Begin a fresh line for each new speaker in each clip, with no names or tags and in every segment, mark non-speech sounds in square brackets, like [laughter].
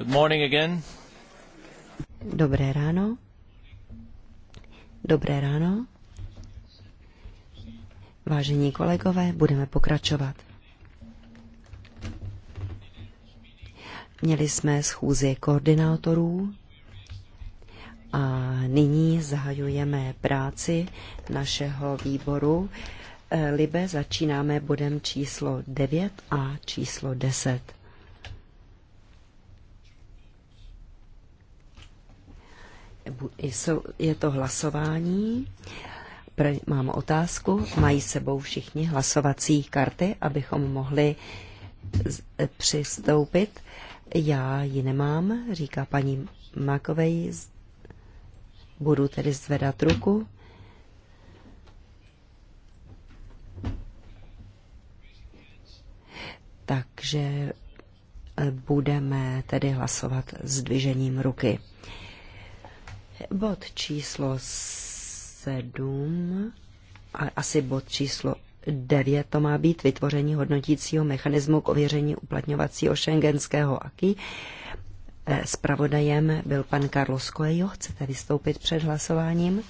Good morning again.
Dobré ráno. Dobré ráno. Vážení kolegové, budeme pokračovat. Měli jsme schůzi koordinátorů a nyní zahajujeme práci našeho výboru. Eh, Libe začínáme bodem číslo 9 a číslo 10. jsou, je to hlasování. Pre, mám otázku. Mají sebou všichni hlasovací karty, abychom mohli z, e, přistoupit. Já ji nemám, říká paní Makovej. Budu tedy zvedat ruku. Takže e, budeme tedy hlasovat s dvižením ruky. Bod číslo sedm a asi bod číslo 9 to má být vytvoření hodnotícího mechanismu k ověření uplatňovacího šengenského aky. Spravodajem eh, byl pan Carlos Coelho. Chcete vystoupit před hlasováním?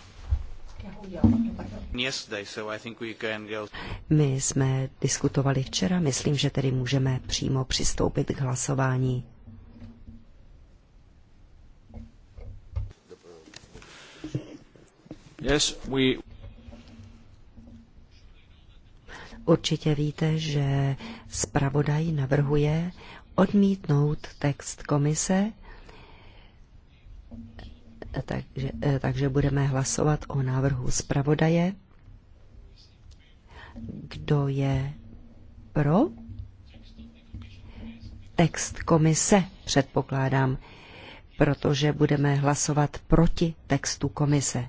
My jsme diskutovali včera, myslím, že tedy můžeme přímo přistoupit k hlasování.
Yes, we...
Určitě víte, že zpravodaj navrhuje odmítnout text komise, takže, eh, takže budeme hlasovat o návrhu zpravodaje. Kdo je pro? Text komise, předpokládám, protože budeme hlasovat proti textu komise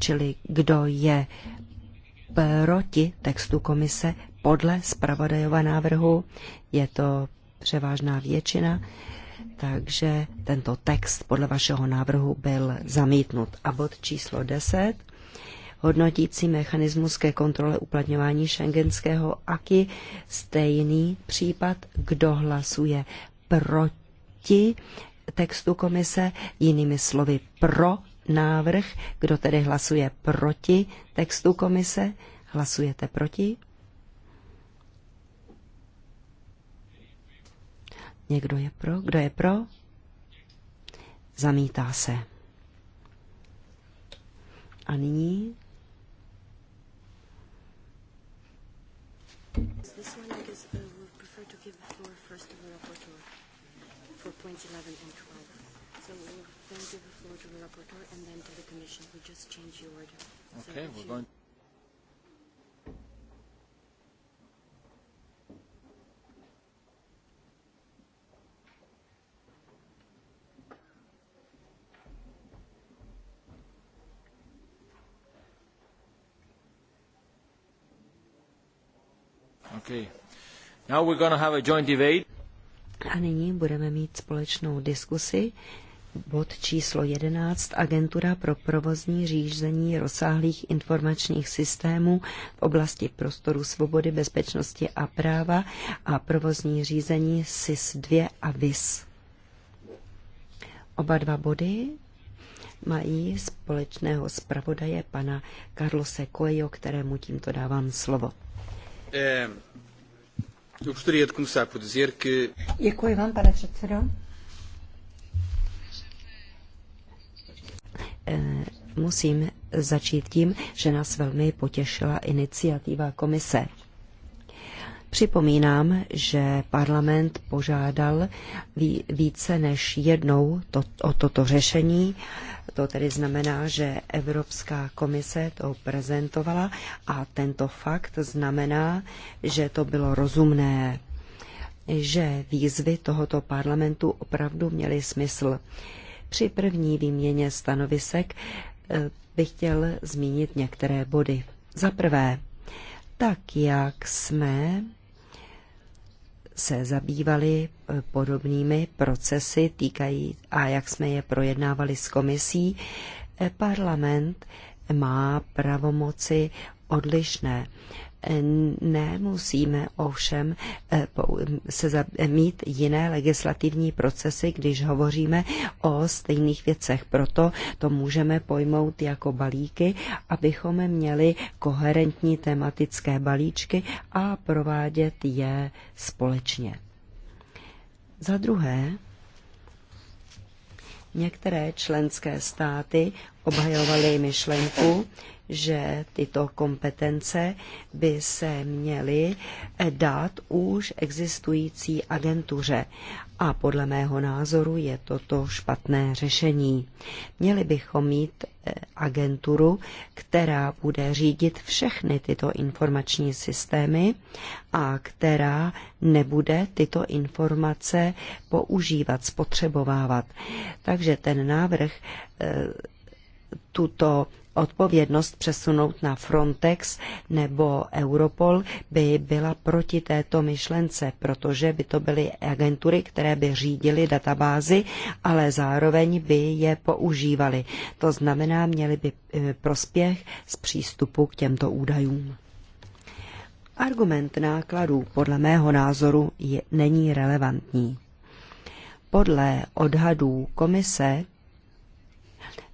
čili kdo je proti textu komise podle zpravodajova návrhu, je to převážná většina, takže tento text podle vašeho návrhu byl zamítnut. A bod číslo 10 hodnotící mechanismus ke kontrole uplatňování šengenského aky. stejný případ, kdo hlasuje proti textu komise, jinými slovy pro návrh. Kdo tedy hlasuje proti textu komise? Hlasujete proti? Někdo je pro? Kdo je pro? Zamítá se. A nyní uh, for points 11 and
Commission. We just changed order. Okay, so we're going.
Okay. Now we're going to have a joint debate.
A nyní budeme mít společnou diskusi Bod číslo 11. Agentura pro provozní řízení rozsáhlých informačních systémů v oblasti prostoru svobody, bezpečnosti a práva a provozní řízení SIS-2 a VIS. Oba dva body mají společného zpravodaje pana Carlose Coelho, kterému tímto dávám slovo. Eh, Děkuji vám, pane předsedo. Eh, musím začít tím, že nás velmi potěšila iniciativa komise. Připomínám, že parlament požádal více než jednou to, o toto řešení. To tedy znamená, že Evropská komise to prezentovala a tento fakt znamená, že to bylo rozumné, že výzvy tohoto parlamentu opravdu měly smysl. Při první výměně stanovisek eh, bych chtěl zmínit některé body. Za prvé, tak jak jsme se zabývali eh, podobnými procesy týkají a jak jsme je projednávali s komisí, eh, parlament má pravomoci odlišné Nemusíme ovšem eh, se mít jiné legislativní procesy, když hovoříme o stejných věcech. Proto to můžeme pojmout jako balíky, abychom měli koherentní tematické balíčky a provádět je společně. Za druhé, některé členské státy obhajovaly myšlenku, že tyto kompetence by se měly dát už existující agentuře. A podle mého názoru je toto špatné řešení. Měli bychom mít eh, agenturu, která bude řídit všechny tyto informační systémy a která nebude tyto informace používat, spotřebovávat. Takže ten návrh eh, tuto odpovědnost přesunout na Frontex nebo Europol by byla proti této myšlence, protože by to byly agentury, které by řídily databázy, ale zároveň by je používaly. To znamená, měli by eh, prospěch z přístupu k těmto údajům. Argument nákladů podle mého názoru je, není relevantní. Podle odhadů komise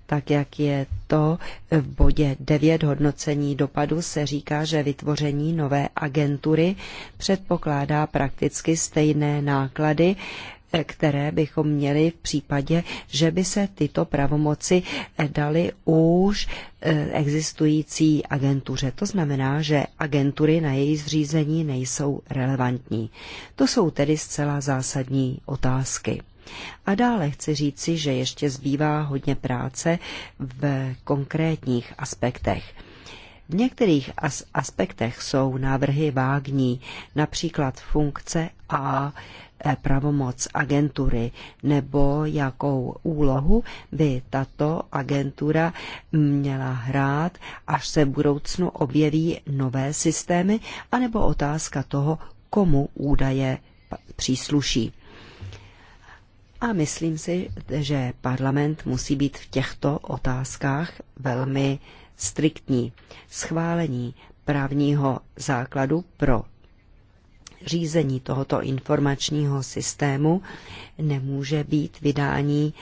tak jak je to v bodě 9 hodnocení dopadu se říká, že vytvoření nové agentury předpokládá prakticky stejné náklady, eh, které bychom měli v případě, že by se tyto pravomoci eh, daly už eh, existující agentuře. To znamená, že agentury na její zřízení nejsou relevantní. To jsou tedy zcela zásadní otázky. A dále chci říci, že ještě zbývá hodně práce v konkrétních aspektech. V některých as- aspektech jsou návrhy vágní, například funkce a e, pravomoc agentury nebo jakou úlohu by tato agentura měla hrát, až se v budoucnu objeví nové systémy, anebo otázka toho, komu údaje přísluší. A myslím si, že parlament musí být v těchto otázkách velmi striktní. Schválení právního základu pro řízení tohoto informačního systému nemůže být vydání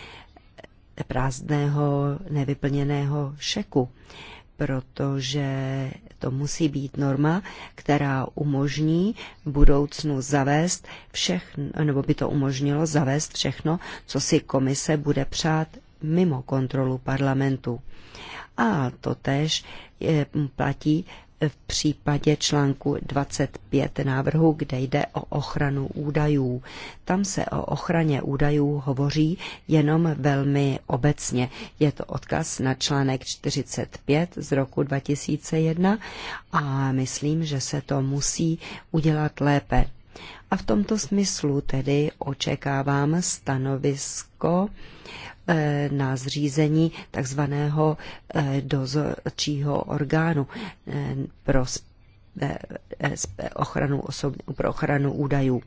prázdného, nevyplněného šeku protože to musí být norma, která umožní v budoucnu zavést všechno, nebo by to umožnilo zavést všechno, co si komise bude přát mimo kontrolu parlamentu. A to tež eh, platí v případě článku 25 návrhu, kde jde o ochranu údajů. Tam se o ochraně údajů hovoří jenom velmi obecně. Je to odkaz na článek 45 z roku 2001 a myslím, že se to musí udělat lépe. A v tomto smyslu tedy očekávám stanovisko Eh, na zřízení takzvaného eh, dozorčího orgánu eh, pro ochranu osob, pro ochranu údajů.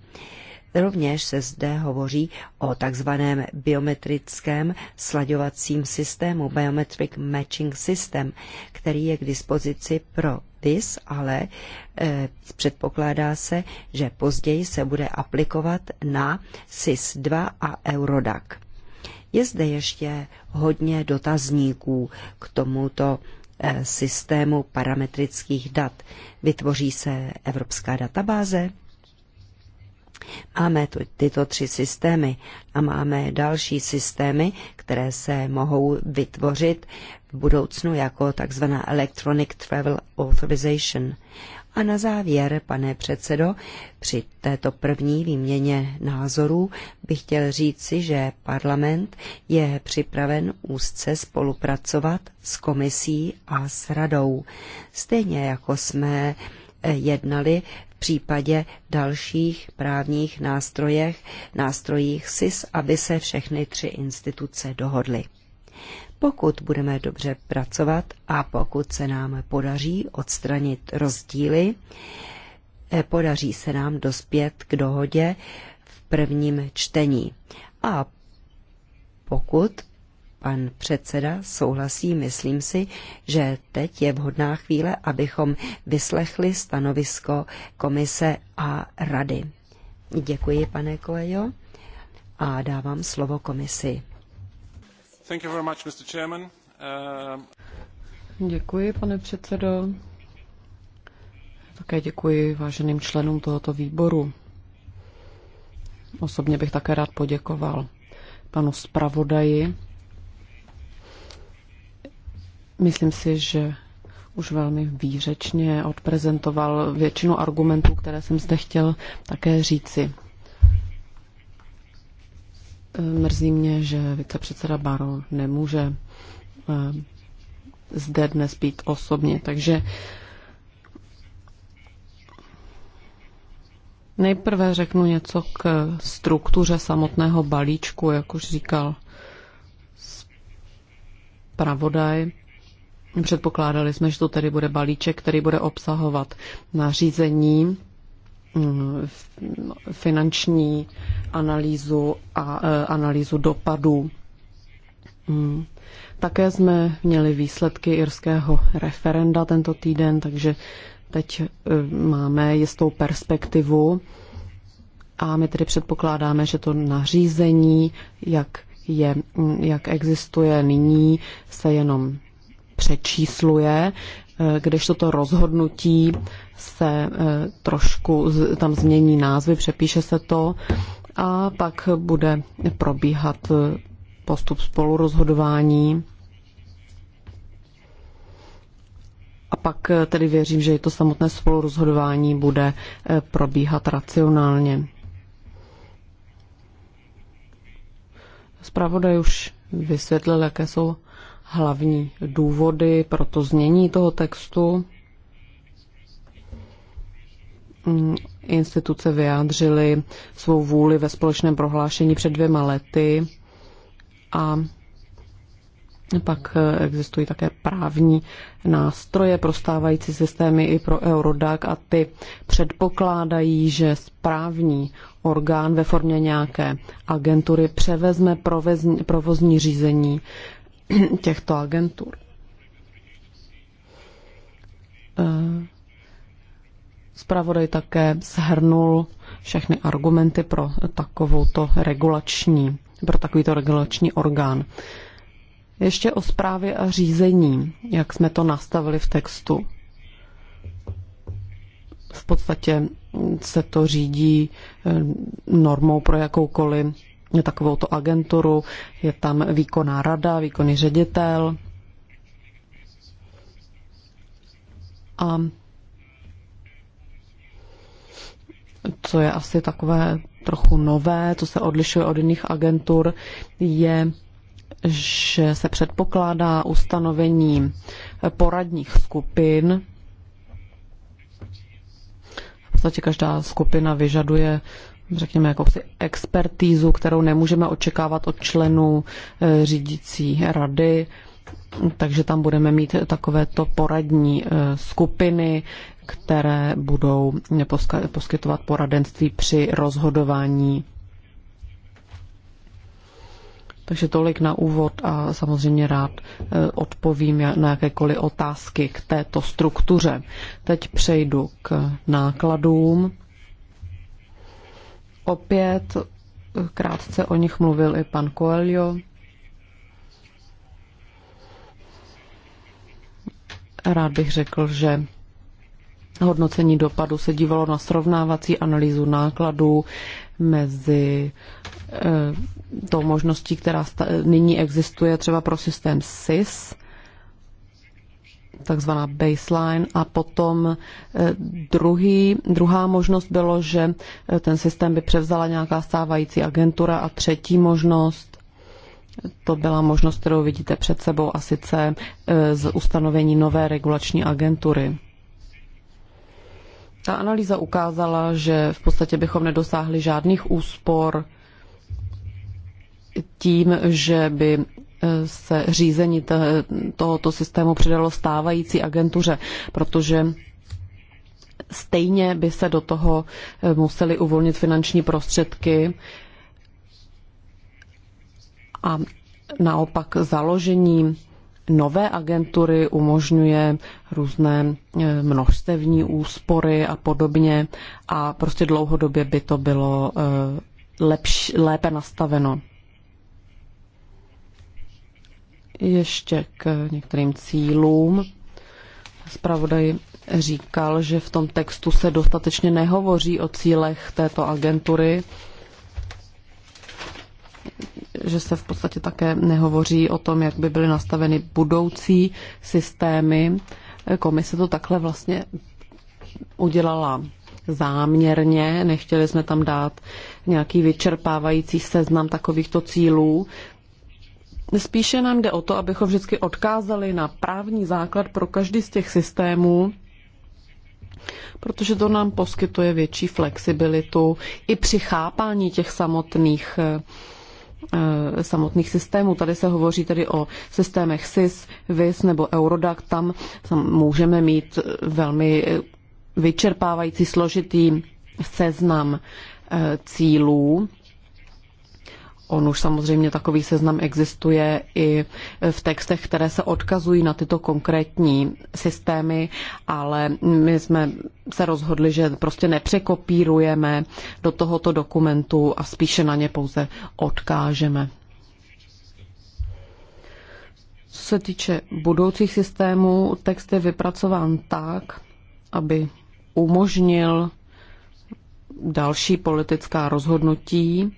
Rovněž se zde hovoří o takzvaném biometrickém slaďovacím systému, Biometric Matching System, který je k dispozici pro VIS, ale e, předpokládá se, že později se bude aplikovat na SIS-2 a Eurodac. Je zde ještě hodně dotazníků k tomuto eh, systému parametrických dat. Vytvoří se evropská databáze? Máme tu tyto tři systémy a máme další systémy, které se mohou vytvořit v budoucnu jako takzvaná Electronic Travel Authorization. A na závěr, pane předsedo, při této první výměně názorů bych chtěl říci, že parlament je připraven úzce spolupracovat s komisí a s radou. Stejně jako jsme eh, jednali v případě dalších právních nástrojech, nástrojích SIS, aby se všechny tři instituce dohodly. Pokud budeme dobře pracovat a pokud se nám podaří odstranit rozdíly, eh, podaří se nám dospět k dohodě v prvním čtení. A pokud pan předseda souhlasí, myslím si, že teď je vhodná chvíle, abychom vyslechli stanovisko komise a rady. Děkuji, pane Koejo, a dávám slovo komisi.
Uh, děkuji, pane předsedo. Také děkuji váženým členům tohoto výboru. Osobně bych také rád poděkoval panu zpravodaji. Myslím si, že už velmi výřečně odprezentoval většinu argumentů, které jsem zde chtěl také říci. Eh, mrzí mě, že vicepředseda Baro nemůže eh, zde dnes být osobně, takže nejprve řeknu něco k struktuře samotného balíčku, jak už říkal pravodaj. Předpokládali jsme, že to tedy bude balíček, který bude obsahovat nařízení Mm, finanční analýzu a e, analýzu dopadů. Mm. Také jsme měli výsledky irského referenda tento týden, takže teď e, máme jistou perspektivu a my tedy předpokládáme, že to nařízení, jak, je, mm, jak existuje nyní, se jenom přečísluje, e, když toto rozhodnutí se eh, trošku tam změní názvy, přepíše se to a pak bude probíhat eh, postup spolurozhodování. A pak eh, tedy věřím, že i to samotné spolurozhodování bude probíhat racionálně. Zpravodaj už vysvětlil, jaké jsou hlavní důvody pro to znění toho textu. Mm, instituce vyjádřily svou vůli ve společném prohlášení před dvěma lety a pak existují také právní nástroje pro stávající systémy i pro Eurodac a ty předpokládají, že správní orgán ve formě nějaké agentury převezme provozní, provozní řízení těchto agentur. Eh, Zpravodaj také shrnul všechny argumenty pro takovouto regulační, pro takovýto regulační orgán. Ještě o zprávě a řízení, jak jsme to nastavili v textu. V podstatě se to řídí eh, normou pro jakoukoliv takovouto agenturu. Je tam výkonná rada, výkonný ředitel. A co je asi takové trochu nové, co se odlišuje od jiných agentur, je, že se předpokládá ustanovení poradních skupin. V podstatě každá skupina vyžaduje řekněme, jakousi expertízu, kterou nemůžeme očekávat od členů eh, řídící rady. Takže tam budeme mít takovéto poradní eh, skupiny, které budou poskytovat poradenství při rozhodování. Takže tolik na úvod a samozřejmě rád e, odpovím na jakékoliv otázky k této struktuře. Teď přejdu k nákladům. Opět krátce o nich mluvil i pan Coelho. Rád bych řekl, že hodnocení dopadu se dívalo na srovnávací analýzu nákladů mezi eh, tou možností, která nyní existuje třeba pro systém SIS, takzvaná baseline a potom eh, druhý, druhá možnost bylo, že eh, ten systém by převzala nějaká stávající agentura a třetí možnost to byla možnost, kterou vidíte před sebou a sice z ustanovení nové regulační agentury. Ta analýza ukázala, že v podstatě bychom nedosáhli žádných úspor tím, že by eh, se řízení tohoto systému přidalo stávající agentuře, protože stejně by se do toho eh, museli uvolnit finanční prostředky a naopak založení nové agentury umožňuje různé eh, množstevní úspory a podobně a prostě dlouhodobě by to bylo eh, lepší, lépe nastaveno. Ještě k některým cílům. Spravodaj říkal, že v tom textu se dostatečně nehovoří o cílech této agentury že se v podstatě také nehovoří o tom, jak by byly nastaveny budoucí systémy. Komise to takhle vlastně udělala záměrně, nechtěli jsme tam dát nějaký vyčerpávající seznam takovýchto cílů. Spíše nám jde o to, abychom vždycky odkázali na právní základ pro každý z těch systémů, protože to nám poskytuje větší flexibilitu i při chápání těch samotných Eh, samotných systémů. Tady se hovoří tedy o systémech SIS, VIS nebo Eurodac. Tam, tam můžeme mít velmi vyčerpávající, složitý seznam eh, cílů On už samozřejmě takový seznam existuje i v textech, které se odkazují na tyto konkrétní systémy, ale my jsme se rozhodli, že prostě nepřekopírujeme do tohoto dokumentu a spíše na ně pouze odkážeme. Co se týče budoucích systémů, text je vypracován tak, aby umožnil další politická rozhodnutí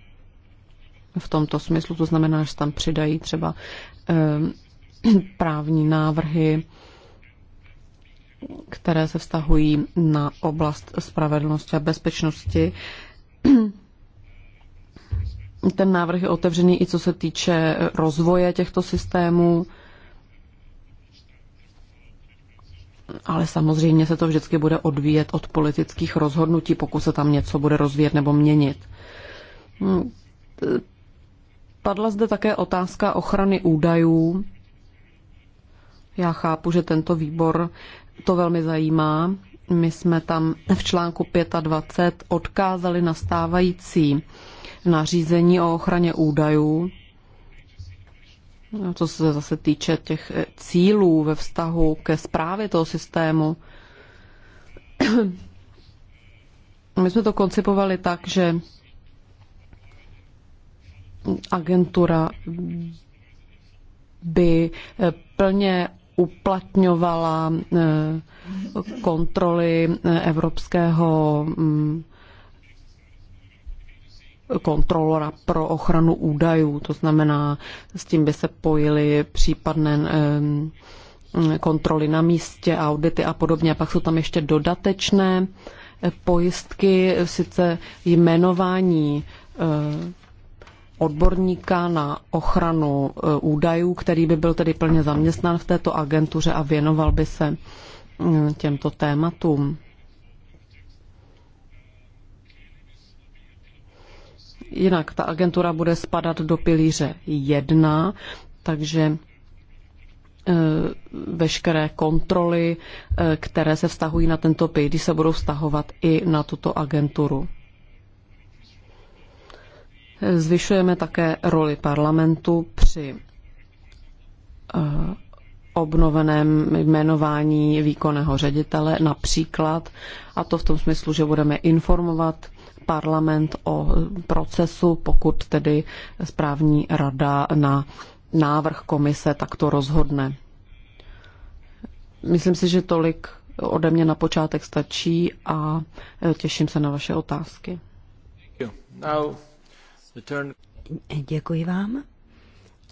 v tomto smyslu, to znamená, že tam přidají třeba ehm, [clears throat] právní návrhy, které se vztahují na oblast spravedlnosti a bezpečnosti. [clears throat] Ten návrh je otevřený i co se týče eh, rozvoje těchto systémů, ale samozřejmě se to vždycky bude odvíjet od politických rozhodnutí, pokud se tam něco bude rozvíjet nebo měnit hmm, Padla zde také otázka ochrany údajů. Já chápu, že tento výbor to velmi zajímá. My jsme tam v článku 25 odkázali na stávající nařízení o ochraně údajů, co se zase týče těch eh, cílů ve vztahu ke zprávě toho systému. [clears throat] My jsme to koncipovali tak, že agentura by eh, plně uplatňovala eh, kontroly eh, evropského mm, kontrolora pro ochranu údajů. To znamená, s tím by se pojily případné mm, kontroly na místě, audity a podobně. A pak jsou tam ještě dodatečné pojistky, sice jmenování odborníka na ochranu eh, údajů, který by byl tedy plně zaměstnán v této agentuře a věnoval by se mm, těmto tématům. Jinak ta agentura bude spadat do pilíře 1, takže eh, veškeré kontroly, eh, které se vztahují na tento pilíř, se budou vztahovat i na tuto agenturu. Zvyšujeme také roli parlamentu při eh, obnoveném jmenování výkonného ředitele například, a to v tom smyslu, že budeme informovat parlament o procesu, pokud tedy správní rada na návrh komise takto rozhodne. Myslím si, že tolik ode mě na počátek stačí a těším se na vaše otázky. Děkuji. Děkuji vám.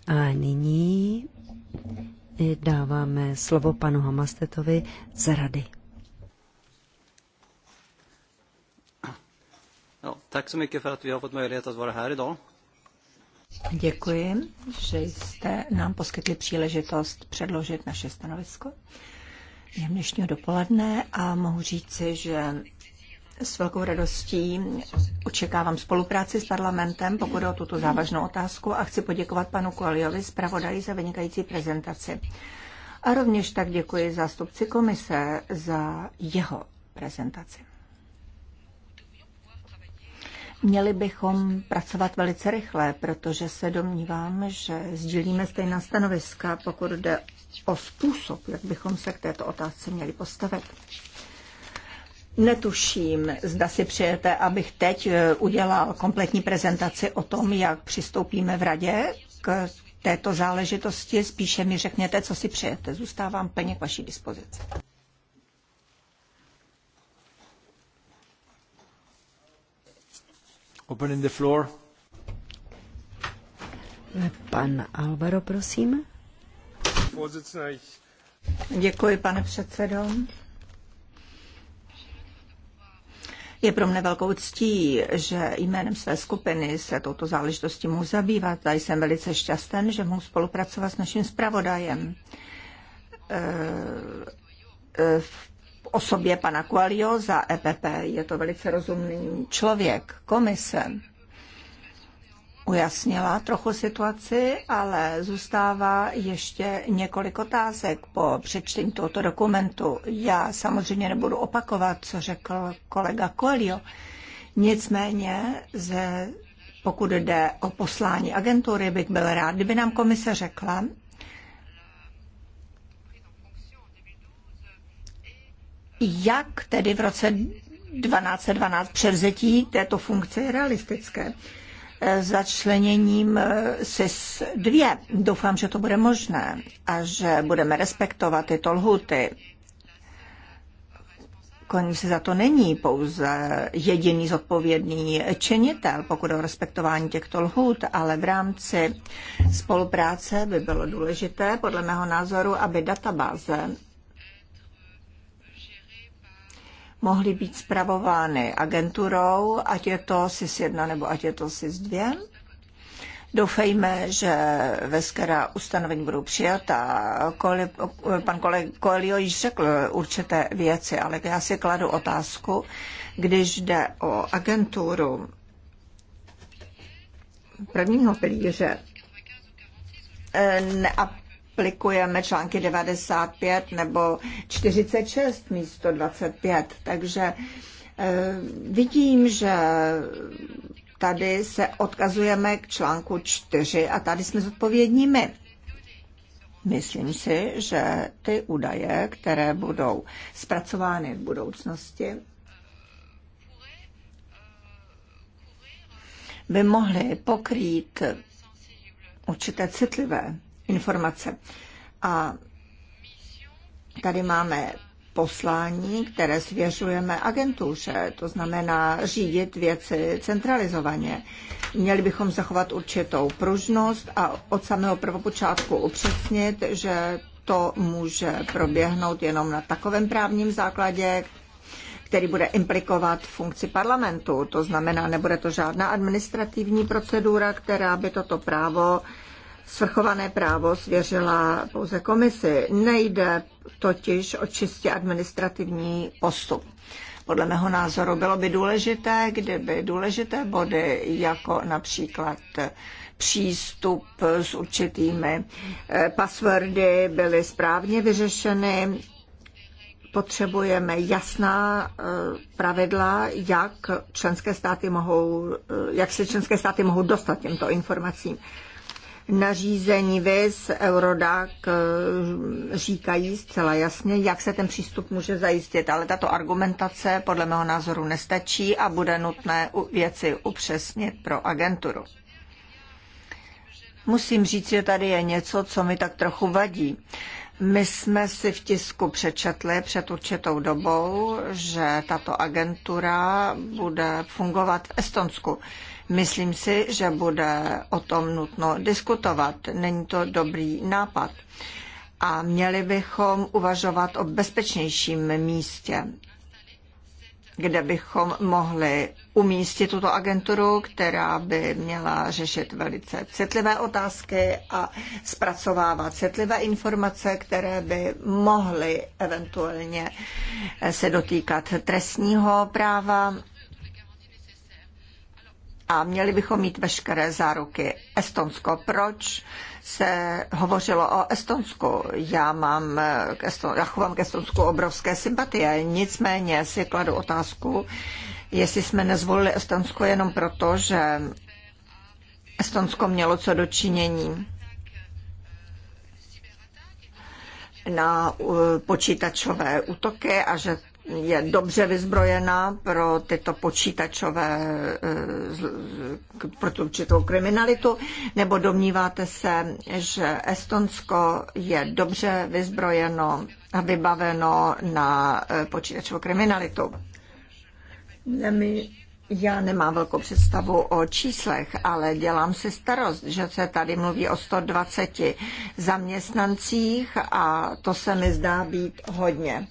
A nyní eh, dáváme slovo panu Hamastetovi z rady. Tack så mycket Děkuji,
že jste nám poskytli příležitost předložit naše stanovisko během dnešního dopoledne a mohu říci, že s velkou radostí očekávám spolupráci s parlamentem, pokud o tuto závažnou otázku a chci poděkovat panu Koaliovi Pravodají za vynikající prezentaci. A rovněž tak děkuji zástupci komise za jeho prezentaci. Měli bychom pracovat velice rychle, protože se domnívám, že sdílíme stejná stanoviska, pokud jde o způsob, jak bychom se k této otázce měli postavit. Netuším, zda si přejete, abych teď eh, udělal kompletní prezentaci o tom, jak přistoupíme v radě k této záležitosti. Spíše mi řekněte, co si přejete. Zůstávám plně k vaší dispozici. Opening the floor. Pan Alvaro, prosím. Děkuji, pane předsedo. Je pro mne velkou ctí, že jménem své skupiny se touto záležitostí můžu zabývat a jsem velice šťastný, že mohu spolupracovat s naším zpravodajem. Eh, eh, v osobě pana Coelho za EPP je to velice rozumný člověk, komise ujasnila trochu situaci, ale zůstává ještě několik otázek po přečtení tohoto dokumentu. Já samozřejmě nebudu opakovat, co řekl kolega Kolio. Nicméně, ze, pokud jde o poslání agentury, bych byl rád, kdyby nám komise řekla, jak tedy v roce 1212 převzetí této funkce je realistické začleněním eh, SIS 2. Doufám, že to bude možné a že budeme respektovat tyto lhuty. Koní se za to není pouze jediný zodpovědný činitel, pokud o respektování těchto lhůt, ale v rámci spolupráce by bylo důležité, podle mého názoru, aby databáze mohly být zpravovány agenturou, ať je to SIS 1 nebo ať je to SIS 2. Doufejme, že veškerá ustanovení budou přijata. Pan kolega Koelio již řekl určité věci, ale já si kladu otázku, když jde o agenturu prvního pilíře, a aplikujeme články 95 nebo 46 místo 25. Takže eh, vidím, že tady se odkazujeme k článku 4 a tady jsme zodpovědní my. Myslím si, že ty údaje, které budou zpracovány v budoucnosti, by mohly pokrýt určité citlivé informace. A tady máme poslání, které svěřujeme agentuře, to znamená řídit věci centralizovaně. Měli bychom zachovat určitou pružnost a od samého prvopočátku upřesnit, že to může proběhnout jenom na takovém právním základě, který bude implikovat funkci parlamentu. To znamená, nebude to žádná administrativní procedura, která by toto právo svrchované právo svěřila pouze komisi. Nejde totiž o čistě administrativní postup. Podle mého názoru bylo by důležité, kdyby důležité body, jako například přístup s určitými eh, passwordy, byly správně vyřešeny. Potřebujeme jasná eh, pravidla, jak členské státy mohou, eh, jak se členské státy mohou dostat těmto informacím nařízení VIS, Eurodac eh, říkají zcela jasně, jak se ten přístup může zajistit, ale tato argumentace podle mého názoru nestačí a bude nutné věci upřesnit pro agenturu. Musím říct, že tady je něco, co mi tak trochu vadí. My jsme si v tisku přečetli před určitou dobou, že tato agentura bude fungovat v Estonsku. Myslím si, že bude o tom nutno diskutovat. Není to dobrý nápad. A měli bychom uvažovat o bezpečnějším místě, kde bychom mohli umístit tuto agenturu, která by měla řešit velice citlivé otázky a zpracovávat citlivé informace, které by mohly eventuálně se dotýkat trestního práva a měli bychom mít veškeré záruky. Estonsko, proč se hovořilo o Estonsku? Já mám k Eston, já chovám k Estonsku obrovské sympatie, nicméně si kladu otázku, jestli jsme nezvolili Estonsko jenom proto, že Estonsko mělo co dočinění na počítačové útoky a že je dobře vyzbrojená pro tyto počítačové, eh, pro tu určitou kriminalitu, nebo domníváte se, že Estonsko je dobře vyzbrojeno a vybaveno na eh, počítačovou kriminalitu? My já nemám velkou představu o číslech, ale dělám si starost, že se tady mluví o 120 zaměstnancích a to se mi zdá být hodně.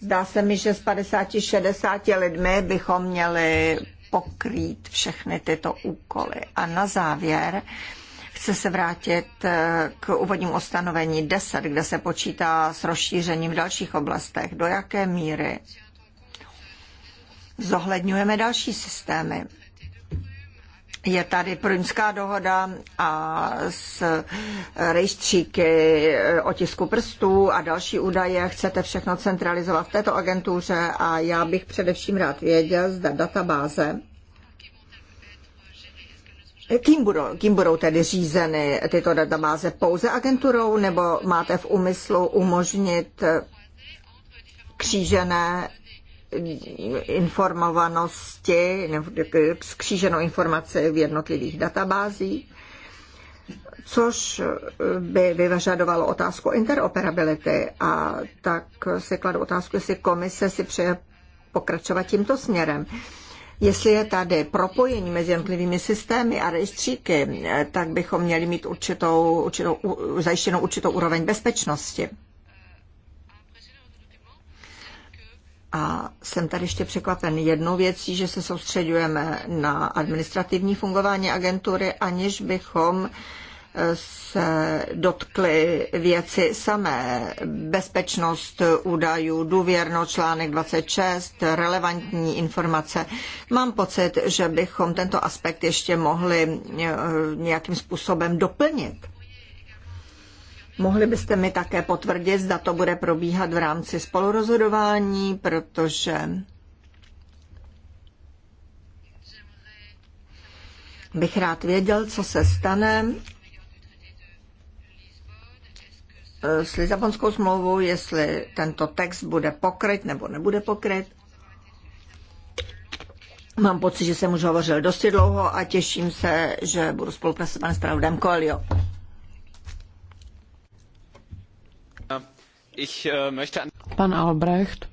Zdá se mi, že z 50-60 lidmi bychom měli pokrýt všechny tyto úkoly. A na závěr chci se vrátit eh, k úvodnímu ustanovení 10, kde se počítá s rozšířením v dalších oblastech. Do jaké míry zohledňujeme další systémy? je tady prýmská dohoda a s e, rejstříky e, otisku prstů a další údaje. Chcete všechno centralizovat v této agentuře a já bych především rád věděl, zda databáze Kým budou, kým budou tedy řízeny tyto databáze? Pouze agenturou nebo máte v úmyslu umožnit křížené informovanosti, skříženou informace v jednotlivých databázích, což by vyvažadovalo otázku interoperability a tak se kladu otázku, jestli komise si přeje pokračovat tímto směrem jestli je tady propojení mezi jednotlivými systémy a rejstříky, tak bychom měli mít určitou, určitou zajištěnou určitou úroveň bezpečnosti. A jsem tady ještě překvapen jednou věcí, že se soustředujeme na administrativní fungování agentury, aniž bychom e, se dotkli věci samé. Bezpečnost údajů, důvěrnost, článek 26, relevantní informace. Mám pocit, že bychom tento aspekt ještě mohli e, nějakým způsobem doplnit. Mohli byste mi také potvrdit, zda to bude probíhat v rámci spolurozhodování, protože bych rád věděl, co se stane s Lizabonskou smlouvou, jestli tento text bude pokryt nebo nebude pokryt. Mám pocit, že jsem už hovořil dosti dlouho a těším se, že budu spolupracovat s panem Spravodem Koelio.
Äh, Pan Albrecht,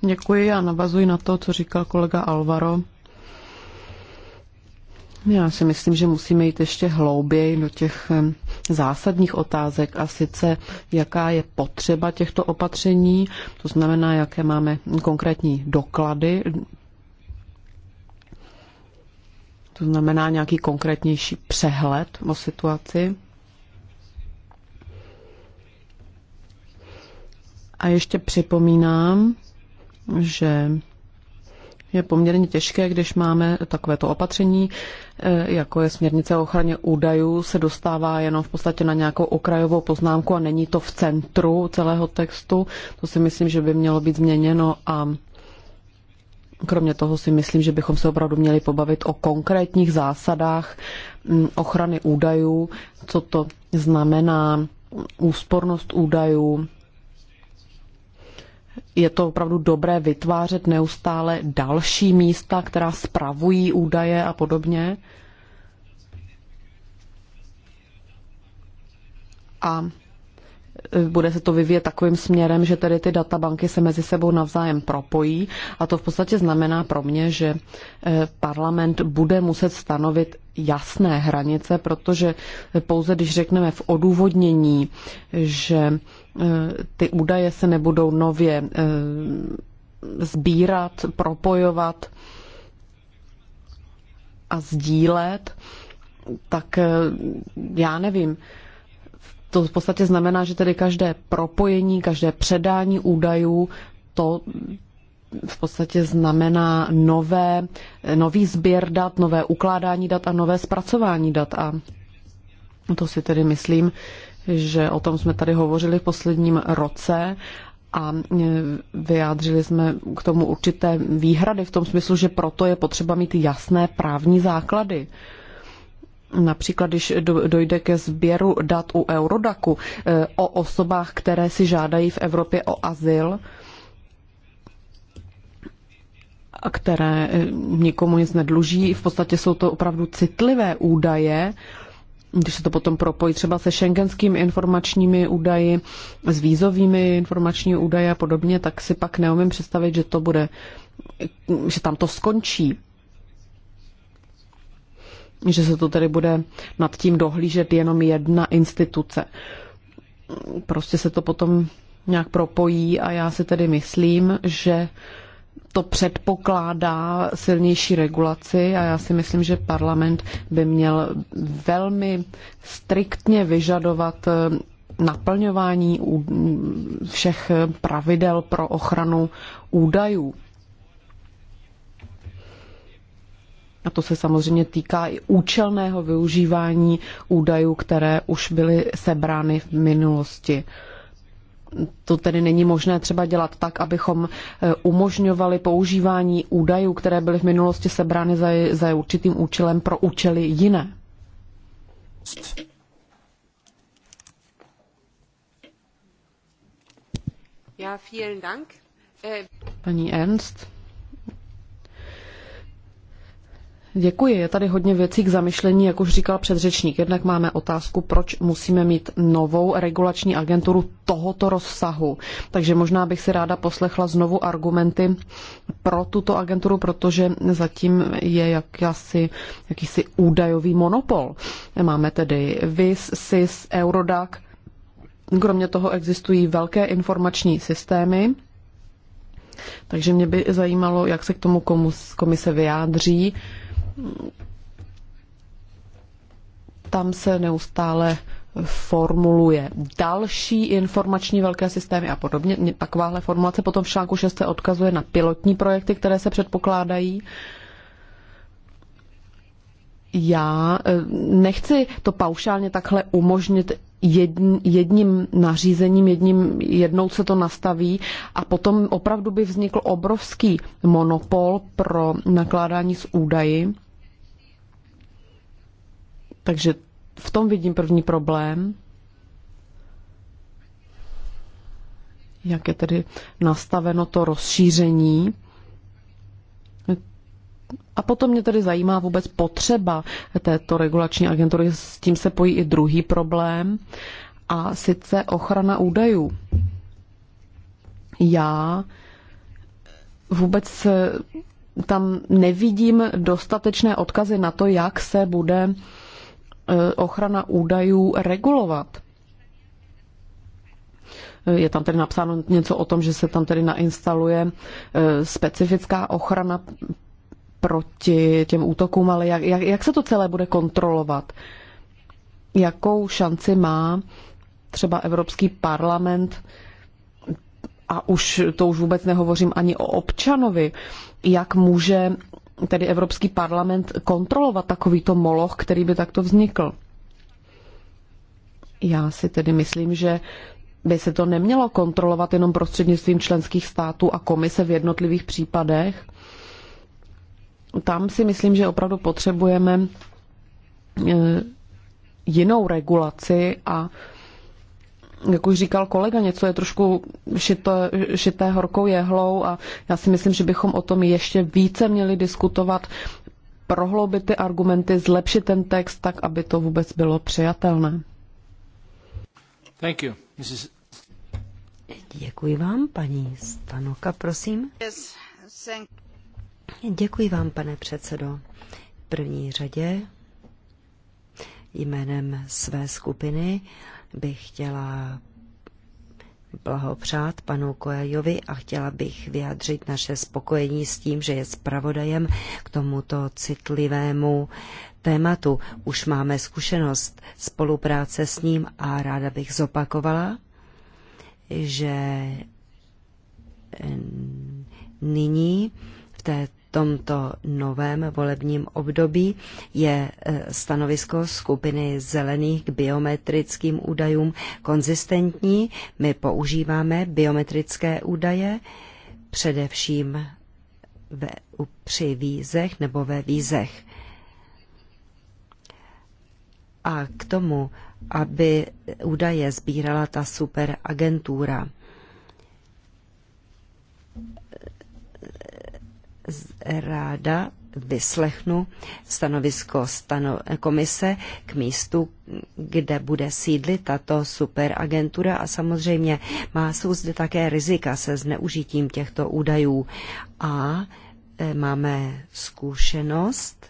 děkuji a navazuji na to, co říkal kolega Alvaro. Já si myslím, že musíme jít ještě hlouběji do těch zásadních otázek a sice jaká je potřeba těchto opatření, to znamená, jaké máme konkrétní doklady, to znamená nějaký konkrétnější přehled o situaci. A ještě připomínám, že je poměrně těžké, když máme takovéto opatření, e, jako je směrnice o ochraně údajů, se dostává jenom v podstatě na nějakou okrajovou poznámku a není to v centru celého textu. To si myslím, že by mělo být změněno a kromě toho si myslím, že bychom se opravdu měli pobavit o konkrétních zásadách mm, ochrany údajů, co to znamená úspornost údajů, je to opravdu dobré vytvářet neustále další místa, která spravují údaje a podobně. A e, bude se to vyvíjet takovým směrem, že tedy ty databanky se mezi sebou navzájem propojí a to v podstatě znamená pro mě, že e, parlament bude muset stanovit jasné hranice, protože e, pouze když řekneme v odůvodnění, že Eh, ty údaje se nebudou nově eh, sbírat, propojovat a sdílet, tak eh, já nevím. To v podstatě znamená, že tedy každé propojení, každé předání údajů, to v podstatě znamená nové, nový sběr dat, nové ukládání dat a nové zpracování dat. A to si tedy myslím, že o tom jsme tady hovořili v posledním roce a vyjádřili jsme k tomu určité výhrady v tom smyslu, že proto je potřeba mít jasné právní základy. Například, když dojde ke sběru dat u Eurodaku eh, o osobách, které si žádají v Evropě o azyl, a které eh, nikomu nic nedluží, v podstatě jsou to opravdu citlivé údaje, když se to potom propojí třeba se šengenskými informačními údaji, s vízovými informačními údaji a podobně, tak si pak neumím představit, že to bude, že tam to skončí. Že se to tedy bude nad tím dohlížet jenom jedna instituce. Prostě se to potom nějak propojí a já si tedy myslím, že to předpokládá silnější regulaci a já si myslím, že parlament by měl velmi striktně vyžadovat eh, naplňování všech pravidel pro ochranu údajů. A to se samozřejmě týká i účelného využívání údajů, které už byly sebrány v minulosti to tedy není možné třeba dělat tak, abychom e, umožňovali používání údajů, které byly v minulosti sebrány za, za určitým účelem pro účely jiné. Paní Ernst. Děkuji. Je tady hodně věcí k zamyšlení, jak už říkal předřečník. Jednak máme otázku, proč musíme mít novou regulační agenturu tohoto rozsahu. Takže možná bych si ráda poslechla znovu argumenty pro tuto agenturu, protože zatím je jakási, jakýsi údajový monopol. Máme tedy VIS, SIS, Eurodac. Kromě toho existují velké informační systémy, takže mě by zajímalo, jak se k tomu komise vyjádří tam se neustále formuluje další informační velké systémy a podobně. Takováhle formulace potom v článku 6 se odkazuje na pilotní projekty, které se předpokládají. Já eh, nechci to paušálně takhle umožnit jedn, jedním nařízením, jedním, jednou se to nastaví a potom opravdu by vznikl obrovský monopol pro nakládání s údaji. Takže v tom vidím první problém. Jak je tedy nastaveno to rozšíření a potom mě tedy zajímá vůbec potřeba této regulační agentury. S tím se pojí i druhý problém, a sice ochrana údajů. Já vůbec tam nevidím dostatečné odkazy na to, jak se bude e, ochrana údajů regulovat. Je tam tedy napsáno něco o tom, že se tam tedy nainstaluje e, specifická ochrana proti těm útokům, ale jak, jak, jak se to celé bude kontrolovat? Jakou šanci má třeba Evropský parlament a už to už vůbec nehovořím ani o občanovi, jak může tedy Evropský parlament kontrolovat takovýto moloch, který by takto vznikl. Já si tedy myslím, že by se to nemělo kontrolovat jenom prostřednictvím členských států a komise v jednotlivých případech, tam si myslím, že opravdu potřebujeme e, jinou regulaci a jak už říkal kolega, něco je trošku šité, šité horkou jehlou a já si myslím, že bychom o tom ještě více měli diskutovat, prohloubit ty argumenty, zlepšit ten text tak, aby to vůbec bylo přijatelné.
Thank you. Mrs.
Děkuji vám, paní
Stanoka, prosím.
Yes, thank you.
Děkuji vám, pane předsedo. V první řadě jménem své skupiny bych chtěla blahopřát panu Kojajovi a chtěla bych vyjádřit naše spokojení s tím, že je zpravodajem k tomuto citlivému tématu. Už máme zkušenost spolupráce s ním a ráda bych zopakovala, že nyní v té tomto novém volebním období je e, stanovisko skupiny zelených k biometrickým údajům konzistentní. My používáme biometrické údaje především ve, při vízech nebo ve vízech. A k tomu, aby údaje sbírala ta superagentura. ráda vyslechnu stanovisko stano- komise k místu, kde bude sídlit tato superagentura a samozřejmě má, jsou zde také rizika se zneužitím těchto údajů a e, máme zkušenost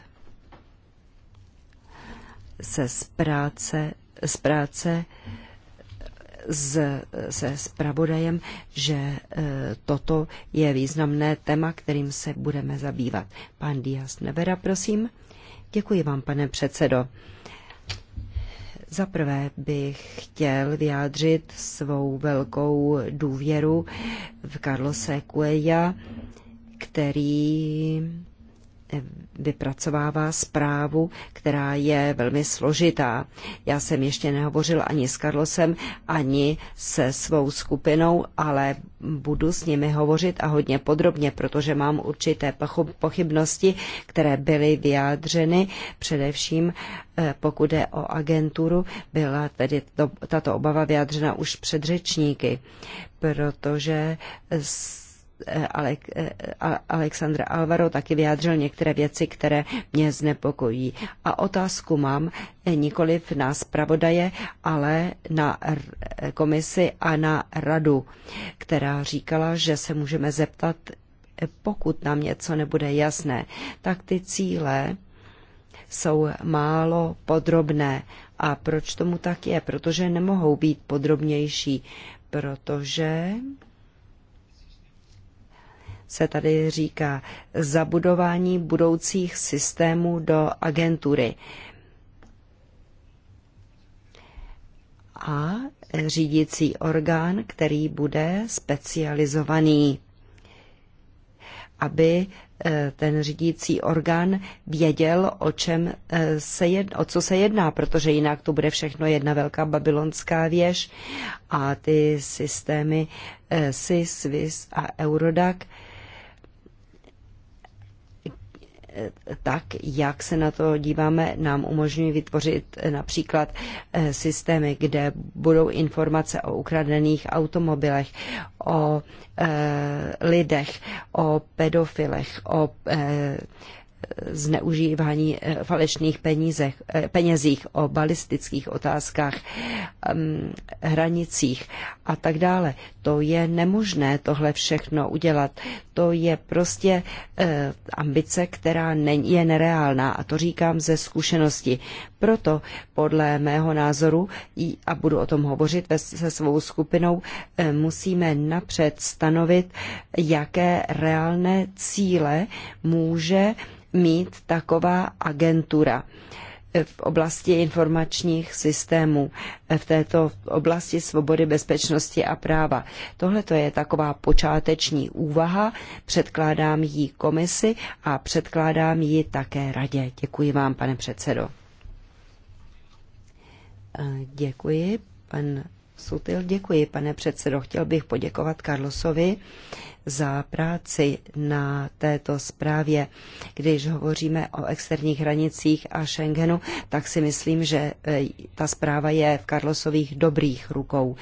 se z práce, z práce se zpravodajem, že e, toto je významné téma, kterým se budeme zabývat. Pan Díaz Nevera, prosím. Děkuji vám, pane předsedo. Za prvé bych chtěl vyjádřit svou velkou důvěru v Carlose Cuella, který vypracovává zprávu, která je velmi složitá. Já jsem ještě nehovořil ani s Karlosem, ani se svou skupinou, ale budu s nimi hovořit a hodně podrobně, protože mám určité pochybnosti, které byly vyjádřeny především eh, pokud jde o agenturu, byla tedy to, tato obava vyjádřena už před řečníky, protože s Alexandra Alvaro taky vyjádřil některé věci, které mě znepokojí. A otázku mám nikoliv na zpravodaje, ale na komisi a na radu, která říkala, že se můžeme zeptat, pokud nám něco nebude jasné, tak ty cíle jsou málo podrobné. A proč tomu tak je? Protože nemohou být podrobnější, protože se tady říká zabudování budoucích systémů do agentury. A řídící orgán, který bude specializovaný, aby eh, ten řídící orgán věděl, o, čem eh, se jedná, o co se jedná, protože jinak to bude všechno jedna velká babylonská věž a ty systémy eh, SIS, VIS a Eurodac – tak, jak se na to díváme, nám umožňují vytvořit například eh, systémy, kde budou informace o ukradených automobilech, o eh, lidech, o pedofilech, o eh, zneužívání falešných penízech, penězích, o balistických otázkách, mm, hranicích a tak dále. To je nemožné tohle všechno udělat. To je prostě eh, ambice, která není, je nereálná a to říkám ze zkušenosti. Proto podle mého názoru, a budu o tom hovořit se svou skupinou, eh, musíme napřed stanovit, jaké reálné cíle může mít taková agentura. Eh, v oblasti informačních systémů, eh, v této oblasti svobody, bezpečnosti a práva. Tohle to je taková počáteční úvaha, předkládám ji komisi a předkládám ji také radě. Děkuji vám, pane předsedo. Eh, děkuji, pan Sutil. Děkuji, pane předsedo. Chtěl bych poděkovat Carlosovi za práci na této zprávě. Když hovoříme o externích hranicích a Schengenu, tak si myslím, že e, ta zpráva je v Karlosových dobrých rukou.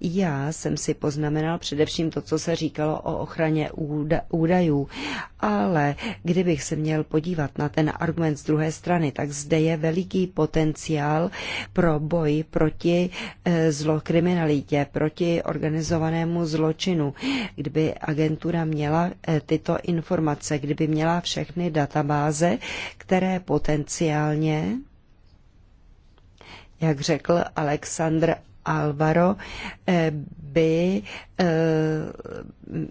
Já jsem si poznamenal především to, co se říkalo o ochraně údajů, ale kdybych se měl podívat na ten argument z druhé strany, tak zde je veliký potenciál pro boj proti e, zlokrim kriminalitě, proti organizovanému zločinu, kdyby agentura měla eh, tyto informace, kdyby měla všechny databáze, které potenciálně, jak řekl Alexandr Alvaro, eh, by eh,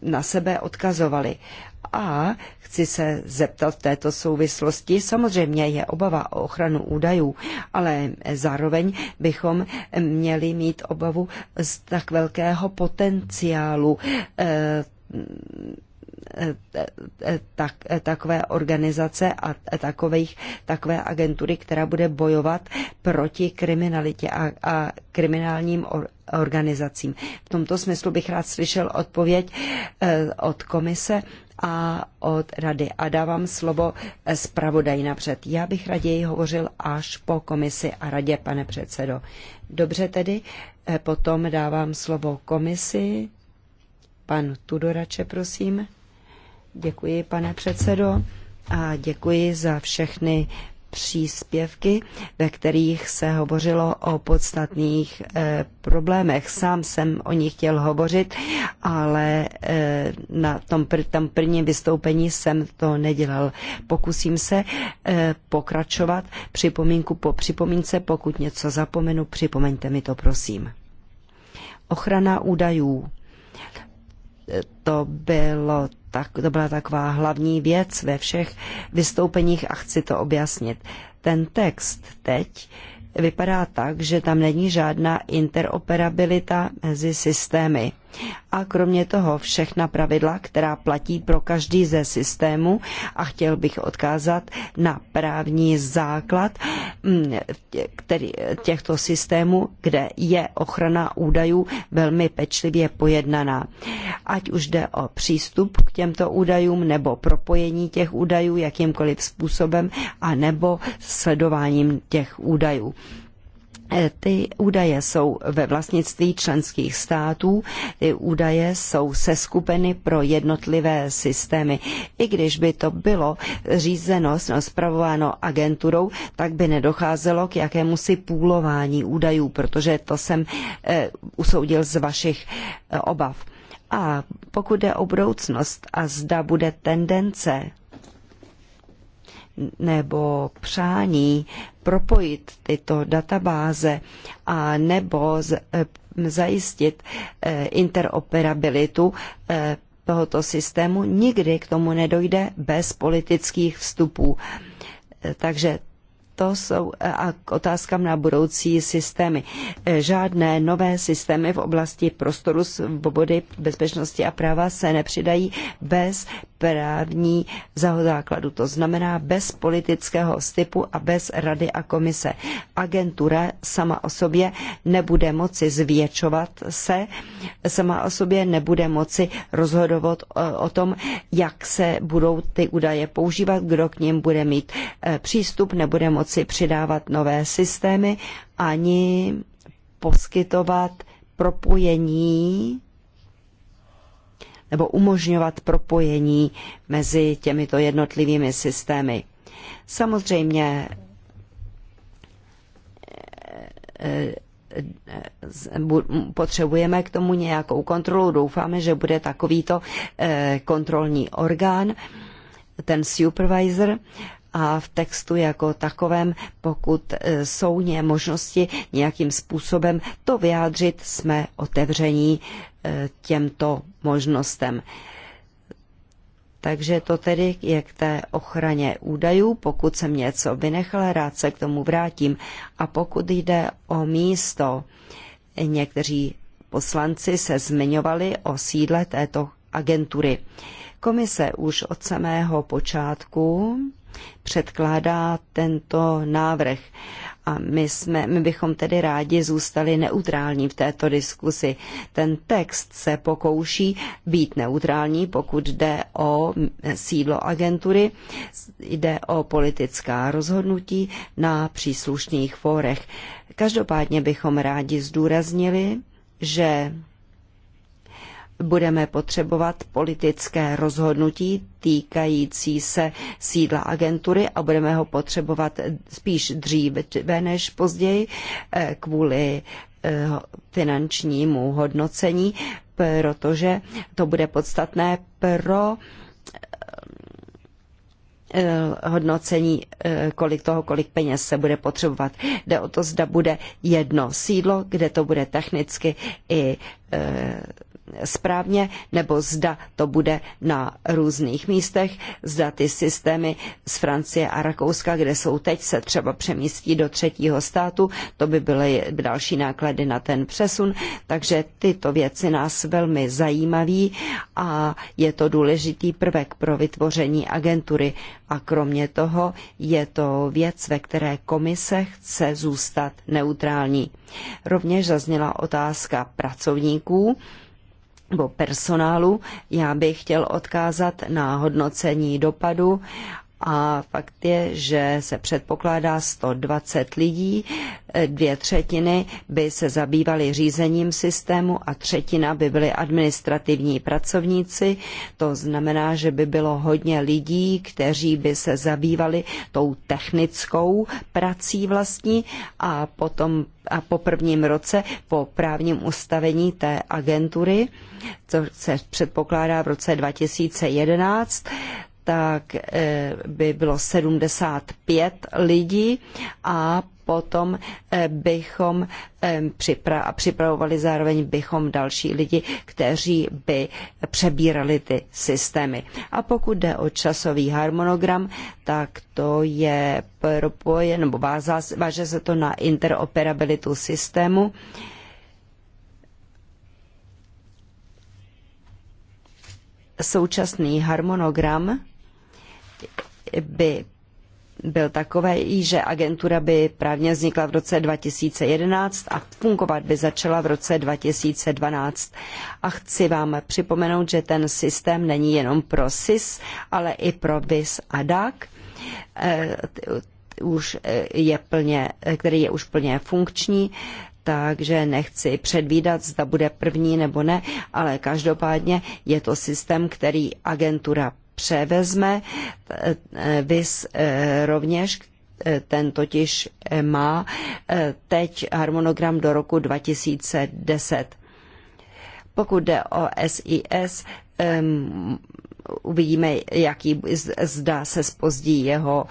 na sebe odkazovali. A chci se zeptat v této souvislosti. Samozřejmě je obava o ochranu údajů, ale zároveň bychom měli mít obavu z tak velkého potenciálu eh, eh, eh, tak, takové organizace a takových, takové agentury, která bude bojovat proti kriminalitě a, a kriminálním or, organizacím. V tomto smyslu bych rád slyšel odpověď od komise a od rady. A dávám slovo eh, zpravodaj napřed. Já bych raději hovořil až po komisi a radě, pane předsedo. Dobře tedy, eh, potom dávám slovo komisi. Pan Tudorače, prosím. Děkuji, pane předsedo, a děkuji za všechny příspěvky, ve kterých se hovořilo o podstatných e, problémech. Sám jsem o nich chtěl hovořit, ale e, na tom, pr- tom prvním vystoupení jsem to nedělal. Pokusím se e, pokračovat připomínku po připomínce. Pokud něco zapomenu, připomeňte mi to, prosím. Ochrana údajů. To bylo tak, to byla taková hlavní věc ve všech vystoupeních a chci to objasnit. Ten text teď vypadá tak, že tam není žádná interoperabilita mezi systémy. A kromě toho všechna pravidla, která platí pro každý ze systémů a chtěl bych odkázat na právní základ mm, který, těchto systémů, kde je ochrana údajů velmi pečlivě pojednaná. Ať už jde o přístup k těmto údajům nebo propojení těch údajů jakýmkoliv způsobem a nebo sledováním těch údajů. E, ty údaje jsou ve vlastnictví členských států, ty údaje jsou seskupeny pro jednotlivé systémy. I když by to bylo řízeno, spravováno agenturou, tak by nedocházelo k jakému si půlování údajů, protože to jsem e, usoudil z vašich e, obav. A pokud jde o budoucnost a zda bude tendence nebo přání propojit tyto databáze a nebo z, e, zajistit e, interoperabilitu e, tohoto systému. Nikdy k tomu nedojde bez politických vstupů. Takže to jsou e, a k otázkám na budoucí systémy. E, žádné nové systémy v oblasti prostoru svobody, bezpečnosti a práva se nepřidají bez právní základu. To znamená bez politického stypu a bez rady a komise. Agentura sama o sobě nebude moci zvětšovat se, sama o sobě nebude moci rozhodovat e, o tom, jak se budou ty údaje používat, kdo k ním bude mít přístup, nebude moci moci přidávat nové systémy ani poskytovat propojení nebo umožňovat propojení mezi těmito jednotlivými systémy. Samozřejmě eh, eh, potřebujeme k tomu nějakou kontrolu. Doufáme, že bude takovýto eh, kontrolní orgán, ten supervisor, a v textu jako takovém, pokud e, jsou ně možnosti nějakým způsobem to vyjádřit, jsme otevření e, těmto možnostem. Takže to tedy je k té ochraně údajů. Pokud jsem něco vynechala, rád se k tomu vrátím. A pokud jde o místo, někteří poslanci se zmiňovali o sídle této agentury. Komise už od samého počátku předkládá tento návrh. A my, jsme, my bychom tedy rádi zůstali neutrální v této diskusi. Ten text se pokouší být neutrální, pokud jde o sídlo agentury, jde o politická rozhodnutí na příslušných fórech. Každopádně bychom rádi zdůraznili, že budeme potřebovat politické rozhodnutí týkající se sídla agentury a budeme ho potřebovat spíš dříve než později eh, kvůli eh, finančnímu hodnocení, protože to bude podstatné pro eh, hodnocení, kolik toho, kolik peněz se bude potřebovat. Jde o to, zda bude jedno sídlo, kde to bude technicky i správně, nebo zda to bude na různých místech, zda ty systémy z Francie a Rakouska, kde jsou teď, se třeba přemístí do třetího státu, to by byly další náklady na ten přesun, takže tyto věci nás velmi zajímaví a je to důležitý prvek pro vytvoření agentury a kromě toho je to věc, ve které komise chce zůstat neutrální. Rovněž zazněla otázka pracovníků, nebo personálu. Já bych chtěl odkázat na hodnocení dopadu a fakt je, že se předpokládá 120 lidí, dvě třetiny by se zabývaly řízením systému a třetina by byly administrativní pracovníci. To znamená, že by bylo hodně lidí, kteří by se zabývali tou technickou prací vlastní a potom a po prvním roce po právním ustavení té agentury, co se předpokládá v roce 2011, tak eh, by bylo 75 lidí a potom eh, bychom eh, připravovali zároveň bychom další lidi, kteří by přebírali ty systémy. A pokud jde o časový harmonogram, tak to je propojen, nebo váže se to na interoperabilitu systému. Současný harmonogram by byl takový, že agentura by právně vznikla v roce 2011 a fungovat by začala v roce 2012. A chci vám připomenout, že ten systém není jenom pro SIS, ale i pro VIS a DAC eh, už eh, je plně, eh, který je už plně funkční, takže nechci předvídat, zda bude první nebo ne, ale každopádně je to systém, který agentura převezme eh, VIS eh, rovněž, eh, ten totiž má teď harmonogram do roku 2010. Pokud jde o SIS, ehm, uvidíme, jaký zda se spozdí jeho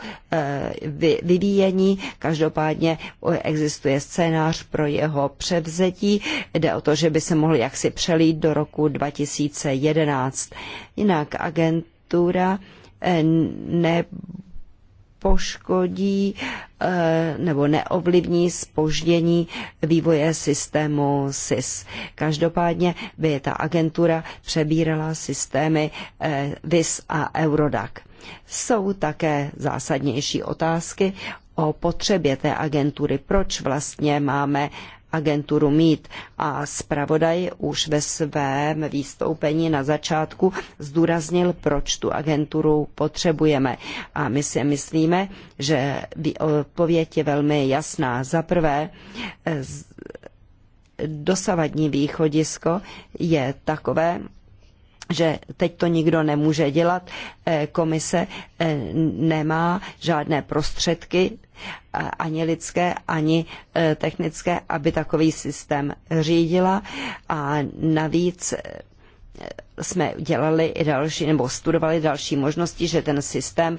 vyvíjení. Každopádně existuje scénář pro jeho převzetí. Jde o to, že by se mohl jaksi přelít do roku 2011. Jinak agent agentura eh, nepoškodí eh, nebo neovlivní spoždění vývoje systému SIS. Každopádně by ta agentura přebírala systémy eh, VIS a Eurodac. Jsou také zásadnější otázky o potřebě té agentury, proč vlastně máme agenturu mít. A zpravodaj už ve svém výstoupení na začátku zdůraznil, proč tu agenturu potřebujeme. A my si myslíme, že odpověď je velmi jasná. Za prvé, dosavadní východisko je takové, že teď to nikdo nemůže dělat, eh, komise eh, nemá žádné prostředky, eh, ani lidské, ani technické, aby takový systém řídila a navíc jsme dělali i další, nebo studovali další možnosti, že ten systém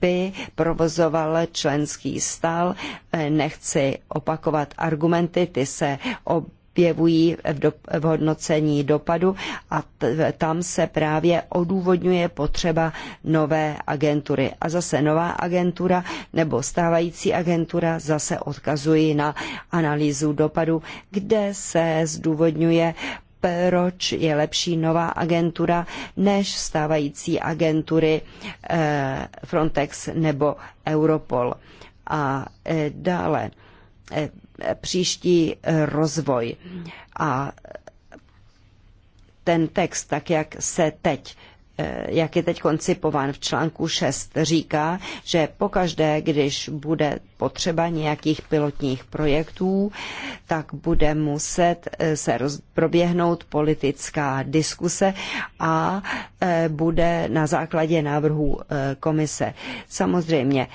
by provozoval členský stál. Nechci opakovat argumenty, ty se ob objevují v, do, v hodnocení dopadu a t, tam se právě odůvodňuje potřeba nové agentury. A zase nová agentura nebo stávající agentura zase odkazují na analýzu dopadu, kde se zdůvodňuje proč je lepší nová agentura než stávající agentury eh, Frontex nebo Europol. A eh, dále eh, příští eh, rozvoj. A ten text, tak jak se teď eh, jak je teď koncipován v článku 6, říká, že pokaždé, když bude potřeba nějakých pilotních projektů, tak bude muset eh, se proběhnout politická diskuse a bude na základě návrhu komise. Samozřejmě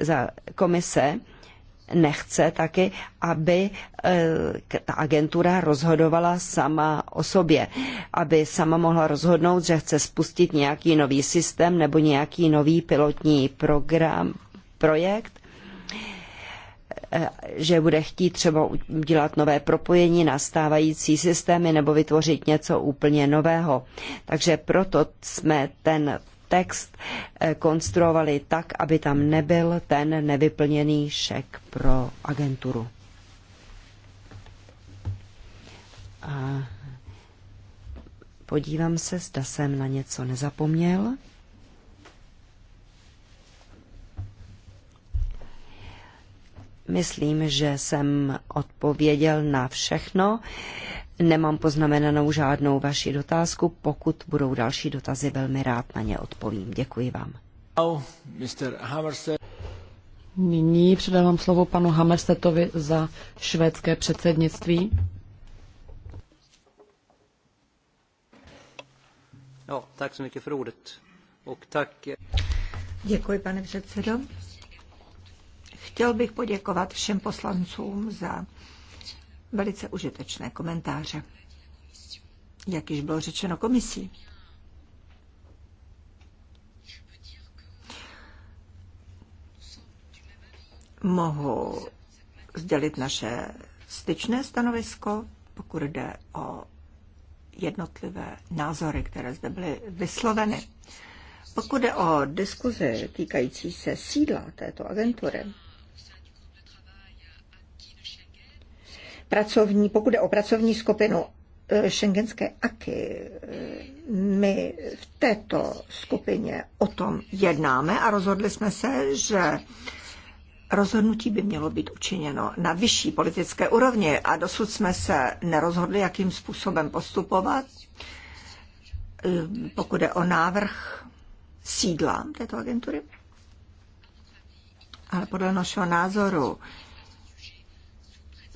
za komise nechce taky, aby eh, ta agentura rozhodovala sama o sobě, aby sama mohla rozhodnout, že chce spustit nějaký nový systém nebo nějaký nový pilotní program, projekt eh, že bude chtít třeba udělat nové propojení na stávající systémy nebo vytvořit něco úplně nového. Takže proto jsme ten text eh, konstruovali tak, aby tam nebyl ten nevyplněný šek pro agenturu. A podívám se, zda jsem na něco nezapomněl. Myslím, že jsem odpověděl na všechno. Nemám poznamenanou žádnou vaši dotázku. Pokud budou další dotazy, velmi rád na ně odpovím. Děkuji vám.
Nyní předávám slovo panu Hammerstetovi za švédské předsednictví. No, tak se mycket
Děkuji, pane předsedo. Chtěl bych poděkovat všem poslancům za velice užitečné komentáře. Jak již bylo řečeno komisí, mohu sdělit naše styčné stanovisko, pokud jde o jednotlivé názory, které zde byly vysloveny. Pokud jde o diskuzi týkající se sídla této agentury, pracovní, pokud je o pracovní skupinu e, šengenské aky, e, my v této skupině o tom jednáme a rozhodli jsme se, že rozhodnutí by mělo být učiněno na vyšší politické úrovni a dosud jsme se nerozhodli, jakým způsobem postupovat, e, pokud je o návrh sídla této agentury. Ale podle našeho názoru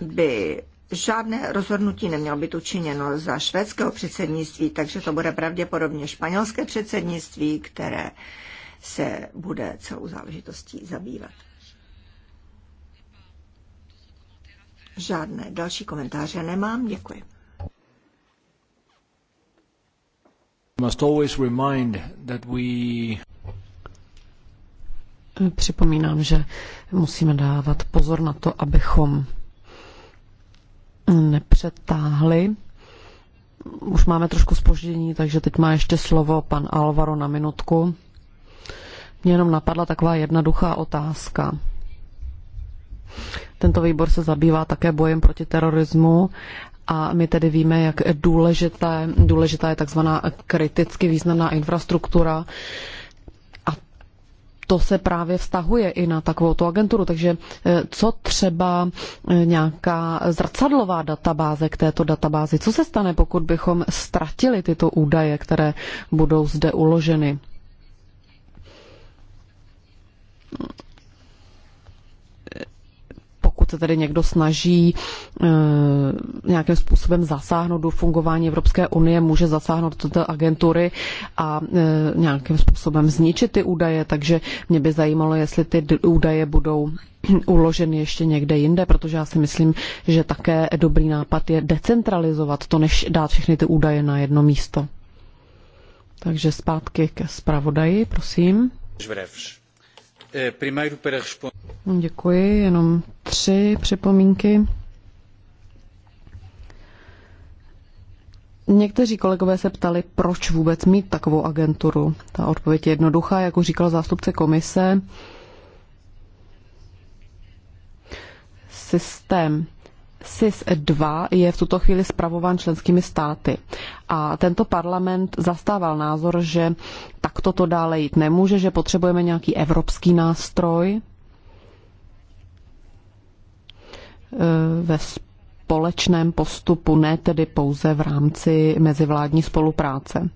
by žádné rozhodnutí nemělo být učiněno za švédského předsednictví, takže to bude pravděpodobně španělské předsednictví, které se bude celou záležitostí zabývat. Žádné další komentáře nemám, děkuji.
Připomínám, že musíme dávat pozor na to, abychom nepřetáhli. Už máme trošku spoždění, takže teď má ještě slovo pan Alvaro na minutku. Mě jenom napadla taková jednoduchá otázka. Tento výbor se zabývá také bojem proti terorismu a my tedy víme, jak důležité, důležitá je takzvaná kriticky významná infrastruktura, to se právě vztahuje i na takovou tu agenturu. Takže eh, co třeba eh, nějaká zrcadlová databáze k této databázi? Co se stane, pokud bychom ztratili tyto údaje, které budou zde uloženy? pokud se tedy někdo snaží eh, nějakým způsobem zasáhnout do fungování Evropské unie, může zasáhnout do té agentury a eh, nějakým způsobem zničit ty údaje, takže mě by zajímalo, jestli ty údaje budou [clears throat] uloženy ještě někde jinde, protože já si myslím, že také dobrý nápad je decentralizovat to, než dát všechny ty údaje na jedno místo. Takže zpátky ke zpravodaji, prosím. Žvrevš. Eh, Děkuji, jenom tři připomínky. Někteří kolegové se ptali, proč vůbec mít takovou agenturu. Ta odpověď je jednoduchá, jako říkal zástupce komise. Systém SIS-2 je v tuto chvíli spravován členskými státy. A tento parlament zastával názor, že takto to dále jít nemůže, že potřebujeme nějaký evropský nástroj e, ve společném postupu, ne tedy pouze v rámci mezivládní spolupráce.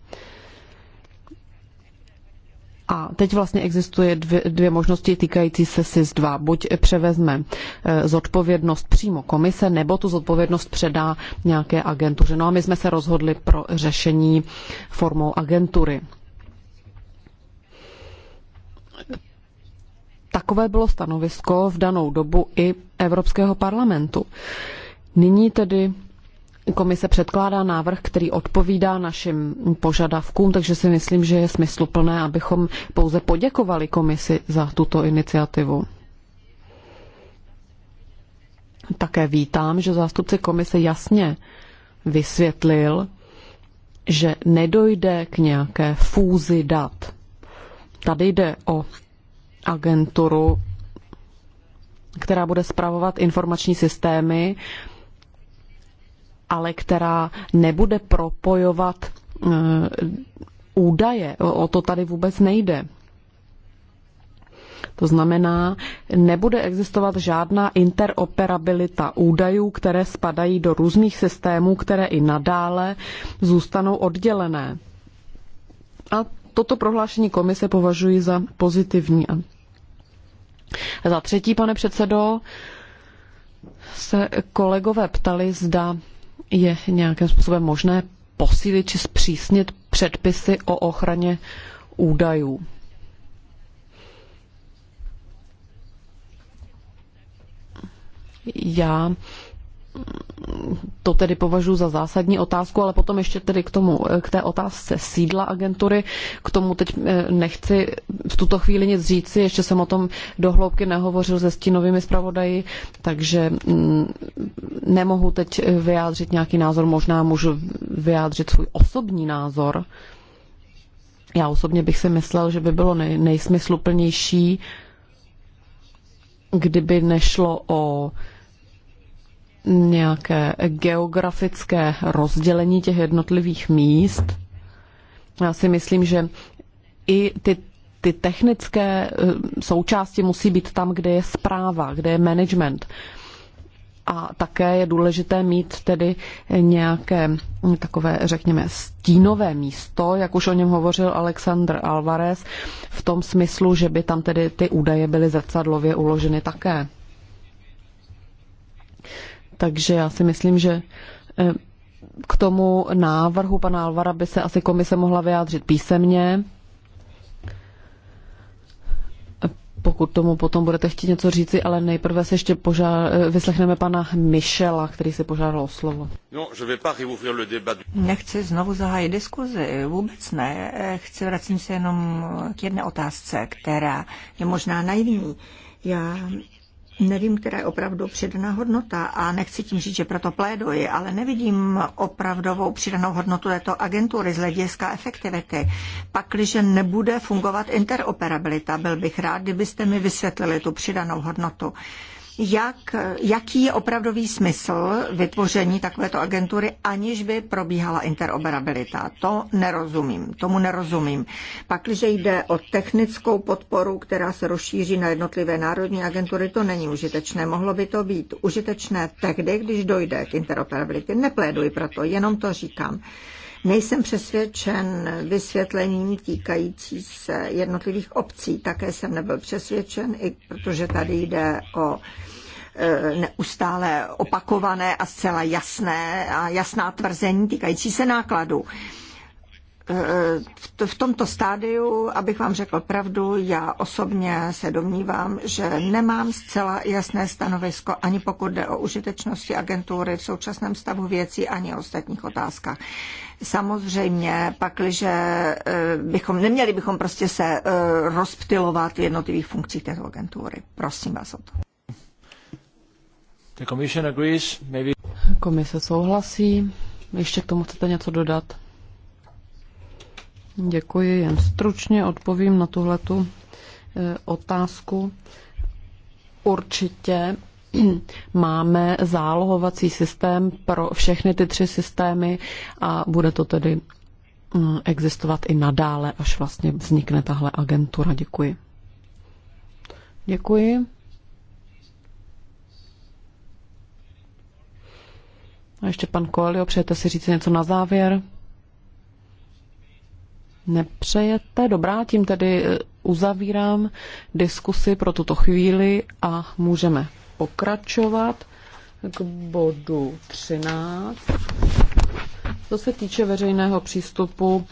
A teď vlastně existuje dvě, dvě možnosti týkající se SIS-2. Buď převezme e, zodpovědnost přímo komise, nebo tu zodpovědnost předá nějaké agentuře. No a my jsme se rozhodli pro řešení formou agentury. Takové bylo stanovisko v danou dobu i Evropského parlamentu. Nyní tedy Komise předkládá návrh, který odpovídá našim požadavkům, takže si myslím, že je smysluplné, abychom pouze poděkovali komisi za tuto iniciativu. Také vítám, že zástupce komise jasně vysvětlil, že nedojde k nějaké fúzi dat. Tady jde o agenturu, která bude spravovat informační systémy, ale která nebude propojovat eh, údaje. O to tady vůbec nejde. To znamená, nebude existovat žádná interoperabilita údajů, které spadají do různých systémů, které i nadále zůstanou oddělené. A toto prohlášení komise považuji za pozitivní. Za třetí, pane předsedo, se kolegové ptali, zda je nějakým způsobem možné posílit či zpřísnit předpisy o ochraně údajů. Já to tedy považuji za zásadní otázku, ale potom ještě tedy k tomu, eh, k té otázce sídla agentury, k tomu teď eh, nechci v tuto chvíli nic říci, ještě jsem o tom dohloubky nehovořil se stínovými zpravodaji, takže mm, nemohu teď eh, vyjádřit nějaký názor, možná můžu vyjádřit svůj osobní názor. Já osobně bych si myslel, že by bylo nej, nejsmysluplnější, kdyby nešlo o uh, nějaké geografické rozdělení těch jednotlivých míst. Já si myslím, že i ty, ty technické eh, součásti musí být tam, kde je zpráva, kde je management. A také je důležité mít tedy nějaké takové, řekněme, stínové místo, jak už o něm hovořil Alexandr Alvarez, v tom smyslu, že by tam tedy ty údaje byly zrcadlově uloženy také. Takže já si myslím, že eh, k tomu návrhu pana Alvara by se asi komise mohla vyjádřit písemně. Pokud tomu potom budete chtít něco říci, ale nejprve se ještě požá- eh, vyslechneme pana Michela, který si požádal o slovo. No,
Nechci znovu zahájit diskuzi, vůbec ne. Eh, chci, vracím se jenom k jedné otázce, která je možná naivní. Já nevím, která je opravdu přidaná hodnota a nechci tím říct, že proto pléduji, ale nevidím opravdovou přidanou hodnotu této agentury z hlediska efektivity. Pakliže nebude fungovat interoperabilita, byl bych rád, kdybyste mi vysvětlili tu přidanou hodnotu jak, jaký je opravdový smysl vytvoření takovéto agentury, aniž by probíhala interoperabilita. To nerozumím, tomu nerozumím. Pak, když jde o technickou podporu, která se rozšíří na jednotlivé národní agentury, to není užitečné. Mohlo by to být užitečné tehdy, když dojde k interoperabilitě. Nepléduji proto, jenom to říkám. Nejsem přesvědčen vysvětlením týkající se jednotlivých obcí. Také jsem nebyl přesvědčen, i protože tady jde o e, neustále opakované a zcela jasné a jasná tvrzení týkající se nákladů. Eh, v tomto stádiu, abych vám řekl pravdu, já osobně se domnívám, že nemám zcela jasné stanovisko ani pokud jde o užitečnosti agentury v současném stavu věcí, ani o ostatních otázkách. Samozřejmě, pakliže eh, bychom, neměli bychom prostě se eh, rozptilovat v jednotlivých funkcích této agentury.
Prosím vás o to.
The commission agrees, maybe...
Komise souhlasí. Ještě k tomu chcete něco dodat? Děkuji, jen stručně odpovím na tuhletu e, otázku. Určitě [clears throat] máme zálohovací systém pro všechny ty tři systémy a bude to tedy mm, existovat i nadále, až vlastně vznikne tahle agentura. Děkuji. Děkuji. A ještě pan Koelio, přejete si říct něco na závěr? nepřejete. Dobrá, tím tedy eh, uzavírám diskusi pro tuto chvíli a můžeme pokračovat k bodu 13. Co se týče veřejného přístupu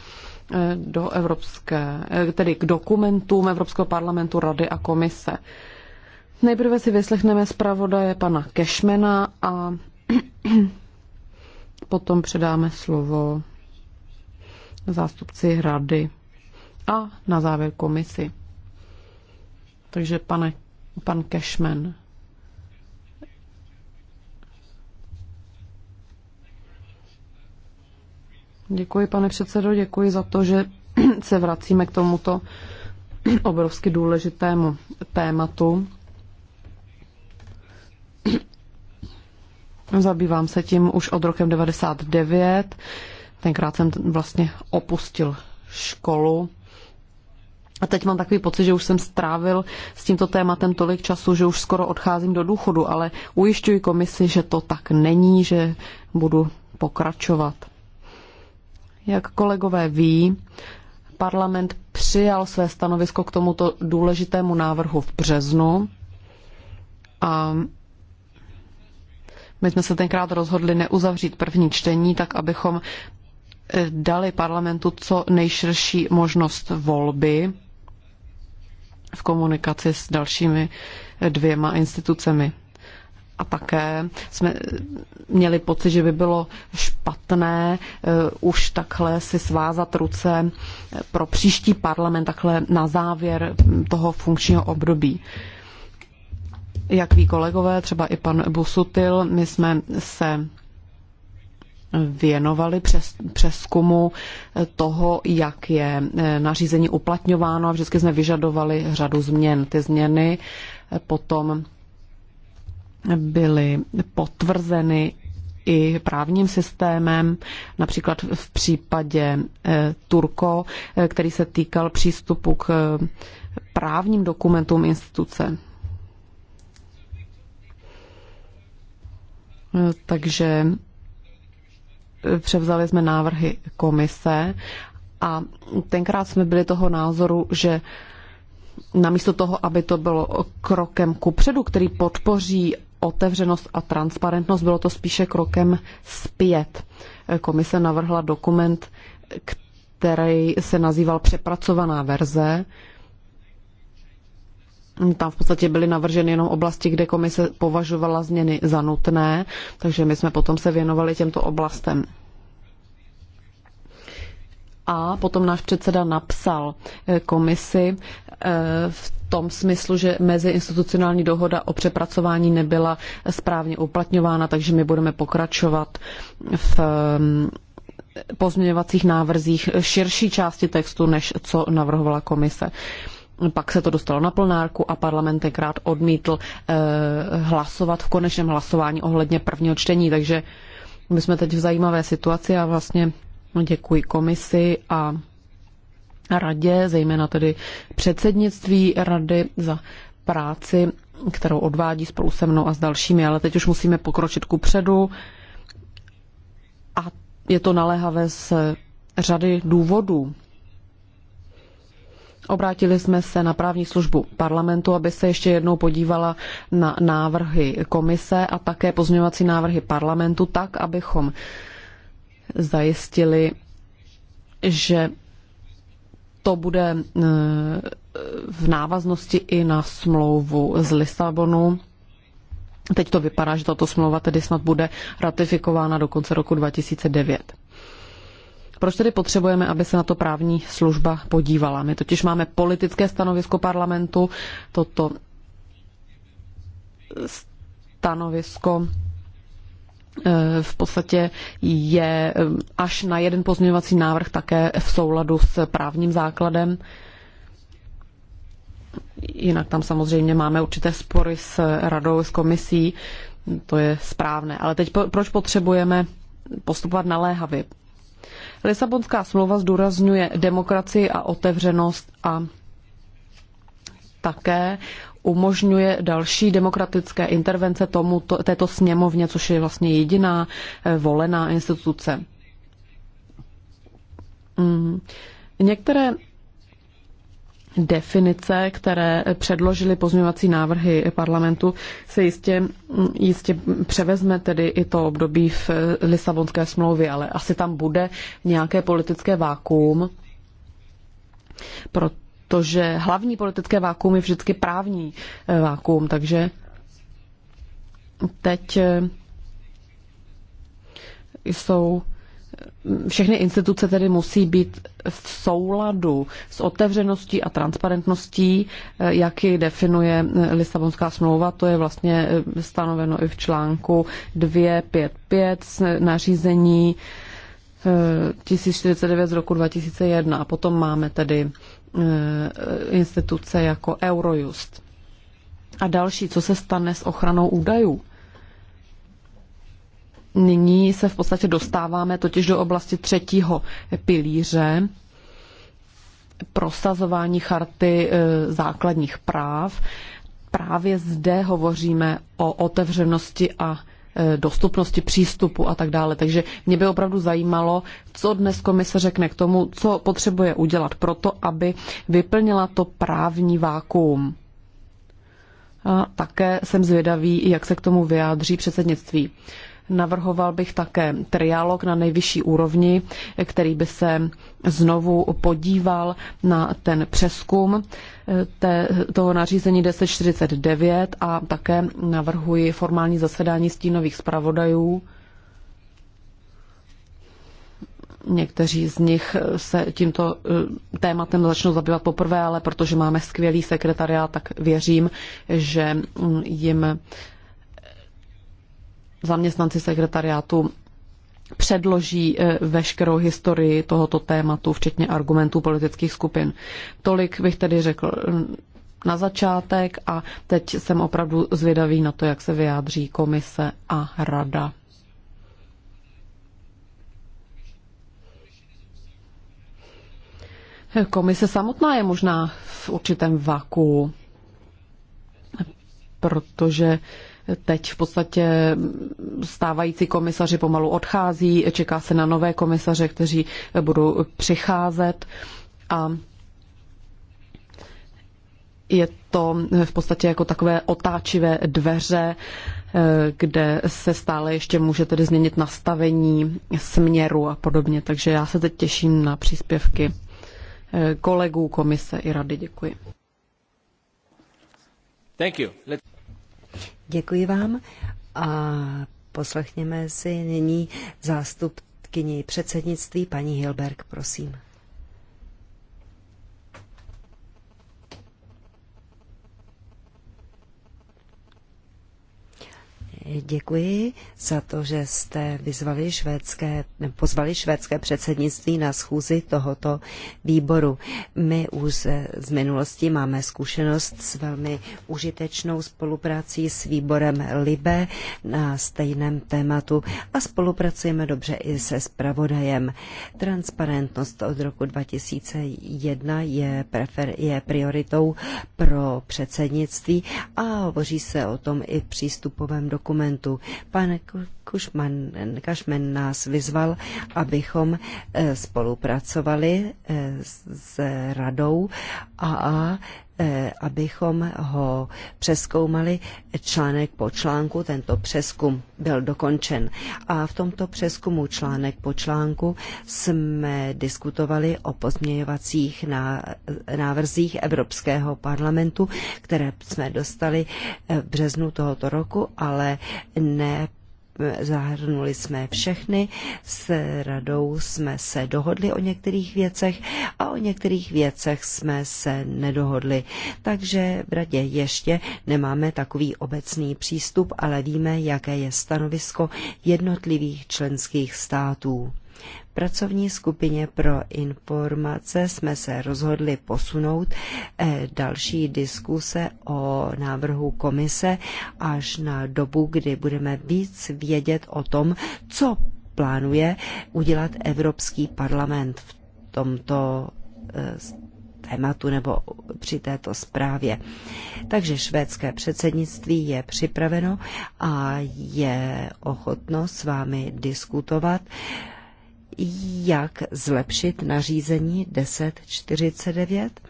eh, do evropské, eh, tedy k dokumentům Evropského parlamentu, Rady a Komise. Nejprve si vyslechneme zpravodaje pana Kešmena a [clears throat] potom předáme slovo zástupci rady a na závěr komisi. Takže pane, pan Cashman. Děkuji, pane předsedo, děkuji za to, že [clears throat] se vracíme k tomuto [clears throat] obrovsky důležitému tématu. [clears throat] Zabývám se tím už od rokem 99 Tenkrát jsem vlastně opustil školu. A teď mám takový pocit, že už jsem strávil s tímto tématem tolik času, že už skoro odcházím do důchodu, ale ujišťuji komisi, že to tak není, že budu pokračovat. Jak kolegové ví, parlament přijal své stanovisko k tomuto důležitému návrhu v březnu a my jsme se tenkrát rozhodli neuzavřít první čtení, tak abychom dali parlamentu co nejširší možnost volby v komunikaci s dalšími dvěma institucemi. A také jsme měli pocit, že by bylo špatné uh, už takhle si svázat ruce pro příští parlament, takhle na závěr toho funkčního období. Jak ví kolegové, třeba i pan Busutil, my jsme se věnovali přes, přeskumu toho, jak je eh, nařízení uplatňováno a vždycky jsme vyžadovali řadu změn. Ty změny eh, potom byly potvrzeny i právním systémem, například v případě eh, Turko, který se týkal přístupu k právním dokumentům instituce. Takže převzali jsme návrhy komise a tenkrát jsme byli toho názoru, že namísto toho, aby to bylo krokem ku předu, který podpoří otevřenost a transparentnost, bylo to spíše krokem zpět. Komise navrhla dokument, který se nazýval přepracovaná verze, tam v podstatě byly navrženy jenom oblasti, kde komise považovala změny za nutné, takže my jsme potom se věnovali těmto oblastem. A potom náš předseda napsal eh, komisi eh, v tom smyslu, že meziinstitucionální dohoda o přepracování nebyla správně uplatňována, takže my budeme pokračovat v eh, pozměňovacích návrzích širší části textu, než co navrhovala komise pak se to dostalo na plnárku a parlament tenkrát odmítl eh, hlasovat v konečném hlasování ohledně prvního čtení, takže my jsme teď v zajímavé situaci a vlastně děkuji komisi a radě, zejména tedy předsednictví rady za práci, kterou odvádí spolu se mnou a s dalšími, ale teď už musíme pokročit ku předu a je to naléhavé z řady důvodů. Obrátili jsme se na právní službu parlamentu, aby se ještě jednou podívala na návrhy komise a také pozměňovací návrhy parlamentu, tak, abychom zajistili, že to bude e, v návaznosti i na smlouvu z Lisabonu. Teď to vypadá, že tato smlouva tedy snad bude ratifikována do konce roku 2009. Proč tedy potřebujeme, aby se na to právní služba podívala? My totiž máme politické stanovisko parlamentu, toto stanovisko eh, v podstatě je eh, až na jeden pozměňovací návrh také v souladu s právním základem. Jinak tam samozřejmě máme určité spory s radou, s komisí, to je správné. Ale teď proč potřebujeme postupovat naléhavě? Lisabonská smlouva zdůrazňuje demokracii a otevřenost a také umožňuje další demokratické intervence tomu, to, této sněmovně, což je vlastně jediná eh, volená instituce. Mm. Některé definice, které předložili pozměňovací návrhy parlamentu, se jistě, jistě převezme tedy i to období v Lisabonské smlouvě, ale asi tam bude nějaké politické vákuum, protože hlavní politické vákuum je vždycky právní eh, vákuum, takže teď eh, jsou všechny instituce tedy musí být v souladu s otevřeností a transparentností, eh, jak ji definuje eh, Lisabonská smlouva. To je vlastně eh, stanoveno i v článku 255 nařízení 1049 z roku 2001. A potom máme tedy instituce jako Eurojust. A další, co se stane s ochranou údajů? Nyní se v podstatě dostáváme totiž do oblasti třetího pilíře prosazování charty e, základních práv. Právě zde hovoříme o otevřenosti a e, dostupnosti přístupu a tak dále. Takže mě by opravdu zajímalo, co dnes komise řekne k tomu, co potřebuje udělat proto, aby vyplnila to právní vákuum. A také jsem zvědavý, jak se k tomu vyjádří předsednictví. Navrhoval bych také trialog na nejvyšší úrovni, který by se znovu podíval na ten přeskum eh, té, toho nařízení 1049 a také navrhuji formální zasedání stínových zpravodajů. Někteří z nich se tímto eh, tématem začnou zabývat poprvé, ale protože máme skvělý sekretariát, tak věřím, že mm, jim zaměstnanci sekretariátu předloží eh, veškerou historii tohoto tématu, včetně argumentů politických skupin. Tolik bych tedy řekl mm, na začátek a teď jsem opravdu zvědavý na to, jak se vyjádří komise a rada. Komise samotná je možná v určitém vaku, protože Teď v podstatě stávající komisaři pomalu odchází, čeká se na nové komisaře, kteří budou přicházet a je to v podstatě jako takové otáčivé dveře, kde se stále ještě může tedy změnit nastavení směru a podobně. Takže já se teď těším na příspěvky kolegů komise i rady. Děkuji.
Thank you. Let
Děkuji vám a poslechněme si nyní zástupkyni předsednictví paní Hilberg, prosím. Děkuji za to, že jste vyzvali švédské, pozvali švédské předsednictví na schůzi tohoto výboru. My už z minulosti máme zkušenost s velmi užitečnou spoluprací s výborem LIBE na stejném tématu a spolupracujeme dobře i se spravodajem. Transparentnost od roku 2001 je, prefer, je prioritou pro předsednictví a hovoří se o tom i v přístupovém dokumentu dokumentu. Pan Kušman, Kašmen nás vyzval, abychom eh, spolupracovali eh, s radou a Eh, abychom ho přeskoumali článek po článku. Tento přeskum byl dokončen. A v tomto přeskumu článek po článku jsme diskutovali o pozměňovacích návrzích Evropského parlamentu, které jsme dostali eh, v březnu tohoto roku, ale ne zahrnuli jsme všechny, s radou jsme se dohodli o některých věcech a o některých věcech jsme se nedohodli. Takže v radě ještě nemáme takový obecný přístup, ale víme, jaké je stanovisko jednotlivých členských států pracovní skupině pro informace jsme se rozhodli posunout eh, další diskuse o návrhu komise až na dobu, kdy budeme víc vědět o tom, co plánuje udělat Evropský parlament v tomto eh, tématu nebo při této zprávě. Takže švédské předsednictví je připraveno a je ochotno s vámi diskutovat jak zlepšit nařízení 1049,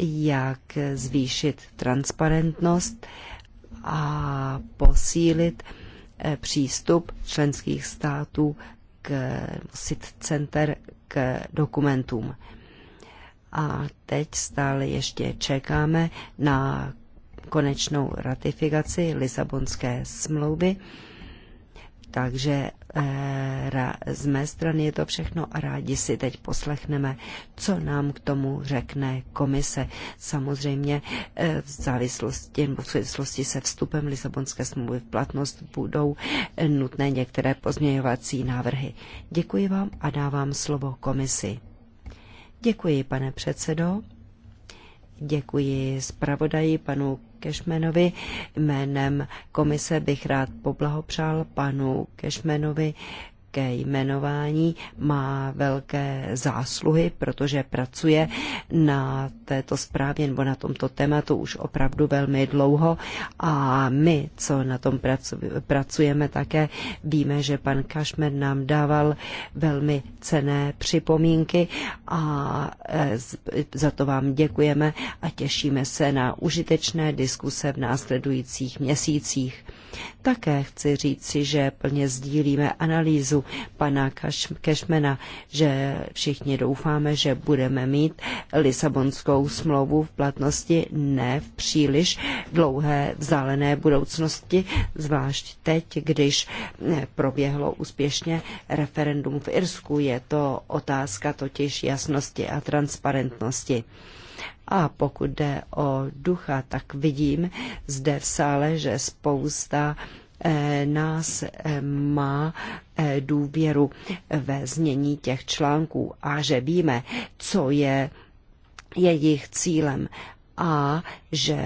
jak zvýšit transparentnost a posílit eh, přístup členských států k SIT center k dokumentům. A teď stále ještě čekáme na konečnou ratifikaci Lisabonské smlouvy takže eh, z mé strany je to všechno a rádi si teď poslechneme, co nám k tomu řekne komise. Samozřejmě eh, v závislosti, v souvislosti se vstupem Lisabonské smlouvy v platnost budou eh, nutné některé pozměňovací návrhy. Děkuji vám a dávám slovo komisi. Děkuji, pane předsedo. Děkuji zpravodaji panu Kešmenovi. Jménem komise bych rád poblahopřál panu Kešmenovi ke jmenování má velké zásluhy, protože pracuje na této zprávě nebo na tomto tématu už opravdu velmi dlouho a my, co na tom pracujeme také, víme, že pan Kašmer nám dával velmi cené připomínky a e, za to vám děkujeme a těšíme se na užitečné diskuse v následujících měsících. Také chci říci, že plně sdílíme analýzu, pana Kešmena, že všichni doufáme, že budeme mít Lisabonskou smlouvu v platnosti ne v příliš dlouhé vzdálené budoucnosti, zvlášť teď, když eh, proběhlo úspěšně referendum v Irsku. Je to otázka totiž jasnosti a transparentnosti. A pokud jde o ducha, tak vidím zde v sále, že spousta Eh, nás eh, má eh, důvěru ve znění těch článků a že víme, co je jejich cílem a že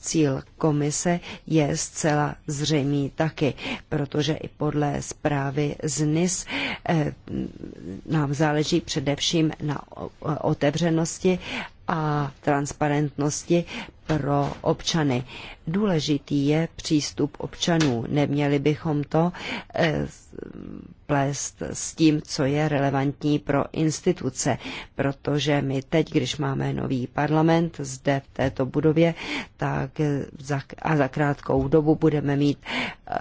cíl komise je zcela zřejmý taky, protože i podle zprávy z NIS nám záleží především na otevřenosti a transparentnosti pro občany. Důležitý je přístup občanů. Neměli bychom to eh, plést s tím, co je relevantní pro instituce, protože my teď, když máme nový parlament zde v této budově, tak za, a za krátkou dobu budeme mít eh,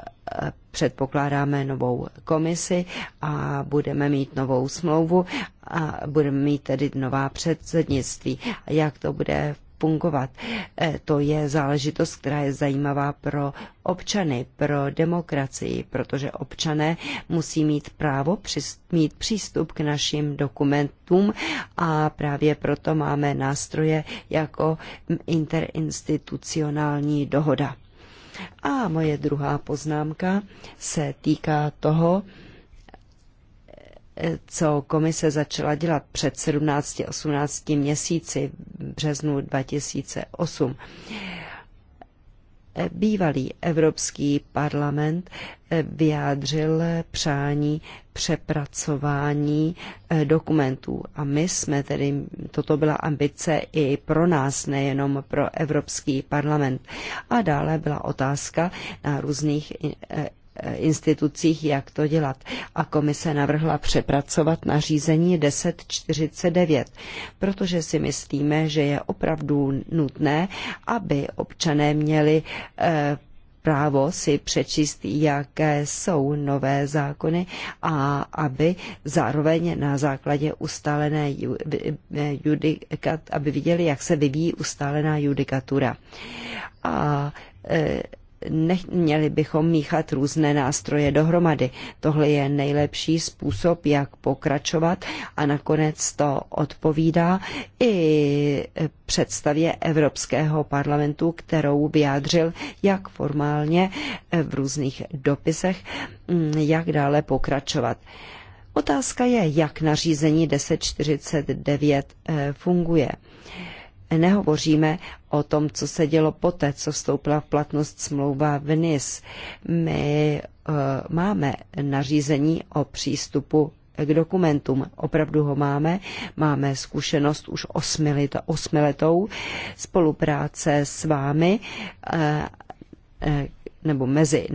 předpokládáme novou komisi a budeme mít novou smlouvu a budeme mít tedy nová předsednictví. Jak to bude fungovat. E, to je záležitost, která je zajímavá pro občany, pro demokracii, protože občané musí mít právo mít přístup k našim dokumentům a právě proto máme nástroje jako interinstitucionální dohoda. A moje druhá poznámka se týká toho, co komise začala dělat před 17-18 měsíci v březnu 2008. Bývalý Evropský parlament eh, vyjádřil přání přepracování eh, dokumentů. A my jsme tedy, toto byla ambice i pro nás, nejenom pro Evropský parlament. A dále byla otázka na různých eh, institucích, jak to dělat. A komise navrhla přepracovat nařízení 1049, protože si myslíme, že je opravdu nutné, aby občané měli eh, právo si přečíst, jaké jsou nové zákony a aby zároveň na základě ustálené judikat, aby viděli, jak se vyvíjí ustálená judikatura. A eh, neměli bychom míchat různé nástroje dohromady. Tohle je nejlepší způsob, jak pokračovat a nakonec to odpovídá i představě Evropského parlamentu, kterou vyjádřil jak formálně v různých dopisech, jak dále pokračovat. Otázka je, jak nařízení 1049 eh, funguje nehovoříme o tom, co se dělo poté, co vstoupila v platnost smlouva v NIS. My eh, máme nařízení o přístupu k dokumentům. Opravdu ho máme. Máme zkušenost už osmiletou, spolupráce s vámi eh, eh, nebo mezi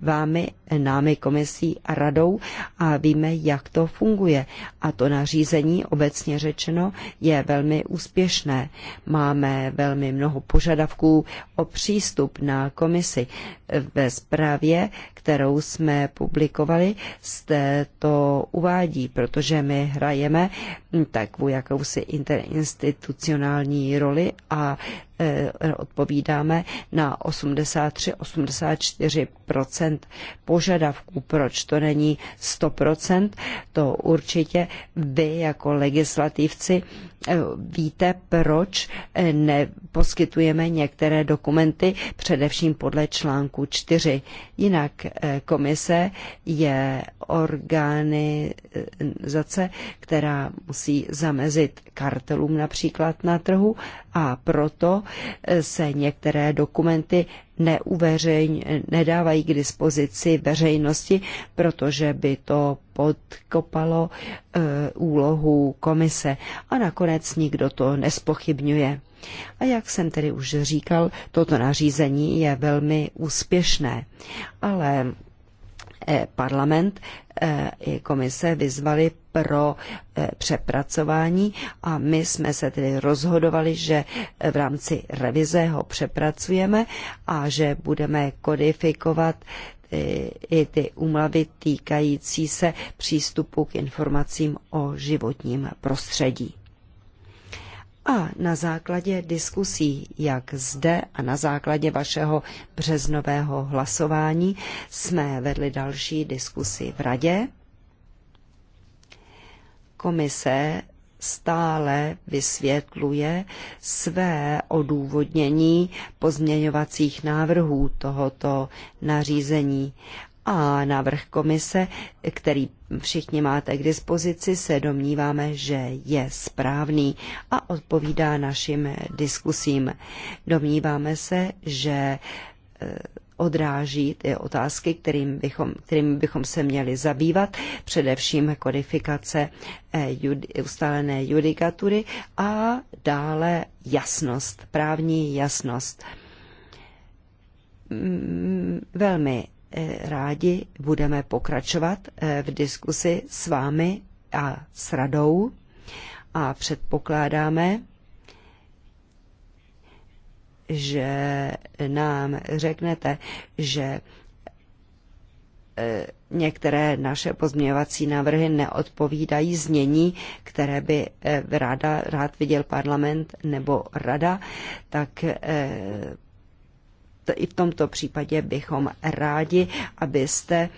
vámi námi komisí a radou a víme, jak to funguje. A to nařízení, obecně řečeno, je velmi úspěšné. Máme velmi mnoho požadavků o přístup na komisi. Ve zprávě, kterou jsme publikovali, jste to uvádí, protože my hrajeme takovou jakousi interinstitucionální roli a e, odpovídáme na 83-84 požadavků, proč to není 100%, to určitě vy jako legislativci eh, víte, proč eh, neposkytujeme některé dokumenty, především podle článku 4. Jinak eh, komise je organizace, která musí zamezit kartelům například na trhu a proto eh, se některé dokumenty neuveřejň, nedávají k dispozici veřejnosti, protože by to podkopalo e, úlohu komise a nakonec nikdo to nespochybňuje. A jak jsem tedy už říkal, toto nařízení je velmi úspěšné, ale E, parlament e, i komise vyzvali pro e, přepracování a my jsme se tedy rozhodovali, že v rámci revize ho přepracujeme a že budeme kodifikovat i ty úmlavy týkající se přístupu k informacím o životním prostředí. A na základě diskusí, jak zde a na základě vašeho březnového hlasování, jsme vedli další diskusy v radě. Komise stále vysvětluje své odůvodnění pozměňovacích návrhů tohoto nařízení a návrh komise, který všichni máte k dispozici, se domníváme, že je správný a odpovídá našim diskusím. Domníváme se, že eh, odráží ty otázky, kterým bychom, kterým bychom se měli zabývat, především kodifikace eh, ustálené judikatury a dále jasnost, právní jasnost. Velmi E, rádi budeme pokračovat e, v diskusi s vámi a s radou a předpokládáme, že nám řeknete, že e, některé naše pozměňovací návrhy neodpovídají znění, které by ráda, rád viděl parlament nebo rada, tak i v tomto případě bychom rádi, abyste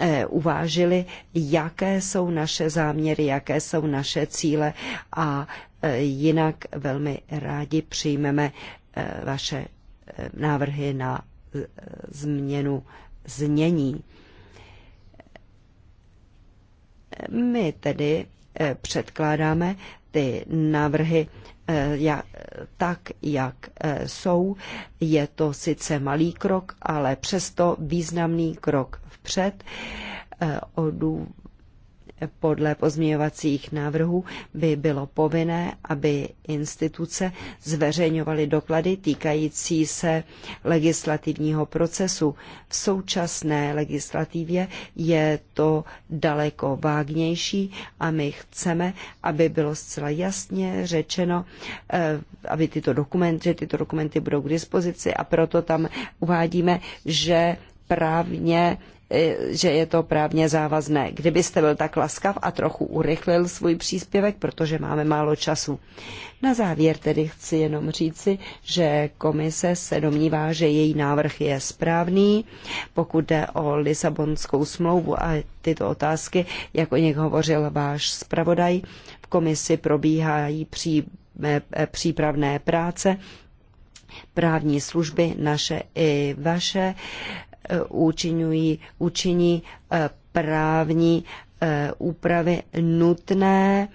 eh, uvážili, jaké jsou naše záměry, jaké jsou naše cíle a eh, jinak velmi rádi přijmeme eh, vaše návrhy na změnu znění. My tedy předkládáme ty návrhy Eh, tak, jak eh, jsou. Je to sice malý krok, ale přesto významný krok vpřed. Eh, podle pozměňovacích návrhů by bylo povinné, aby instituce zveřejňovaly doklady týkající se legislativního procesu. V současné legislativě je to daleko vágnější a my chceme, aby bylo zcela jasně řečeno, eh, aby tyto dokumenty, že tyto dokumenty budou k dispozici a proto tam uvádíme, že právně E, že je to právně závazné. Kdybyste byl tak laskav a trochu urychlil svůj příspěvek, protože máme málo času. Na závěr tedy chci jenom říci, že komise se domnívá, že její návrh je správný, pokud jde o Lisabonskou smlouvu a tyto otázky, jak o nich hovořil váš zpravodaj. V komisi probíhají pří, e, e, přípravné práce, právní služby naše i vaše Eh, učiňují, učiní eh, právní eh, úpravy nutné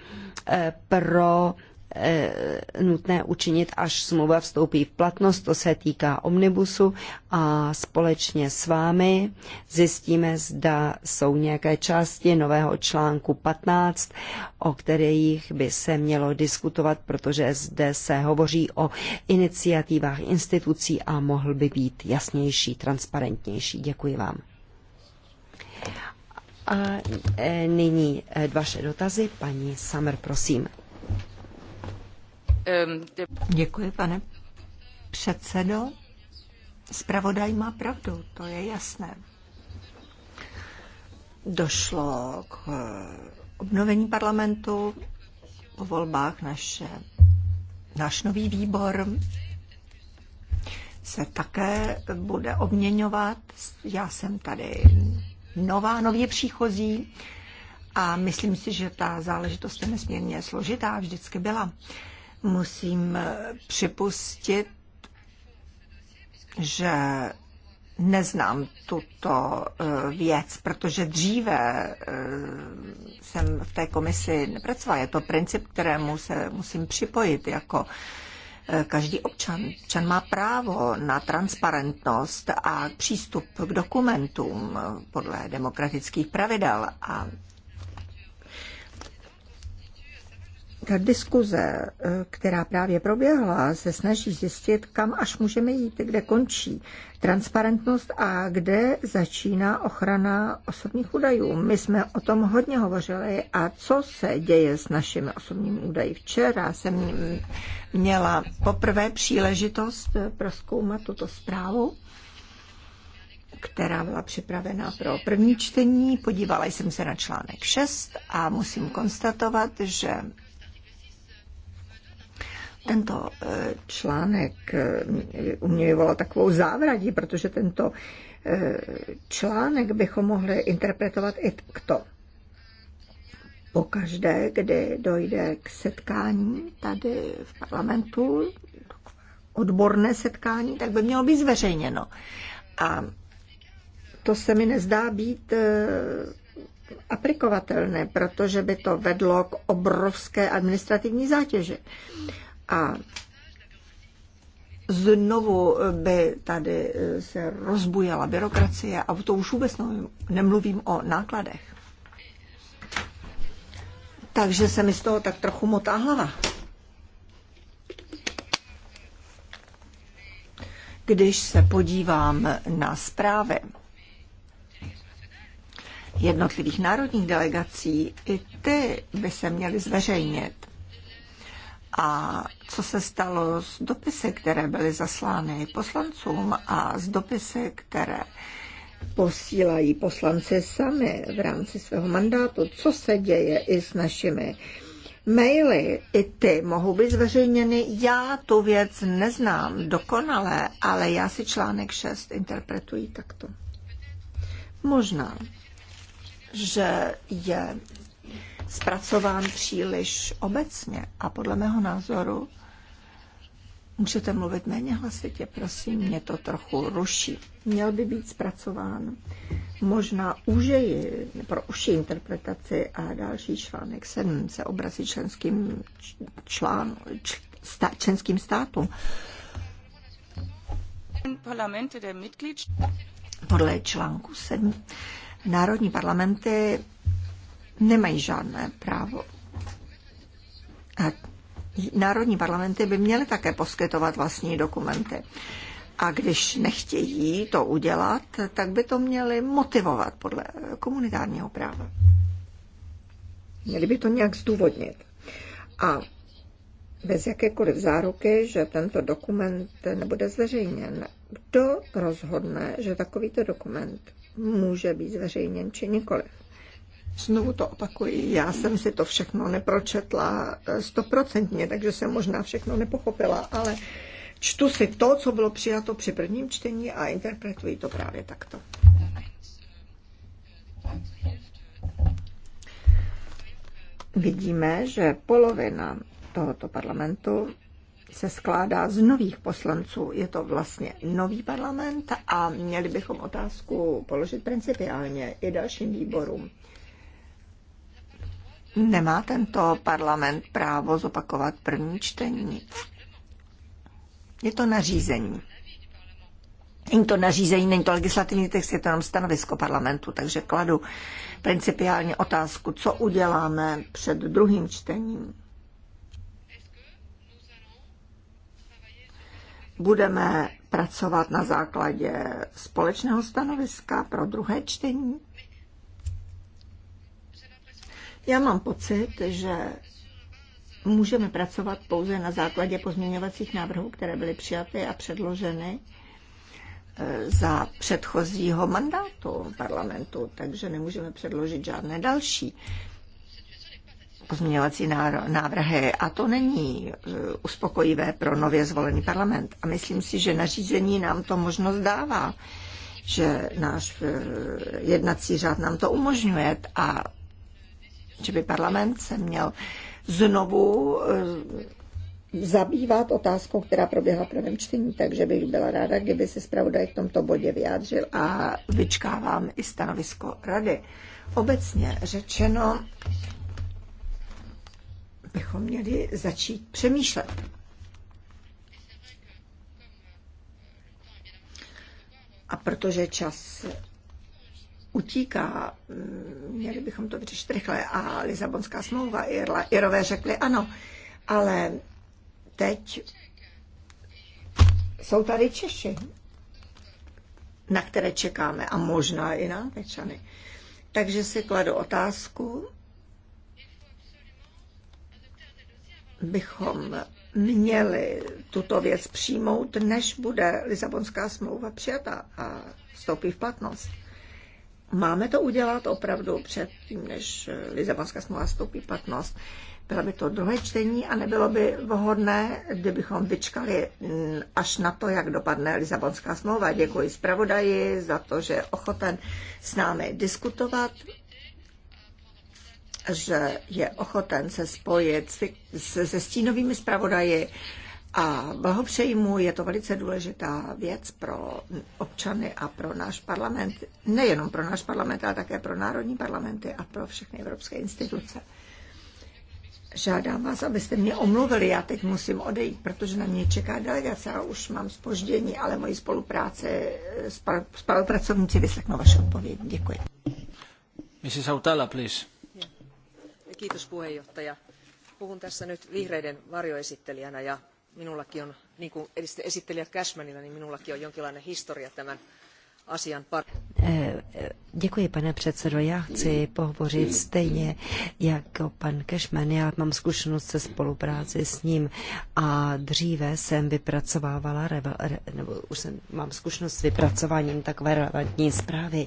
pro Eh, nutné učinit, až smlouva vstoupí v platnost. To se týká omnibusu a společně s vámi zjistíme, zda jsou nějaké části nového článku 15, o kterých by se mělo diskutovat, protože zde se hovoří o iniciativách institucí a mohl by být jasnější, transparentnější. Děkuji vám. A eh, nyní eh, vaše dotazy. Paní Samr, prosím. Děkuji, pane předsedo.
Spravodaj má pravdu, to je jasné. Došlo k eh, obnovení parlamentu po volbách naše, náš nový výbor se také bude obměňovat. Já jsem tady nová, nově příchozí a myslím si, že ta záležitost je nesmírně složitá, vždycky byla musím eh, připustit, že neznám tuto eh, věc, protože dříve eh, jsem v té komisi nepracovala. Je to princip, kterému se musím připojit jako každý občan. Občan má právo na transparentnost a přístup k dokumentům podle demokratických pravidel a ta diskuze, eh, která právě proběhla, se snaží zjistit, kam až můžeme jít, kde končí transparentnost a kde začíná ochrana osobních údajů. My jsme o tom hodně hovořili a co se děje s našimi osobními údaji. Včera jsem měla poprvé příležitost eh, proskoumat tuto zprávu která byla připravena pro první čtení. Podívala jsem se na článek 6 a musím konstatovat, že tento eh, článek eh, u mě vyvolal takovou závradí, protože tento eh, článek bychom mohli interpretovat i Po každé, kdy dojde k setkání tady v parlamentu, odborné setkání, tak by mělo být zveřejněno. A to se mi nezdá být aplikovatelné, protože by to vedlo k obrovské administrativní zátěži. A znovu by tady eh, se rozbujela byrokracie a to už vůbec nemluvím o nákladech. Takže se mi z toho tak trochu motá hlava. Když se podívám na zprávy jednotlivých národních delegací, i ty by se měly zveřejnit a co se stalo s dopisy, které byly zaslány poslancům a s dopisy, které posílají poslanci sami v rámci svého mandátu, co se děje i s našimi maily, i ty mohou být zveřejněny. Já tu věc neznám dokonale, ale já si článek 6 interpretuji takto. Možná, že je zpracován příliš obecně a podle mého názoru můžete mluvit méně hlasitě, prosím, mě to trochu ruší. Měl by být zpracován možná úžeji pro uši interpretaci a další článek 7 se obrazí členským, člán, čl, členským státům. Podle článku 7 národní parlamenty nemají žádné právo. A národní parlamenty by měly také poskytovat vlastní dokumenty. A když nechtějí to udělat, tak by to měli motivovat podle komunitárního práva. Měli by to nějak zdůvodnit. A bez jakékoliv záruky, že tento dokument nebude zveřejněn. Kdo rozhodne, že takovýto dokument může být zveřejněn či nikoliv? Znovu to opakuji, já jsem si to všechno nepročetla eh, stoprocentně, takže jsem možná všechno nepochopila, ale čtu si to, co bylo přijato při prvním čtení a interpretuji to právě takto. Vidíme, že polovina tohoto parlamentu se skládá z nových poslanců. Je to vlastně nový parlament a měli bychom otázku položit principiálně i dalším výborům nemá tento parlament právo zopakovat první čtení. Je to nařízení. Není to nařízení, není to legislativní text, je to jenom stanovisko parlamentu, takže kladu principiálně otázku, co uděláme před druhým čtením. Budeme pracovat na základě společného stanoviska pro druhé čtení? Já mám pocit, že můžeme pracovat pouze na základě pozměňovacích návrhů, které byly přijaty a předloženy eh, za předchozího mandátu parlamentu, takže nemůžeme předložit žádné další pozměňovací návrhy a to není eh, uspokojivé pro nově zvolený parlament. A myslím si, že nařízení nám to možnost dává, že náš eh, jednací řád nám to umožňuje a že by parlament se měl znovu eh, zabývat otázkou, která proběhla v prvém čtení, takže bych byla ráda, kdyby se zpravodaj v tomto bodě vyjádřil a vyčkávám i stanovisko rady. Obecně řečeno bychom měli začít přemýšlet. A protože čas utíká, mm, měli bychom to vyřešit rychle. A Lisabonská smlouva, Irla, Irové řekli ano, ale teď jsou tady Češi, na které čekáme a možná i na Američany. Takže si kladu otázku, bychom měli tuto věc přijmout, než bude Lisabonská smlouva přijata a vstoupí v platnost. Máme to udělat opravdu před tím, než Lizabonská smlouva vstoupí platnost. Bylo by to druhé čtení a nebylo by vhodné, kdybychom vyčkali mm, až na to, jak dopadne Lizabonská smlouva. Děkuji zpravodaji za to, že je ochoten s námi diskutovat že je ochoten se spojit se, se stínovými zpravodaji a blahopřeji mu, je to velice důležitá věc pro občany a pro náš parlament, nejenom pro náš parlament, ale také pro národní parlamenty a pro všechny evropské instituce. Žádám vás, abyste mě omluvili, já teď musím odejít, protože na mě čeká delegace a už mám spoždění, ale moji spolupráce s spolupracovníci vyslechnou vaše odpověď. Děkuji. Mrs. Autala, please. Kiitos puheenjohtaja. Puhun tässä nyt vihreiden varjoesittelijänä ja minullakin on, niin kuin esittelijä Cashmanilla, jonkinlainen historia
tämän asian par... Eh, eh, děkuji, pane předsedo. Já chci pohovořit stejně jako pan Kešman. Já mám zkušenost se spolupráci s ním a dříve jsem vypracovávala, nebo už jsem, mám zkušenost s vypracováním takové relevantní zprávy.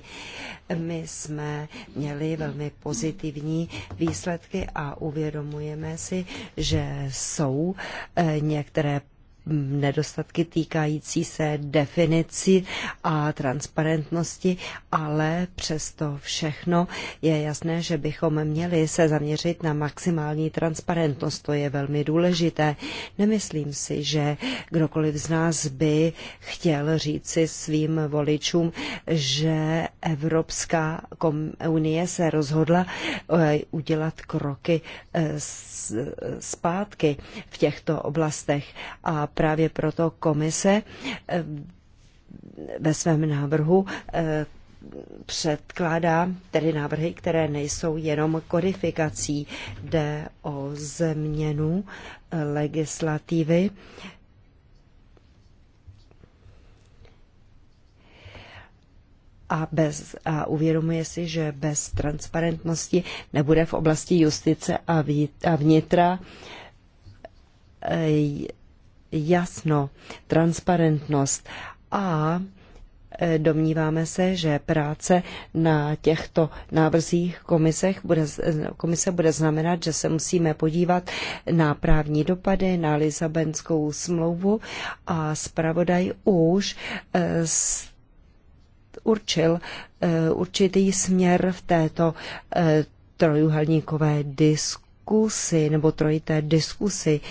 My jsme měli velmi pozitivní výsledky a uvědomujeme si, že jsou eh, některé nedostatky týkající se definici a transparentnosti, ale přesto všechno je jasné, že bychom měli se zaměřit na maximální transparentnost. To je velmi důležité. Nemyslím si, že kdokoliv z nás by chtěl říci svým voličům, že Evropská unie se rozhodla eh, udělat kroky eh, zpátky v těchto oblastech. A právě proto komise eh, ve svém návrhu eh, předkládá tedy návrhy, které nejsou jenom kodifikací. Jde o změnu eh, legislativy, a, bez, a uvědomuje si, že bez transparentnosti nebude v oblasti justice a, vnitra jasno, transparentnost a eh, Domníváme se, že práce na těchto návrzích komisech bude, eh, komise bude znamenat, že se musíme podívat na právní dopady, na Lisabonskou smlouvu a zpravodaj už eh, určil určitý směr v této trojuhelníkové diskusi nebo trojité diskusi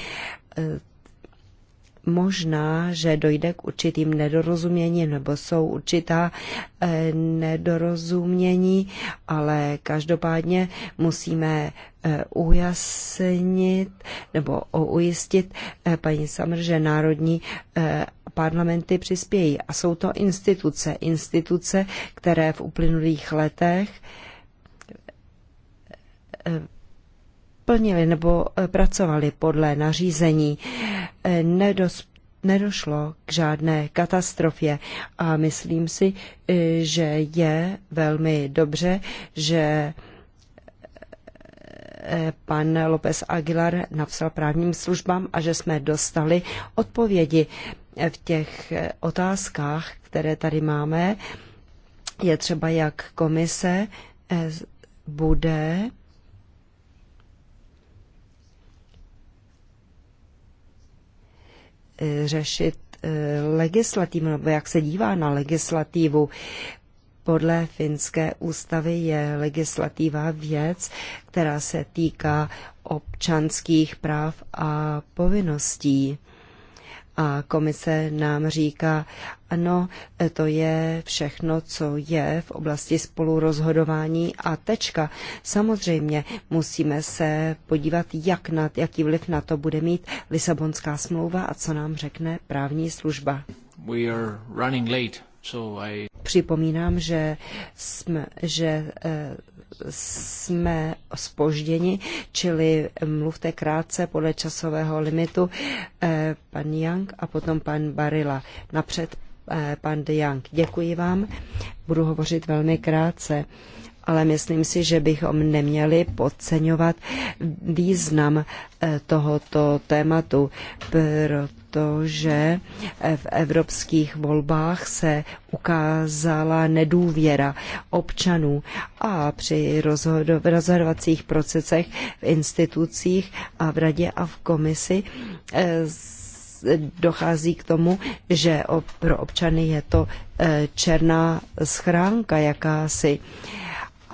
možná, že dojde k určitým nedorozumění nebo jsou určitá eh, nedorozumění, ale každopádně musíme eh, ujasnit nebo ujistit eh, paní Samr, že národní parlamenty přispějí. A jsou to instituce, instituce, které v uplynulých letech plnili nebo eh, pracovali podle nařízení, eh, nedos, nedošlo k žádné katastrofě a myslím si, eh, že je velmi dobře, že pan López Aguilar napsal právním službám a že jsme dostali odpovědi v těch otázkách, které tady máme. Je třeba, jak komise bude řešit eh, legislativu, nebo jak se dívá na legislativu. Podle finské ústavy je legislativa věc, která se týká občanských práv a povinností. A komise nám říká, ano, to je všechno, co je v oblasti spolurozhodování a tečka. Samozřejmě musíme se podívat, jak na, jaký vliv na to bude mít Lisabonská smlouva a co nám řekne právní služba.
We are running late.
Připomínám, že jsme, že eh, jsme spožděni, čili mluvte krátce podle časového limitu eh, pan Young a potom pan Barila. Napřed eh, pan De Young. Děkuji vám, budu hovořit velmi krátce ale myslím si, že bychom neměli podceňovat význam tohoto tématu, proto že v evropských volbách se ukázala nedůvěra občanů a při rozhodovacích procesech v institucích a v radě a v komisi eh, dochází k tomu, že pro občany je to eh, černá schránka jakási. si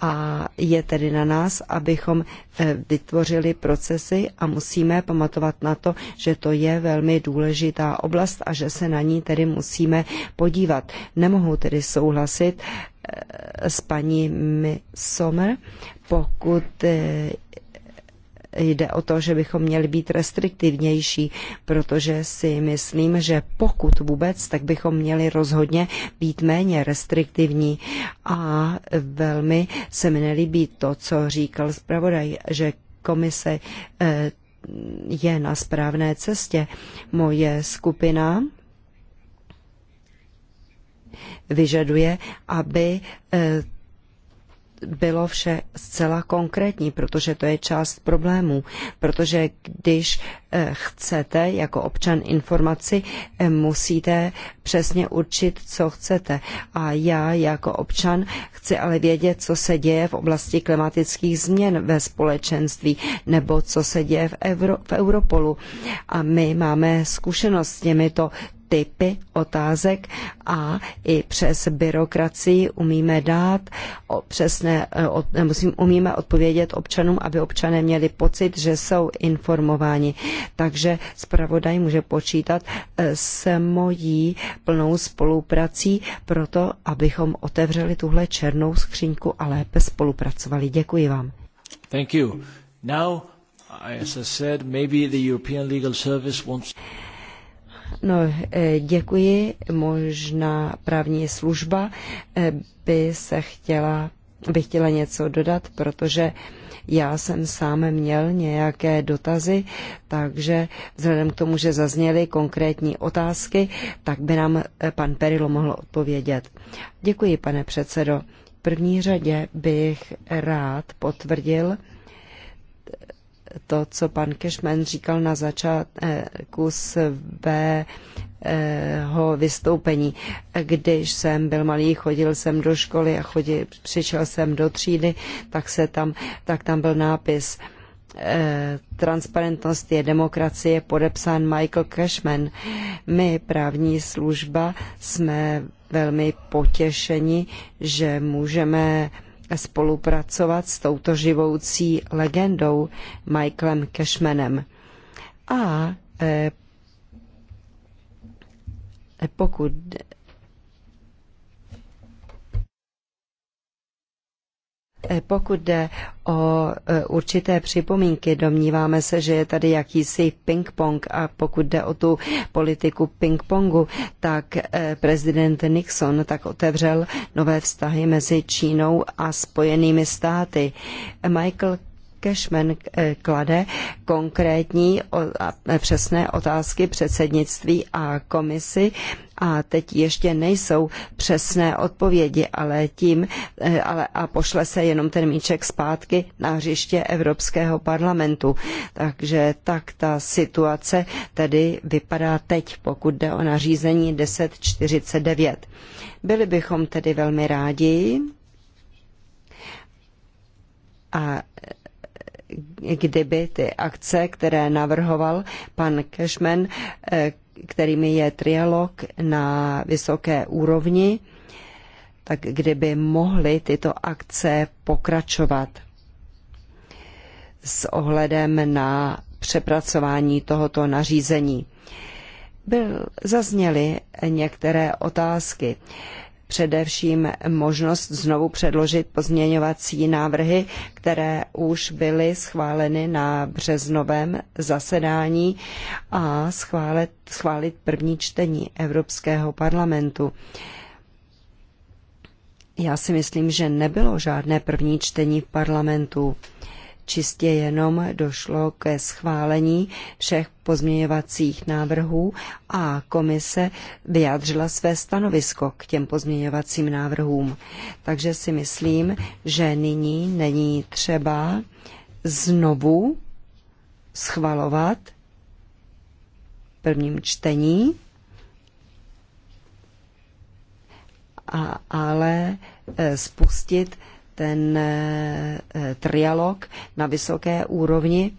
a je tedy na nás, abychom eh, vytvořili procesy a musíme pamatovat na to, že to je velmi důležitá oblast a že se na ní tedy musíme podívat. Nemohu tedy souhlasit eh, s paní Sommer, pokud eh, Jde o to, že bychom měli být restriktivnější, protože si myslím, že pokud vůbec, tak bychom měli rozhodně být méně restriktivní. A velmi se mi nelíbí to, co říkal zpravodaj, že komise eh, je na správné cestě. Moje skupina vyžaduje, aby eh, bylo vše zcela konkrétní, protože to je část problémů. Protože když eh, chcete jako občan informaci, eh, musíte přesně určit, co chcete. A já jako občan chci ale vědět, co se děje v oblasti klimatických změn ve společenství nebo co se děje v, Euro, v Europolu. A my máme zkušenost s těmito typy otázek a i přes byrokracii umíme dát přesné, e, musím, umíme odpovědět občanům, aby občané měli pocit, že jsou informováni. Takže zpravodaj může počítat e, s mojí plnou spoluprací proto, abychom otevřeli tuhle černou skříňku a lépe spolupracovali. Děkuji vám.
Thank you. Now, as I said, maybe the European Legal Service wants...
No, eh, děkuji. Možná právní služba eh, by se chtěla, by chtěla něco dodat, protože já jsem sám měl nějaké dotazy, takže vzhledem k tomu, že zazněly konkrétní otázky, tak by nám eh, pan Perilo mohl odpovědět. Děkuji, pane předsedo. V první řadě bych rád potvrdil, to, co pan Cashman říkal na začátku svého vystoupení. Když jsem byl malý, chodil jsem do školy a chodil, přišel jsem do třídy, tak, se tam, tak tam byl nápis eh, Transparentnost je demokracie, podepsán Michael Cashman. My, právní služba, jsme velmi potěšeni, že můžeme spolupracovat s touto živoucí legendou Michaelem Cashmanem. A eh, pokud Eh, pokud jde o eh, určité připomínky, domníváme se, že je tady jakýsi ping-pong a pokud jde o tu politiku ping-pongu, tak eh, prezident Nixon tak otevřel nové vztahy mezi Čínou a spojenými státy. Michael Cashman klade konkrétní a přesné otázky předsednictví a komisi a teď ještě nejsou přesné odpovědi, ale tím eh, ale, a pošle se jenom ten míček zpátky na hřiště Evropského parlamentu. Takže tak ta situace tedy vypadá teď, pokud jde o nařízení 1049. Byli bychom tedy velmi rádi, a eh, kdyby ty akce, které navrhoval pan Cashman, eh, kterými je trialog na vysoké úrovni, tak kdyby mohly tyto akce pokračovat s ohledem na přepracování tohoto nařízení. Byl, zazněly některé otázky především možnost znovu předložit pozměňovací návrhy, které už byly schváleny na březnovém zasedání a schválit, schválit první čtení Evropského parlamentu. Já si myslím, že nebylo žádné první čtení v parlamentu čistě jenom došlo ke schválení všech pozměňovacích návrhů a komise vyjádřila své stanovisko k těm pozměňovacím návrhům. Takže si myslím, že nyní není třeba znovu schvalovat v prvním čtení, a, ale e, spustit ten eh, eh, trialog na vysoké úrovni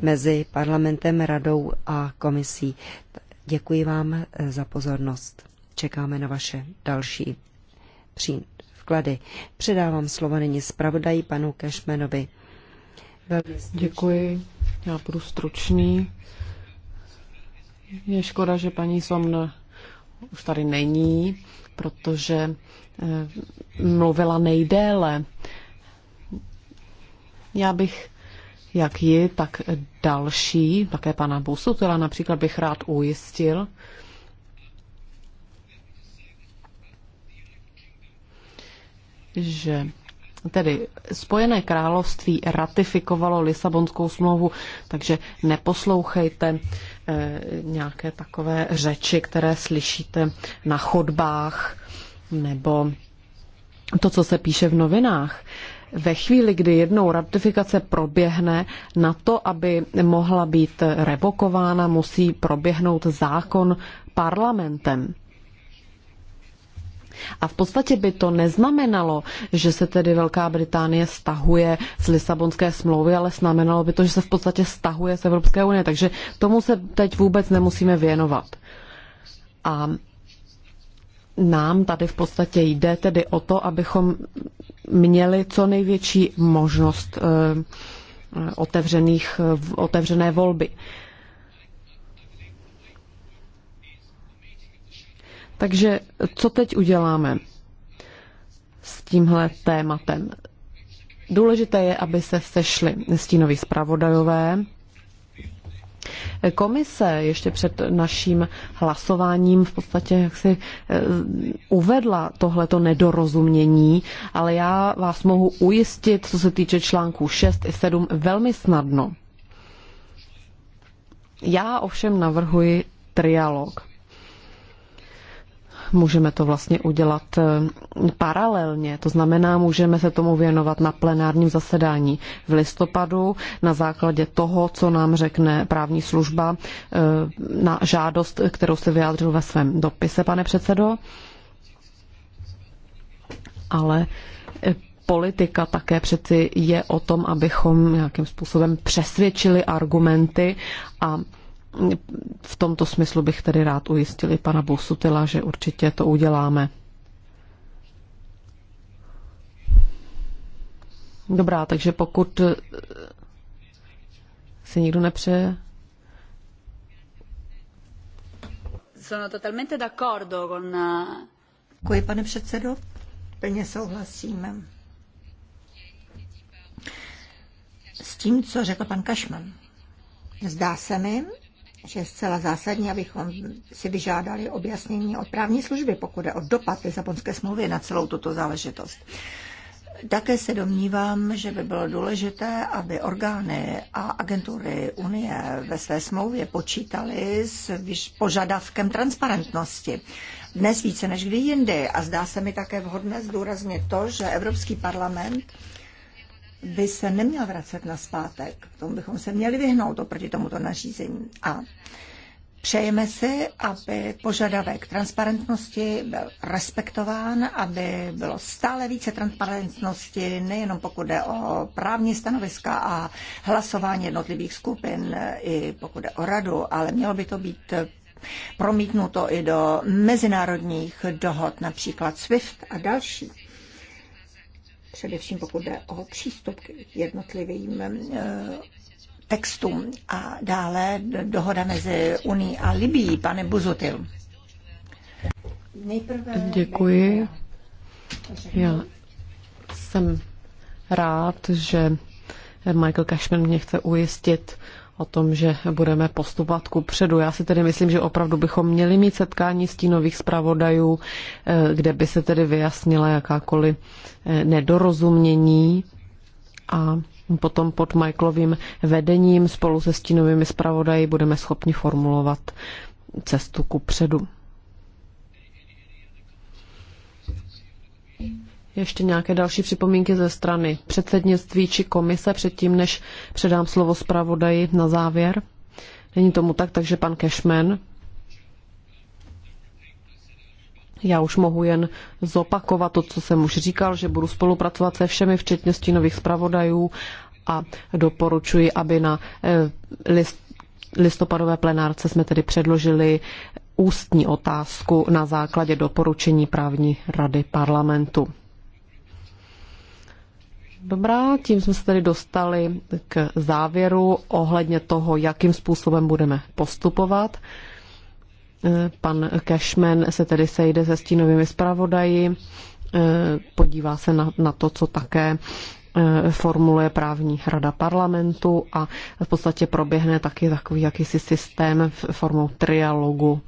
mezi parlamentem, radou a komisí. Děkuji vám eh, za pozornost. Čekáme na vaše další vklady. Předávám slovo nyní zpravodaji panu Kešmenovi.
Děkuji. Já budu stručný. Je škoda, že paní Somn už tady není, protože mluvila nejdéle. Já bych jak ji, tak další, také pana Busutila například bych rád ujistil, že tedy Spojené království ratifikovalo Lisabonskou smlouvu, takže neposlouchejte eh, nějaké takové řeči, které slyšíte na chodbách nebo to, co se píše v novinách. Ve chvíli, kdy jednou ratifikace proběhne, na to, aby mohla být revokována, musí proběhnout zákon parlamentem. A v podstatě by to neznamenalo, že se tedy Velká Británie stahuje z Lisabonské smlouvy, ale znamenalo by to, že se v podstatě stahuje z Evropské unie. Takže tomu se teď vůbec nemusíme věnovat. A nám tady v podstatě jde tedy o to, abychom měli co největší možnost eh, eh, otevřených, eh, otevřené volby. Takže co teď uděláme s tímhle tématem? Důležité je, aby se sešli stínoví zpravodajové, Komise ještě před naším hlasováním v podstatě jaksi eh, uvedla tohleto nedorozumění, ale já vás mohu ujistit, co se týče článků 6 i 7, velmi snadno. Já ovšem navrhuji trialog můžeme to vlastně udělat eh, paralelně, to znamená, můžeme se tomu věnovat na plenárním zasedání v listopadu na základě toho, co nám řekne právní služba eh, na žádost, kterou se vyjádřil ve svém dopise, pane předsedo. Ale eh, politika také přeci je o tom, abychom nějakým způsobem přesvědčili argumenty a v tomto smyslu bych tedy rád ujistil i pana Bousutila, že určitě to uděláme. Dobrá, takže pokud si nikdo nepřeje.
Sono totalmente d'accordo con... Eh, Děkuji, pane předsedo. Plně souhlasím s tím, co řekl pan Kašman. Zdá se mi, že je zcela zásadní, abychom si vyžádali objasnění od právní služby, pokud je o dopad Lisabonské smlouvy na celou tuto záležitost. Také se domnívám, že by bylo důležité, aby orgány a agentury Unie ve své smlouvě počítali s požadavkem transparentnosti. Dnes více než kdy jindy a zdá se mi také vhodné zdůraznit to, že Evropský parlament by se neměl vracet na zpátek. Tomu bychom se měli vyhnout oproti tomuto nařízení. A Přejeme si, aby požadavek transparentnosti byl respektován, aby bylo stále více transparentnosti, nejenom pokud jde o právní stanoviska a hlasování jednotlivých skupin, i pokud jde o radu, ale mělo by to být promítnuto i do mezinárodních dohod, například SWIFT a další především pokud jde o přístup k jednotlivým eh, textům a dále dohoda mezi Unii a Libií, pane Buzutil.
Děkuji. Já jsem rád, že Michael Cashman mě chce ujistit o tom, že budeme postupovat ku předu. Já si tedy myslím, že opravdu bychom měli mít setkání stínových zpravodajů, eh, kde by se tedy vyjasnila jakákoliv eh, nedorozumění a potom pod Michaelovým vedením spolu se stínovými zpravodaji budeme schopni formulovat cestu ku předu. ještě nějaké další připomínky ze strany předsednictví či komise předtím, než předám slovo zpravodaji na závěr? Není tomu tak, takže pan Cashman. Já už mohu jen zopakovat to, co jsem už říkal, že budu spolupracovat se všemi, včetně stínových zpravodajů a doporučuji, aby na eh, list, listopadové plenárce jsme tedy předložili ústní otázku na základě doporučení právní rady parlamentu. Dobrá, tím jsme se tedy dostali k závěru ohledně toho, jakým způsobem budeme postupovat. Eh, pan Cashman se tedy sejde se stínovými zpravodaji, eh, podívá se na, na to, co také eh, formuluje právní rada parlamentu a v podstatě proběhne taky takový jakýsi systém formou trialogu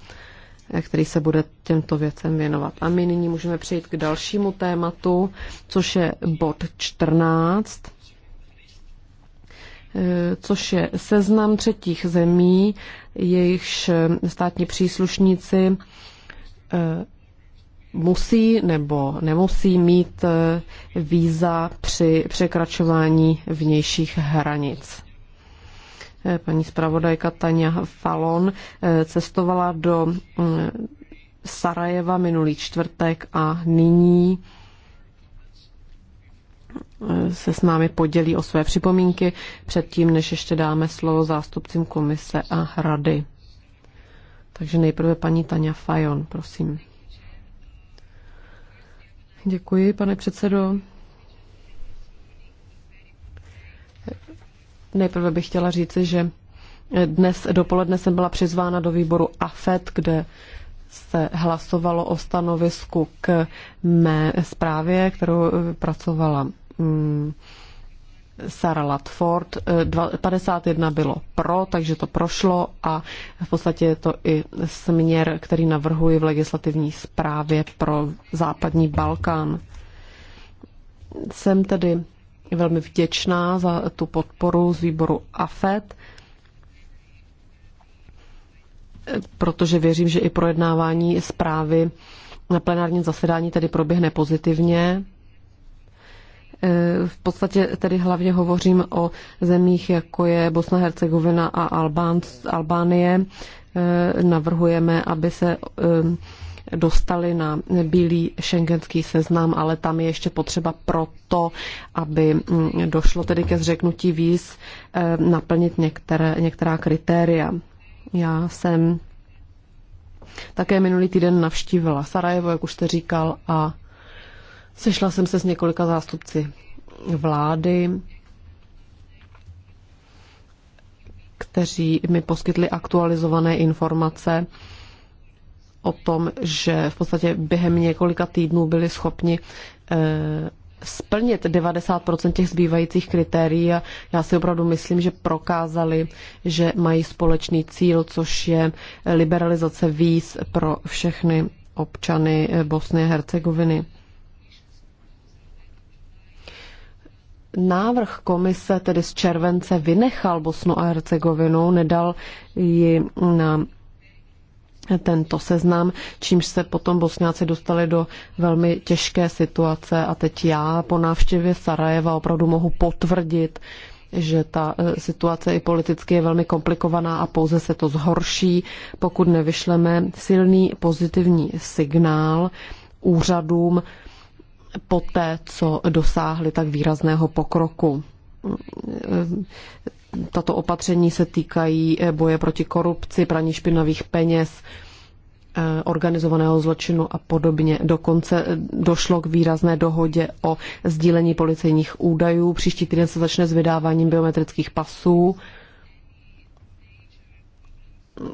který se bude těmto věcem věnovat. A my nyní můžeme přejít k dalšímu tématu, což je bod 14 eh, což je seznam třetích zemí, jejichž státní příslušníci eh, musí nebo nemusí mít eh, víza při překračování vnějších hranic. Eh, paní zpravodajka Tania Falon eh, cestovala do mm, Sarajeva minulý čtvrtek a nyní eh, se s námi podělí o své připomínky předtím, než ještě dáme slovo zástupcím komise a rady. Takže nejprve paní Tania Fajon, prosím. Děkuji, pane předsedo. Nejprve bych chtěla říci, že dnes dopoledne jsem byla přizvána do výboru AFET, kde se hlasovalo o stanovisku k mé zprávě, kterou eh, pracovala mm, Sarah Latford. 51 eh, bylo pro, takže to prošlo a v podstatě je to i směr, který navrhuji v legislativní zprávě pro západní Balkán. Jsem tedy velmi vděčná za tu podporu z výboru AFED, protože věřím, že i projednávání zprávy na plenárním zasedání tedy proběhne pozitivně. V podstatě tedy hlavně hovořím o zemích, jako je Bosna, Hercegovina a Albán, Albánie. Navrhujeme, aby se dostali na bílý šengenský seznam, ale tam je ještě potřeba proto, aby mm, došlo tedy ke zřeknutí víz eh, naplnit některé, některá kritéria. Já jsem také minulý týden navštívila Sarajevo, jak už jste říkal, a sešla jsem se s několika zástupci vlády, kteří mi poskytli aktualizované informace o tom, že v podstatě během několika týdnů byli schopni eh, splnit 90% těch zbývajících kritérií a já si opravdu myslím, že prokázali, že mají společný cíl, což je liberalizace víz pro všechny občany eh, Bosny a Hercegoviny. Návrh komise tedy z července vynechal Bosnu a Hercegovinu, nedal ji na tento seznam, čímž se potom Bosňáci dostali do velmi těžké situace a teď já po návštěvě Sarajeva opravdu mohu potvrdit, že ta e, situace i politicky je velmi komplikovaná a pouze se to zhorší, pokud nevyšleme silný pozitivní signál úřadům po té, co dosáhli tak výrazného pokroku. Tato opatření se týkají eh, boje proti korupci, praní špinavých peněz, eh, organizovaného zločinu a podobně. Dokonce eh, došlo k výrazné dohodě o sdílení policejních údajů. Příští týden se začne s vydáváním biometrických pasů.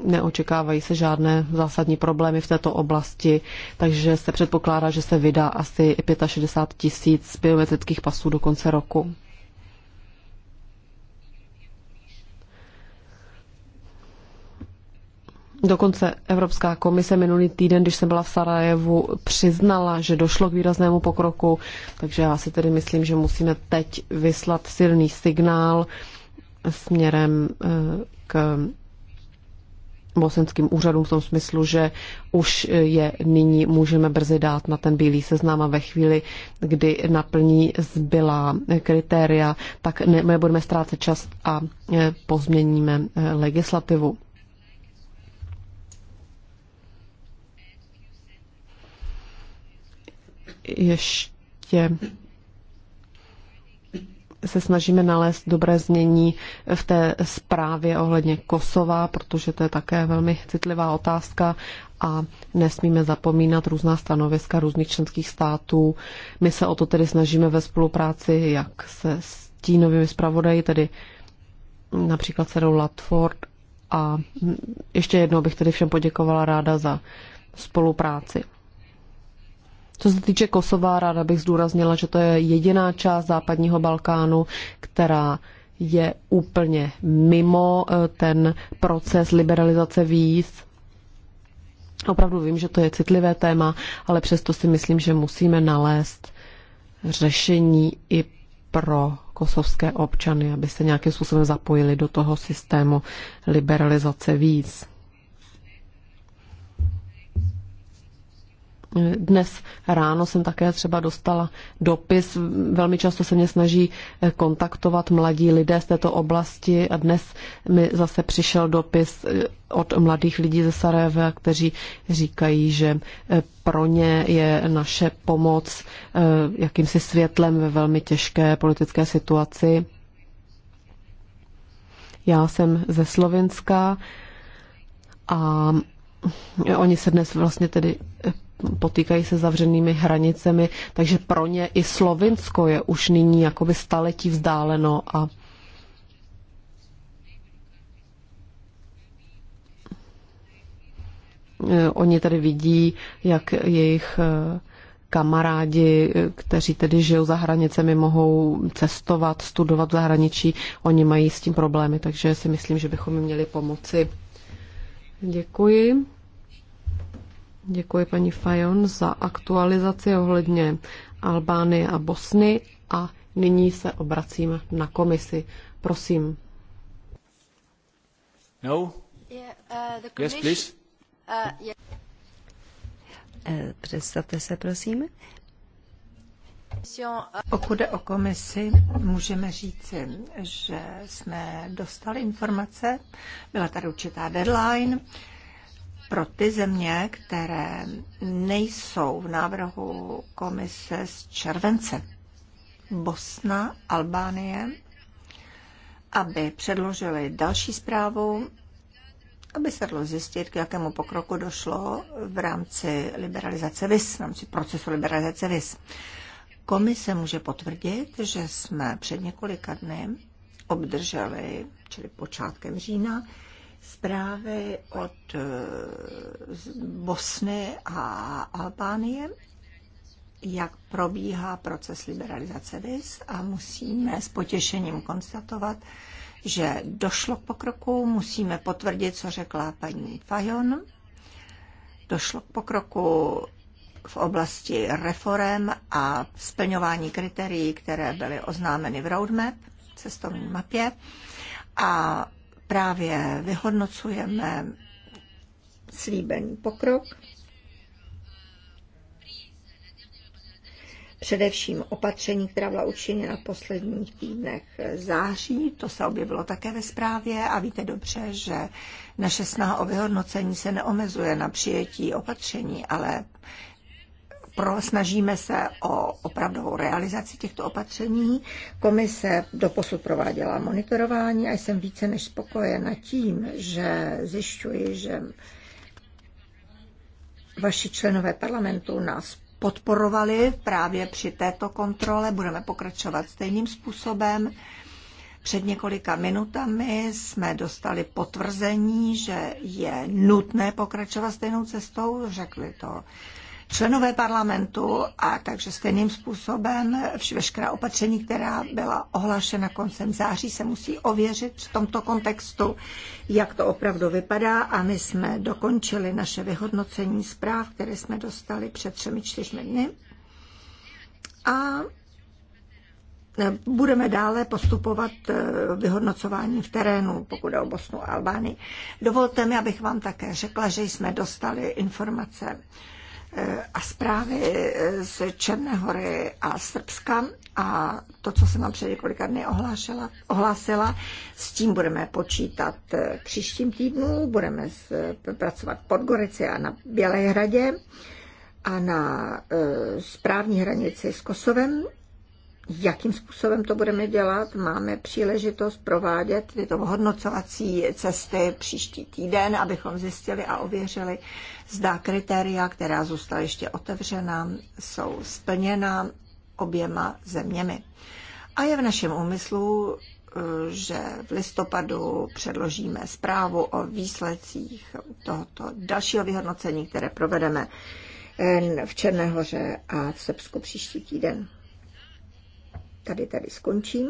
Neočekávají se žádné zásadní problémy v této oblasti, takže se předpokládá, že se vydá asi 65 tisíc biometrických pasů do konce roku. Dokonce Evropská komise minulý týden, když jsem byla v Sarajevu, přiznala, že došlo k výraznému pokroku, takže já si tedy myslím, že musíme teď vyslat silný signál směrem eh, k bosenským úřadům v tom smyslu, že už eh, je nyní můžeme brzy dát na ten bílý seznam a ve chvíli, kdy naplní zbylá eh, kritéria, tak nebudeme ztrácet čas a pozměníme legislativu. ještě se snažíme nalézt dobré znění v té zprávě ohledně Kosova, protože to je také velmi citlivá otázka a nesmíme zapomínat různá stanoviska různých členských států. My se o to tedy snažíme ve spolupráci jak se stínovými zpravodaji, tedy například Sedou Latford a ještě jednou bych tedy všem poděkovala ráda za spolupráci. Co se týče Kosova, ráda bych zdůraznila, že to je jediná část západního Balkánu, která je úplně mimo eh, ten proces liberalizace víz. Opravdu vím, že to je citlivé téma, ale přesto si myslím, že musíme nalézt řešení i pro kosovské občany, aby se nějakým způsobem zapojili do toho systému liberalizace víz. Dnes ráno jsem také třeba dostala dopis. Velmi často se mě snaží eh, kontaktovat mladí lidé z této oblasti a dnes mi zase přišel dopis eh, od mladých lidí ze Sarajeva, kteří říkají, že eh, pro ně je naše pomoc jakýmsi světlem ve velmi těžké politické situaci. Já jsem ze Slovenska a oni se dnes vlastně tedy potýkají se zavřenými hranicemi, takže pro ně i Slovinsko je už nyní jakoby staletí vzdáleno a eh, oni tedy vidí, jak jejich eh, kamarádi, eh, kteří tedy žijou za hranicemi, mohou cestovat, studovat v zahraničí, oni mají s tím problémy, takže si myslím, že bychom jim měli pomoci. Děkuji. Děkuji paní Fajon za aktualizaci ohledně Albánie a Bosny a nyní se obracím na komisi. Prosím. No? Yes, please. Uh, uh, představte se, prosím.
Pokud jde o komisi, můžeme říci, že jsme dostali informace, byla tady určitá deadline, pro ty země, které nejsou v návrhu komise z července. Bosna, Albánie, aby předložili další zprávu, aby se dalo zjistit, k jakému pokroku došlo v rámci liberalizace VIS, v rámci procesu liberalizace VIS. Komise může potvrdit, že jsme před několika dny obdrželi, čili počátkem října, zprávy od eh, Bosny a Albánie, jak probíhá proces liberalizace viz a musíme s potěšením konstatovat, že došlo k pokroku, musíme potvrdit, co řekla paní Fajon. Došlo k pokroku v oblasti reform a splňování kritérií, které byly oznámeny v roadmap, cestovní mapě. A právě vyhodnocujeme slíbený pokrok, především opatření, která byla učiněna v posledních týdnech září. To se objevilo také ve zprávě a víte dobře, že naše snaha o vyhodnocení se neomezuje na přijetí opatření, ale pro, snažíme se o opravdovou realizaci těchto opatření. Komise doposud prováděla monitorování a jsem více než spokojena tím, že zjišťuji, že vaši členové parlamentu nás podporovali právě při této kontrole. Budeme pokračovat stejným způsobem. Před několika minutami jsme dostali potvrzení, že je nutné pokračovat stejnou cestou. Řekli to členové parlamentu a takže stejným způsobem veškerá opatření, která byla ohlášena koncem září, se musí ověřit v tomto kontextu, jak to opravdu vypadá a my jsme dokončili naše vyhodnocení zpráv, které jsme dostali před třemi, čtyřmi dny. A e, Budeme dále postupovat e, vyhodnocování v terénu, pokud je o Bosnu a Albánii. Dovolte mi, abych vám také řekla, že jsme dostali informace a zprávy z Černé hory a Srbska a to, co jsem vám před několika dny ohlášela, ohlásila, s tím budeme počítat příštím týdnu, budeme pracovat v Podgorici a na Bělehradě a na e, správní hranici s Kosovem jakým způsobem to budeme dělat. Máme příležitost provádět tyto hodnocovací cesty příští týden, abychom zjistili a ověřili, zda kritéria, která zůstala ještě otevřená, jsou splněna oběma zeměmi. A je v našem úmyslu, že v listopadu předložíme zprávu o výsledcích tohoto dalšího vyhodnocení, které provedeme v Černé hoře a v Srbsku příští týden. Tady tady skončím.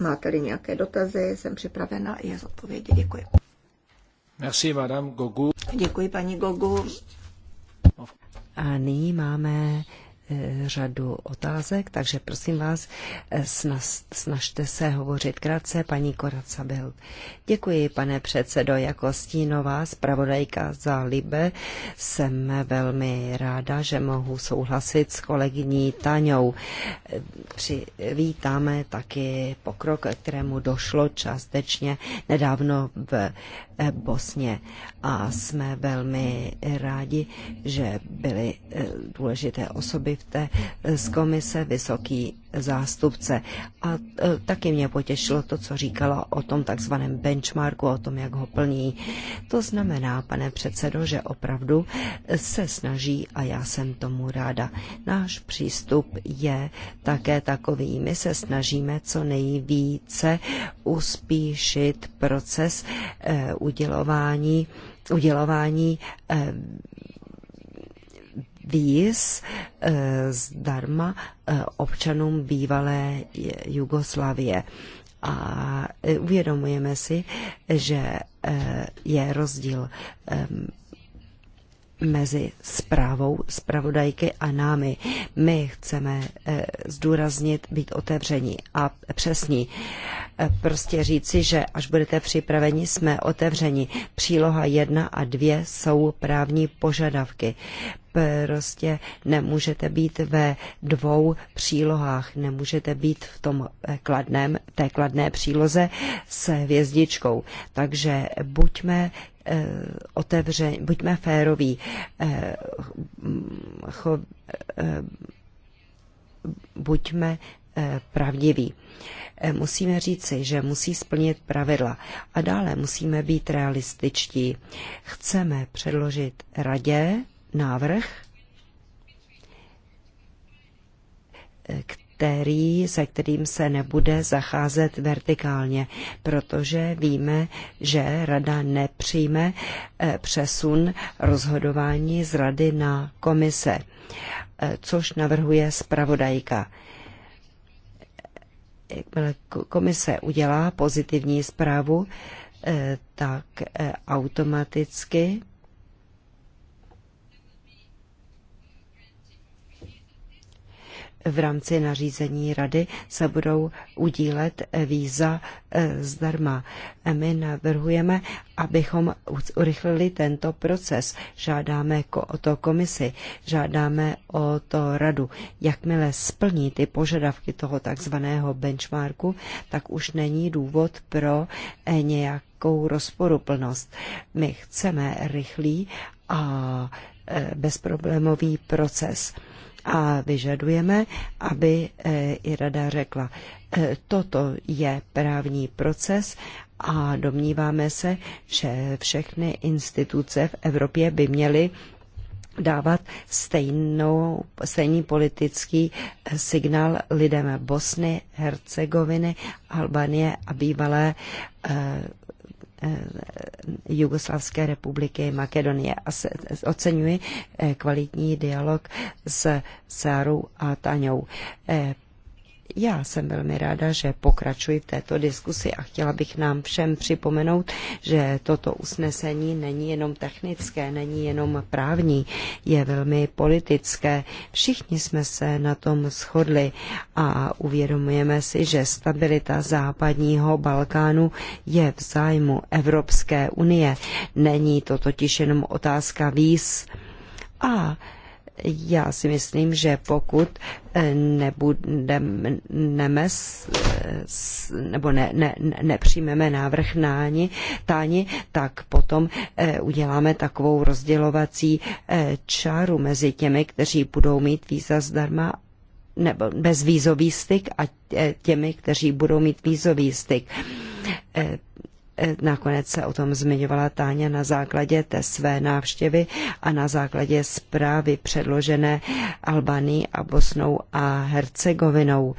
Máte-li nějaké dotazy, jsem připravena i je zodpovědět. Děkuji. Merci, madame Gogu. Děkuji, paní Gogu.
A nyní máme řadu otázek, takže prosím vás, snažte se hovořit krátce, paní Koraca byl. Děkuji, pane předsedo, jako stínová zpravodajka za Libe jsem velmi ráda, že mohu souhlasit s kolegyní Taňou. Přivítáme vítáme taky pokrok, kterému došlo částečně nedávno v Eh, Bosně. A jsme velmi rádi, že byly eh, důležité osoby v té eh, z komise, vysoký zástupce. A e, taky mě potěšilo to, co říkala o tom takzvaném benchmarku, o tom, jak ho plní. To znamená, pane předsedo, že opravdu se snaží a já jsem tomu ráda. Náš přístup je také takový. My se snažíme co nejvíce uspíšit proces e, udělování udělování e, víz eh, zdarma eh, občanům bývalé Jugoslavie. A eh, uvědomujeme si, že je rozdíl mezi zprávou zpravodajky a námi. My chceme zdůraznit, být otevření a přesní prostě říci, že až budete připraveni, jsme otevřeni. Příloha jedna a dvě jsou právní požadavky. Prostě nemůžete být ve dvou přílohách, nemůžete být v tom eh, kladném, té kladné příloze s hvězdičkou. Takže buďme eh, otevření, buďme féroví, eh, cho, buďme pravdiví. Eh, musíme říci, že musí splnit pravidla. A dále musíme být realističtí. Chceme předložit radě návrh, eh, který, se kterým se nebude zacházet vertikálně, protože víme, že rada nepřijme eh, přesun rozhodování z rady na komise, což navrhuje zpravodajka jakmile komise udělá pozitivní zprávu, eh, tak eh, automaticky v rámci nařízení rady se budou udílet víza eh, zdarma. My navrhujeme, abychom urychlili tento proces. Žádáme o to komisi, žádáme o to radu. Jakmile splní ty požadavky toho takzvaného benchmarku, tak už není důvod pro eh, nějakou rozporuplnost. My chceme rychlý a eh, bezproblémový proces a vyžadujeme, aby eh, i rada řekla, eh, toto je právní proces a domníváme se, že všechny instituce v Evropě by měly dávat stejnou, stejný politický eh, signál lidem Bosny, Hercegoviny, Albanie a bývalé Eh, Jugoslavské republiky Makedonie a se, oceňuji eh, kvalitní dialog s Sárou a Taňou. Eh, já jsem velmi ráda, že pokračuji v této diskusi a chtěla bych nám všem připomenout, že toto usnesení není jenom technické, není jenom právní, je velmi politické. Všichni jsme se na tom shodli a uvědomujeme si, že stabilita západního Balkánu je v zájmu Evropské unie. Není to totiž jenom otázka víz. A já si myslím, že pokud eh, nebudeme nebo ne, ne, nepřijmeme návrh náni, táni, tak potom eh, uděláme takovou rozdělovací eh, čáru mezi těmi, kteří budou mít víza zdarma nebo bezvízový styk a těmi, kteří budou mít vízový styk Nakonec se o tom zmiňovala Táně na základě té své návštěvy a na základě zprávy předložené Albaní a Bosnou a Hercegovinou.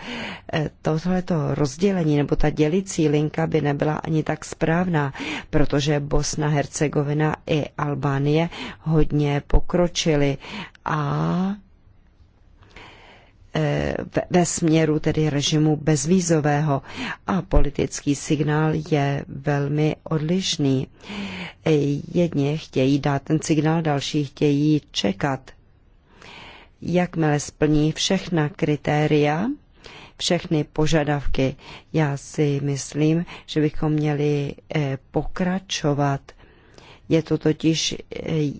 E, tohleto rozdělení nebo ta dělicí linka by nebyla ani tak správná, protože Bosna, Hercegovina i Albánie hodně pokročily a Eh, ve směru tedy režimu bezvízového a politický signál je velmi odlišný. Eh, Jedně chtějí dát ten signál, další chtějí čekat. Jakmile splní všechna kritéria, všechny požadavky, já si myslím, že bychom měli eh, pokračovat je to totiž eh,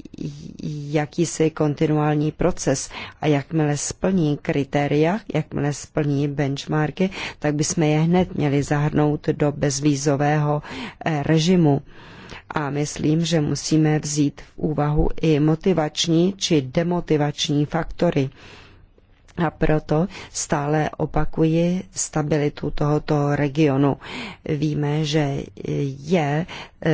jakýsi kontinuální proces a jakmile splní kritéria, jakmile splní benchmarky, tak bychom je hned měli zahrnout do bezvízového eh, režimu a myslím, že musíme vzít v úvahu i motivační či demotivační faktory. A proto stále opakuji stabilitu tohoto regionu. Víme, že je e,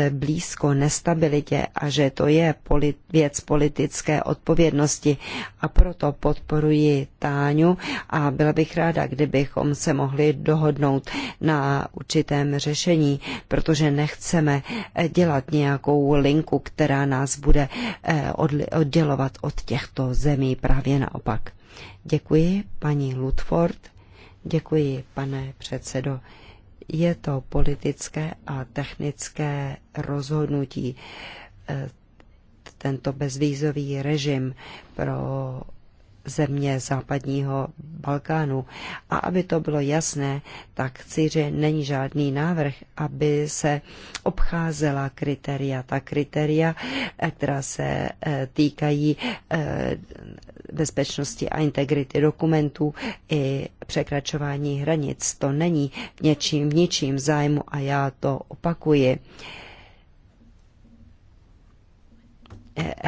blízko nestabilitě a že to je polit, věc politické odpovědnosti. A proto podporuji Táňu a byla bych ráda, kdybychom se mohli dohodnout na určitém řešení, protože nechceme e, dělat nějakou linku, která nás bude e, oddělovat od těchto zemí, právě naopak. Děkuji, paní Ludford. Děkuji, pane předsedo. Je to politické a technické rozhodnutí. Eh, tento bezvýzový režim pro země západního Balkánu. A aby to bylo jasné, tak chci, že není žádný návrh, aby se obcházela kritéria. Ta kritéria, eh, která se eh, týkají bezpečnosti a integrity dokumentů i překračování hranic. To není v něčím, v něčím zájmu a já to opakuji.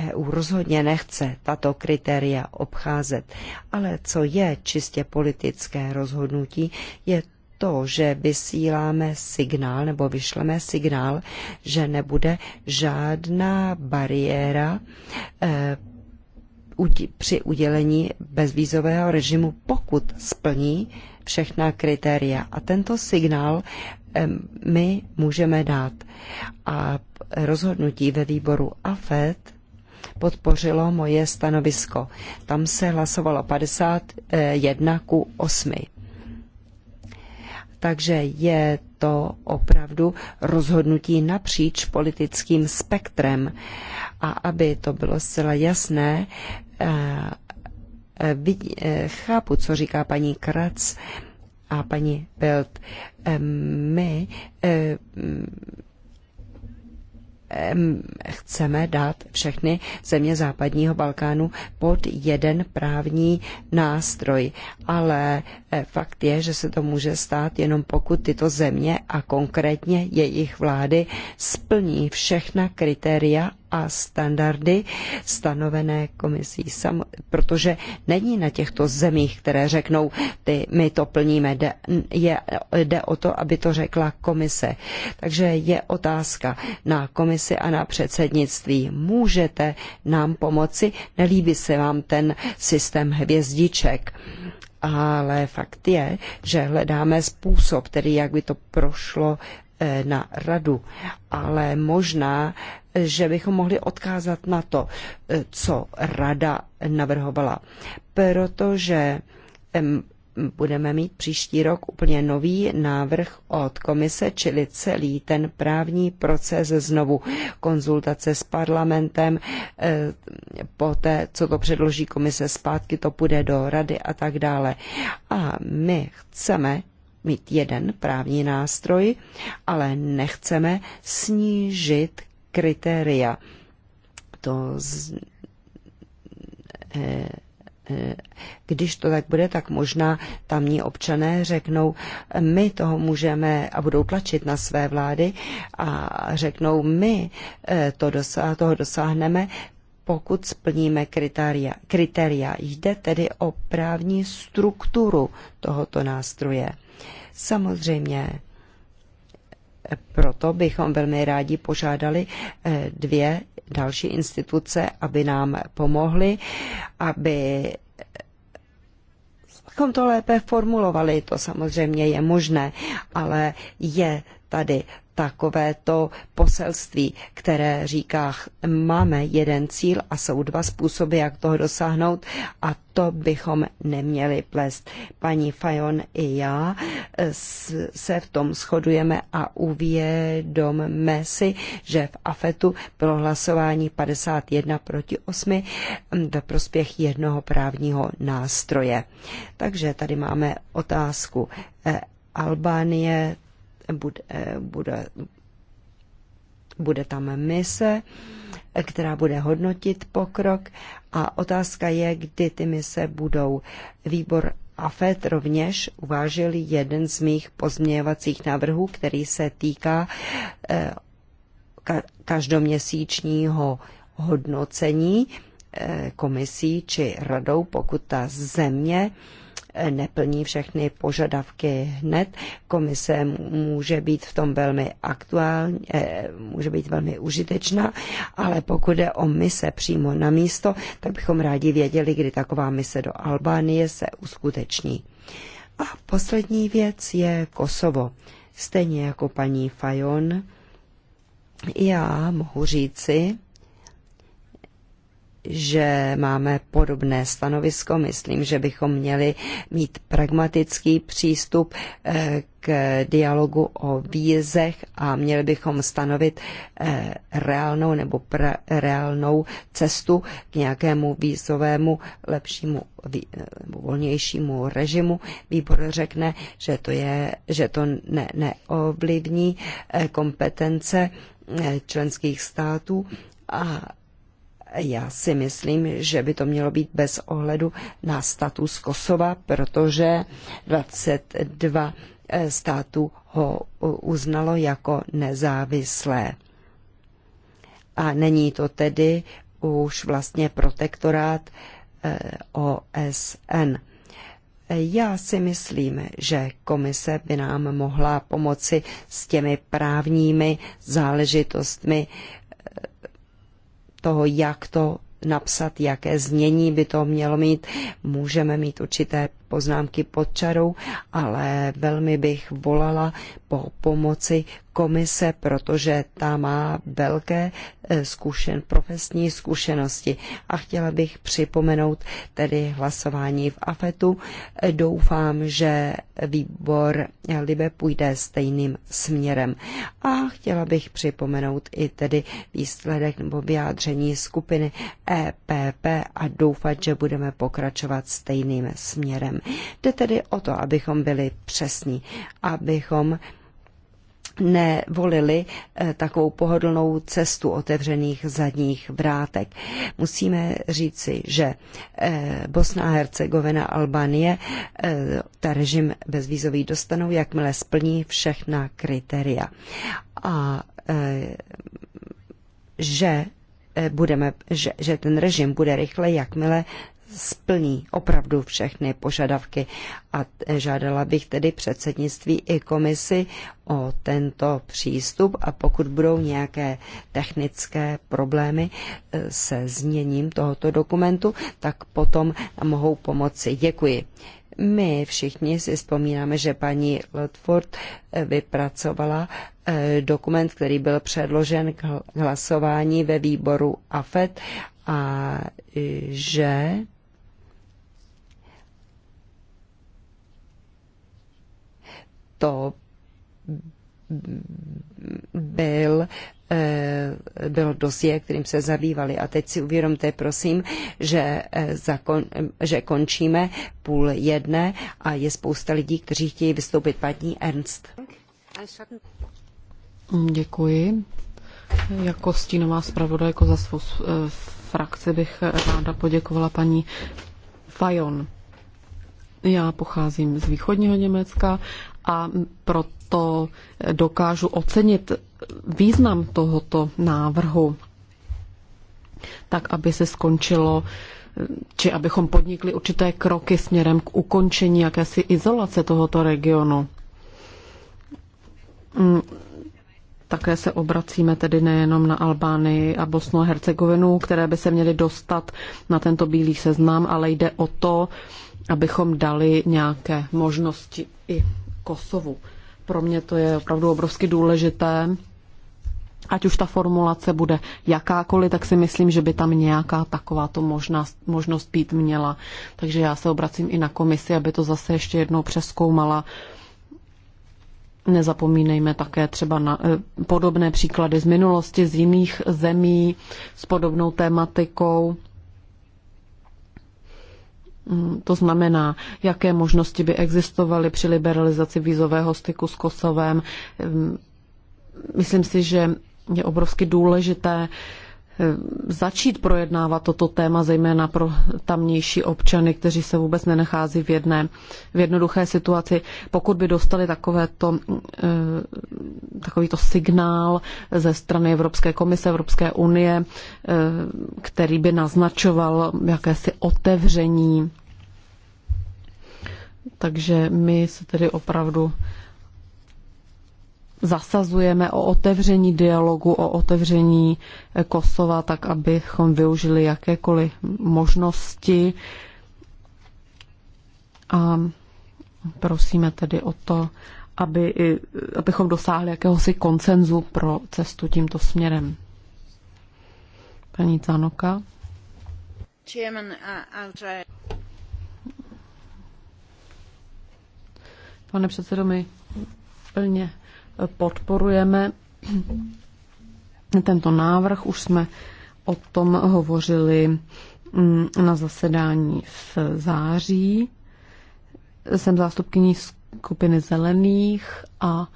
EU e rozhodně nechce tato kritéria obcházet, ale co je čistě politické rozhodnutí, je to, že vysíláme signál nebo vyšleme signál, že nebude žádná bariéra eh, při udělení bezvízového režimu, pokud splní všechna kritéria. A tento signál my můžeme dát. A rozhodnutí ve výboru AFET podpořilo moje stanovisko. Tam se hlasovalo 51 ku 8. Takže je to opravdu rozhodnutí napříč politickým spektrem. A aby to bylo zcela jasné, Eh, eh, vidí, eh, chápu, co říká paní Krac a paní Belt. My mm, chceme dát všechny země západního Balkánu pod jeden právní nástroj. Ale fakt je, že se to může stát jenom pokud tyto země a konkrétně jejich vlády splní všechna kritéria a standardy stanovené komisí, sam, protože není na těchto zemích, které řeknou, ty, my to plníme, jde, je, jde o to, aby to řekla komise. Takže je otázka na komisi a na předsednictví. Můžete nám pomoci? Nelíbí se vám ten systém hvězdiček. Ale fakt je, že hledáme způsob, který jak by to prošlo Eh, na radu, ale možná, že bychom mohli odkázat na to, eh, co rada navrhovala, protože budeme mít příští rok úplně nový návrh od komise, čili celý ten právní proces znovu konzultace s parlamentem, eh, poté, co to předloží komise zpátky, to půjde do rady a tak dále. A my chceme mít jeden právní nástroj, ale nechceme snížit kritéria. To z, eh, eh, když to tak bude, tak možná tamní občané řeknou, my toho můžeme a budou tlačit na své vlády a řeknou, my eh, to dosa- toho dosáhneme, pokud splníme kritéria. kritéria. Jde tedy o právní strukturu tohoto nástroje. Samozřejmě proto bychom velmi rádi požádali eh, dvě další instituce, aby nám pomohly, aby eh, bychom to lépe formulovali, to samozřejmě je možné, ale je tady takovéto poselství, které říká, máme jeden cíl a jsou dva způsoby, jak toho dosáhnout a to bychom neměli plést. Paní Fajon i já eh, se v tom shodujeme a uvědomme si, že v AFETu bylo hlasování 51 proti 8 mm, ve prospěch jednoho právního nástroje. Takže tady máme otázku eh, Albánie, bude, eh, bude, bude tam mise, která bude hodnotit pokrok a otázka je, kdy ty mise budou. Výbor AFET rovněž uvážil jeden z mých pozměňovacích návrhů, který se týká eh, každoměsíčního hodnocení eh, komisí či radou, pokud ta země neplní všechny požadavky hned. Komise může být v tom velmi aktuální, eh, může být velmi užitečná, ale pokud jde o mise přímo na místo, tak bychom rádi věděli, kdy taková mise do Albánie se uskuteční. A poslední věc je Kosovo. Stejně jako paní Fajon, já mohu říci, že máme podobné stanovisko. Myslím, že bychom měli mít pragmatický přístup eh, k dialogu o vízech a měli bychom stanovit eh, reálnou nebo pra, reálnou cestu k nějakému vízovému lepšímu nebo volnějšímu režimu. Výbor řekne, že to, je, že to ne, neovlivní eh, kompetence členských států a já si myslím, že by to mělo být bez ohledu na status Kosova, protože 22 eh, států ho eh, uznalo jako nezávislé. A není to tedy už vlastně protektorát eh, OSN. Já si myslím, že komise by nám mohla pomoci s těmi právními záležitostmi toho, jak to napsat, jaké znění by to mělo mít, můžeme mít určité poznámky pod čarou, ale velmi bych volala po pomoci komise, protože ta má velké eh, zkušen, profesní zkušenosti. A chtěla bych připomenout tedy hlasování v AFETu. Doufám, že výbor Libe půjde stejným směrem. A chtěla bych připomenout i tedy výsledek nebo vyjádření skupiny EPP a doufat, že budeme pokračovat stejným směrem. Bohem. Jde tedy o to, abychom byli přesní, abychom nevolili eh, takovou pohodlnou cestu otevřených zadních vrátek. Musíme říci, že eh, Bosna a Hercegovina, Albánie, eh, ta režim bezvízový dostanou, jakmile splní všechna kritéria. A že budeme, že, že ten režim bude rychle, jakmile splní opravdu všechny požadavky a žádala bych tedy předsednictví i komisi o tento přístup a pokud budou nějaké technické problémy e, se změním tohoto dokumentu, tak potom mohou pomoci. Děkuji. My všichni si vzpomínáme, že paní Lotford e, vypracovala e, dokument, který byl předložen k hlasování ve výboru AFET a že to byl, eh, byl dosie, kterým se zabývali. A teď si uvědomte, prosím, že, eh, zakon, že končíme půl jedné a je spousta lidí, kteří chtějí vystoupit. Paní Ernst.
Děkuji. Jako stínová zpravodajko za svou eh, frakci bych ráda poděkovala paní Fajon. Já pocházím z východního Německa a proto dokážu ocenit význam tohoto návrhu, tak aby se skončilo či abychom podnikli určité kroky směrem k ukončení jakési izolace tohoto regionu. Mm, také se obracíme tedy nejenom na Albánii a Bosnu a Hercegovinu, které by se měly dostat na tento bílý seznam, ale jde o to, abychom dali nějaké možnosti i Kosovu. Pro mě to je opravdu obrovsky důležité. Ať už ta formulace bude jakákoliv, tak si myslím, že by tam nějaká takováto možnost, možnost být měla. Takže já se obracím i na komisi, aby to zase ještě jednou přeskoumala. Nezapomínejme také třeba na eh, podobné příklady z minulosti, z jiných zemí s podobnou tématikou. Mm, to znamená, jaké možnosti by existovaly při liberalizaci vízového styku s Kosovem. Mm, myslím si, že je obrovsky důležité Eh, začít projednávat toto téma, zejména pro tamnější občany, kteří se vůbec nenachází v jedné, v jednoduché situaci. Pokud by dostali takovéto, eh, takovýto signál ze strany Evropské komise, Evropské unie, eh, který by naznačoval jakési otevření. Takže my se tedy opravdu zasazujeme o otevření dialogu, o otevření eh, Kosova, tak abychom využili jakékoliv možnosti. A prosíme tedy o to, aby, abychom dosáhli jakéhosi koncenzu pro cestu tímto směrem. Paní Canoka. Uh, Pane předsedo, my plně podporujeme tento návrh. Už jsme o tom hovořili mm, na zasedání v září. Jsem zástupkyní skupiny zelených a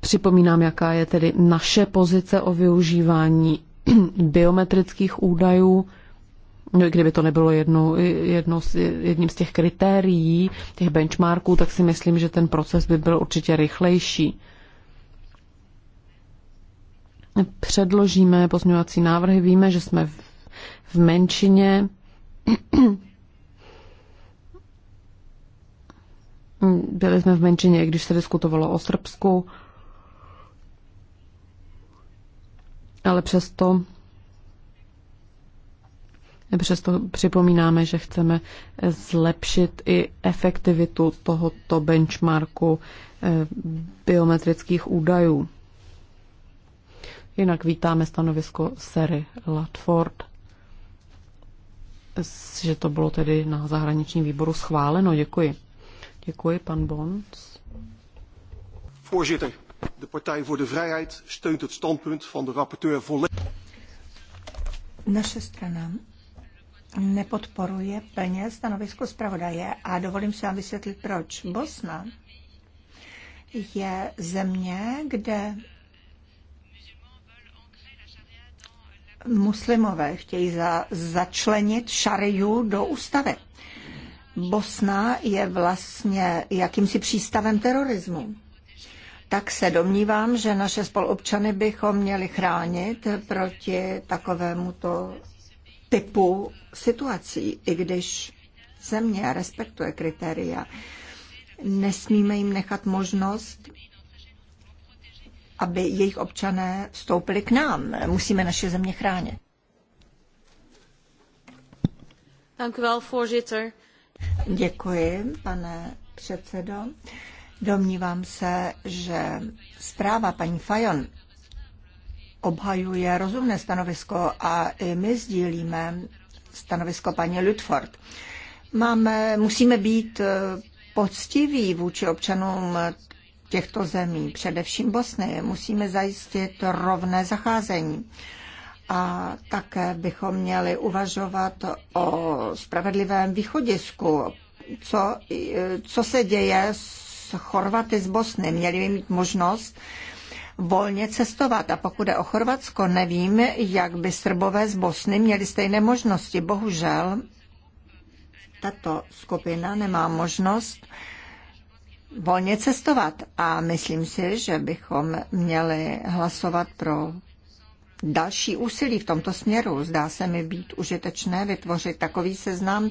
připomínám, jaká je tedy naše pozice o využívání biometrických údajů No, kdyby to nebylo jedno, jedno, jedním z těch kritérií, těch benchmarků, tak si myslím, že ten proces by byl určitě rychlejší. Předložíme pozměňovací návrhy, víme, že jsme v, v menšině. Byli jsme v menšině, když se diskutovalo o Srbsku, ale přesto Přesto připomínáme, že chceme zlepšit i efektivitu tohoto benchmarku eh, biometrických údajů. Jinak vítáme stanovisko Sery Latford, že to bylo tedy na zahraničním výboru schváleno. Děkuji. Děkuji, pan Bons.
Voorzitter, de Partij voor de Vrijheid steunt het standpunt van de rapporteur volledig. Naše strana nepodporuje plně stanovisko zpravodaje a dovolím si vám vysvětlit, proč. Bosna je země, kde muslimové chtějí za, začlenit šariu do ústavy. Bosna je vlastně jakýmsi přístavem terorismu. Tak se domnívám, že naše spolupčany bychom měli chránit proti takovémuto typu situací, i když země respektuje kritéria. Nesmíme jim nechat možnost, aby jejich občané vstoupili k nám. Musíme naše země chránit. Děkuji, pane předsedo. Domnívám se, že zpráva paní Fajon obhajuje rozumné stanovisko a i my sdílíme stanovisko paní Lutford. Máme, musíme být eh, poctiví vůči občanům těchto zemí, především Bosny. Musíme zajistit rovné zacházení. A také bychom měli uvažovat o spravedlivém východisku. Co, eh, co se děje s Chorvaty z Bosny? Měli by mít možnost uh, volně cestovat. A pokud je o Chorvatsko, nevím, jak by Srbové z Bosny měli stejné možnosti. Bohužel tato skupina nemá možnost volně cestovat. A myslím si, že bychom měli hlasovat pro další úsilí v tomto směru. Zdá se mi být užitečné vytvořit takový seznam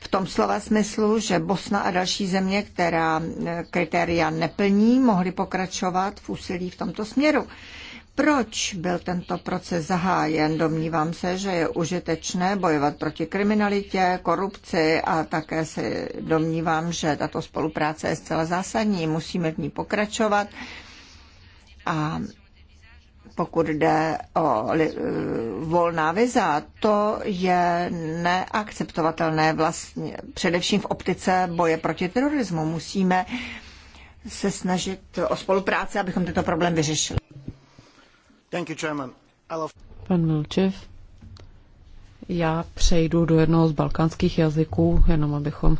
v tom slova smyslu, že Bosna a další země, která e, kritéria neplní, mohly pokračovat v úsilí v tomto směru. Proč byl tento proces zahájen? Domnívám se, že je užitečné bojovat proti kriminalitě, korupci a také se domnívám, že tato spolupráce je zcela zásadní, musíme v ní pokračovat. A pokud jde o eh, volná viza, to je neakceptovatelné vlastně, především v optice boje proti terorismu. Musíme se snažit o spolupráci, abychom
tento problém vyřešili.
Thank you, Chairman.
Pan Milčev, já přejdu do jednoho z balkánských jazyků, jenom abychom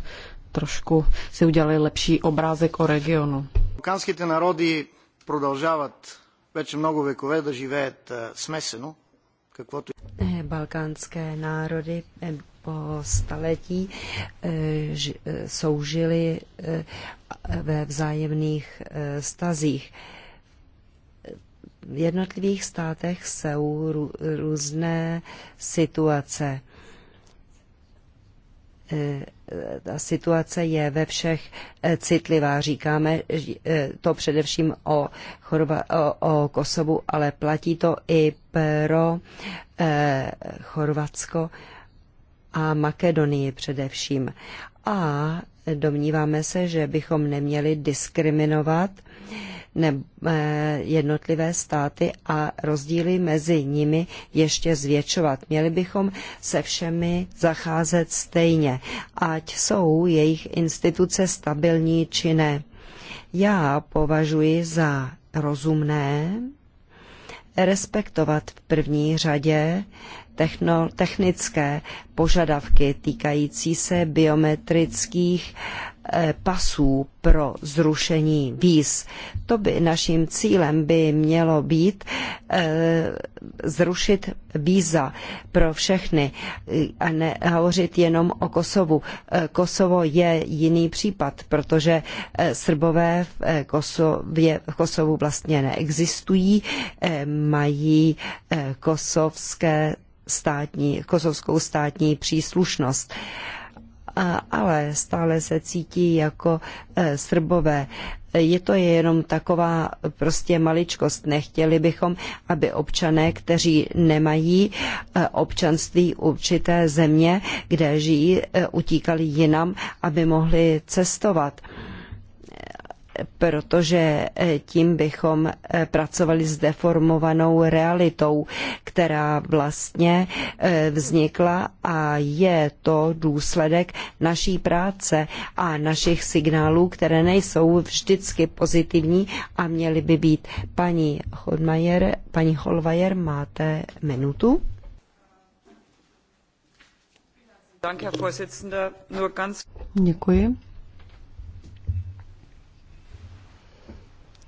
trošku si udělali lepší obrázek o regionu. Balkánské
ty národy prodlužovat вече много векове да живеят смесено,
каквото... Balkánské národy po staletí soužily ve vzájemných stazích. V jednotlivých státech jsou různé situace e, ta situace je ve všech eh, citlivá. Říkáme eh, to především o, Chorva, o, o Kosovu, ale platí to i pro eh, Chorvatsko a Makedonii především. A domníváme se, že bychom neměli diskriminovat eh, ne, eh, jednotlivé státy a rozdíly mezi nimi ještě zvětšovat. Měli bychom se všemi zacházet stejně, ať jsou jejich instituce stabilní či ne. Já považuji za rozumné respektovat v první řadě technické požadavky týkající se biometrických Eh, pasů pro zrušení víz. To by naším cílem by mělo být eh, zrušit víza pro všechny eh, a ne hovořit jenom o Kosovu. Kosovo je jiný případ, protože Srbové v, Kosově, v Kosovu vlastně neexistují, mají kosovské státní, kosovskou státní příslušnost ale stále se cítí jako e, srbové. Je to jenom taková prostě maličkost. Nechtěli bychom, aby občané, kteří nemají e, občanství určité země, kde žijí, e, utíkali jinam, aby mohli cestovat protože eh, tím bychom eh, pracovali s deformovanou realitou, která vlastně eh, vznikla a je to důsledek naší práce a našich signálů, které nejsou vždycky pozitivní a měly by být. Paní Hodmajer, paní Holvajer, máte minutu?
Děkuji.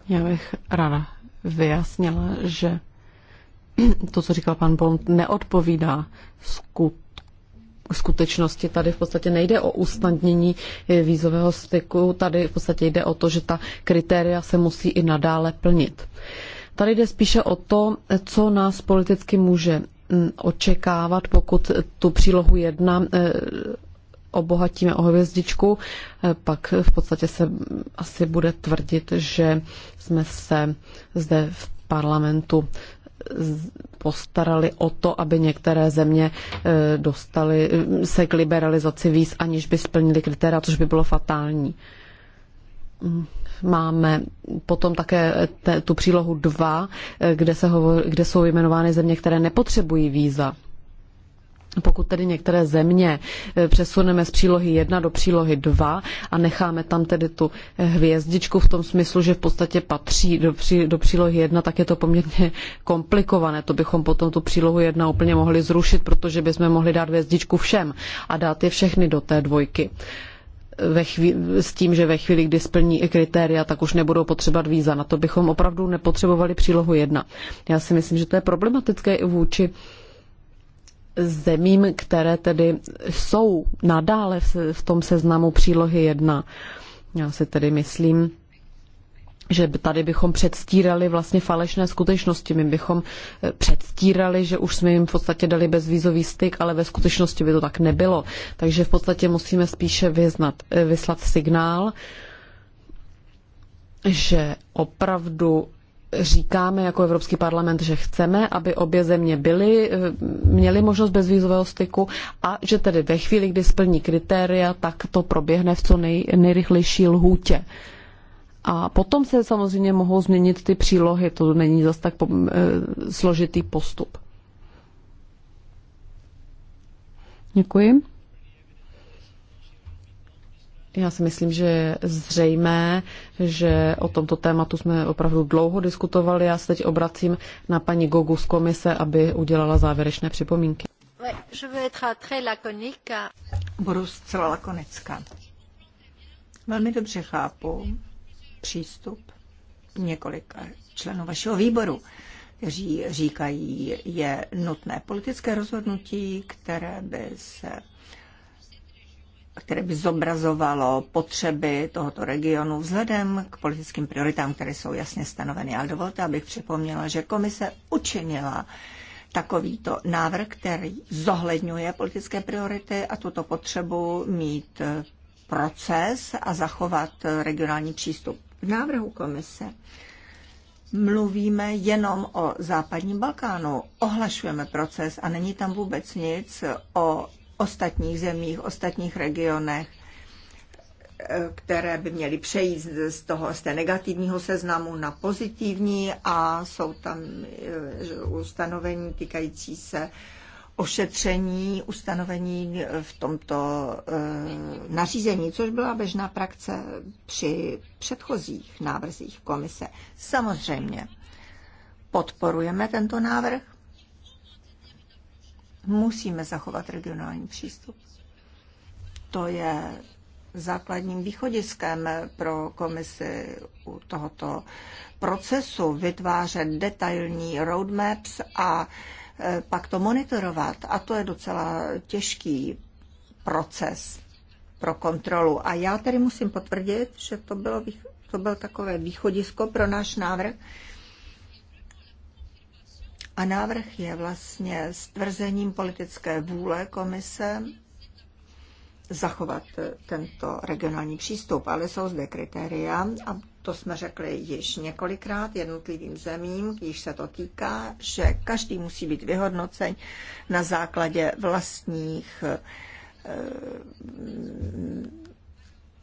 Já bych ráda vyjasnila, že to, co říkal pan Bond, neodpovídá skutečnosti. Tady v podstatě nejde o usnadnění vízového styku, tady v podstatě jde o to, že ta kritéria se musí i nadále plnit. Tady jde spíše o to, co nás politicky může mm, očekávat, pokud tu přílohu jedna eh, obohatíme o hvězdičku, eh, pak v podstatě se asi bude tvrdit, že jsme se zde v parlamentu postarali o to, aby některé země eh, dostali eh, se k liberalizaci víz, aniž by splnili kritéria, což by bylo fatální. Mm, máme potom také tu přílohu 2, kde, se kde jsou jmenovány země, které nepotřebují víza. Pokud tedy některé země eh, přesuneme z přílohy 1 do přílohy 2 a necháme tam tedy tu eh, hvězdičku v tom smyslu, že v podstatě patří do, do přílohy 1, tak je to poměrně [laughs] komplikované. To bychom potom tu přílohu 1 úplně mohli zrušit, protože bychom mohli dát hvězdičku všem a dát je všechny do té dvojky. Eh, ve s tím, že ve chvíli, kdy splní kritéria, tak už nebudou potřebovat víza. Na to bychom opravdu nepotřebovali přílohu 1. Já si myslím, že to je problematické i vůči zemím, které tedy jsou nadále v tom seznamu přílohy 1. Já si tedy myslím, že tady bychom předstírali vlastně falešné skutečnosti. My bychom eh, předstírali, že už jsme jim v podstatě dali bezvízový styk, ale ve skutečnosti by to tak nebylo. Takže v podstatě musíme spíše vyznat, eh, vyslat signál, že opravdu říkáme jako Evropský parlament, že chceme, aby obě země byly, eh, měly možnost bezvýzového styku a že tedy ve chvíli, kdy splní kritéria, tak to proběhne v co nej, nejrychlejší lhůtě. A potom se samozřejmě mohou změnit ty přílohy, to není zas tak po, e, složitý postup. Děkuji. Já si myslím, že je zřejmé, že o tomto tématu jsme opravdu dlouho diskutovali. Já se teď obracím na paní Gogu z komise, aby udělala závěrečné připomínky.
Budu zcela lakonická. Velmi dobře chápu přístup několika členů vašeho výboru, kteří říkají, je nutné politické rozhodnutí, které by se které by zobrazovalo potřeby tohoto regionu vzhledem k politickým prioritám, které jsou jasně stanoveny. Ale dovolte, abych připomněla, že komise učinila takovýto návrh, který zohledňuje politické priority a tuto potřebu mít proces a zachovat regionální přístup. V návrhu komise mluvíme jenom o západním Balkánu, ohlašujeme proces a není tam vůbec nic o ostatních zemích, ostatních regionech, eh, které by měly přejít z, toho, z té negativního seznamu na pozitivní a jsou tam eh, ustanovení týkající se ošetření, ustanovení v tomto eh, nařízení, což byla běžná praxe při předchozích návrzích komise. Samozřejmě podporujeme tento návrh, musíme zachovat regionální přístup. To je základním východiskem pro komisi u tohoto procesu vytvářet detailní roadmaps a e, pak to monitorovat. A to je docela těžký proces pro kontrolu. A já tedy musím potvrdit, že to, bylo, to byl takové východisko pro náš návrh, a návrh je vlastně stvrzením politické vůle komise zachovat tento regionální přístup, ale jsou zde kritéria a to jsme řekli již několikrát jednotlivým zemím, když se to týká, že každý musí být vyhodnocen na základě vlastních eh,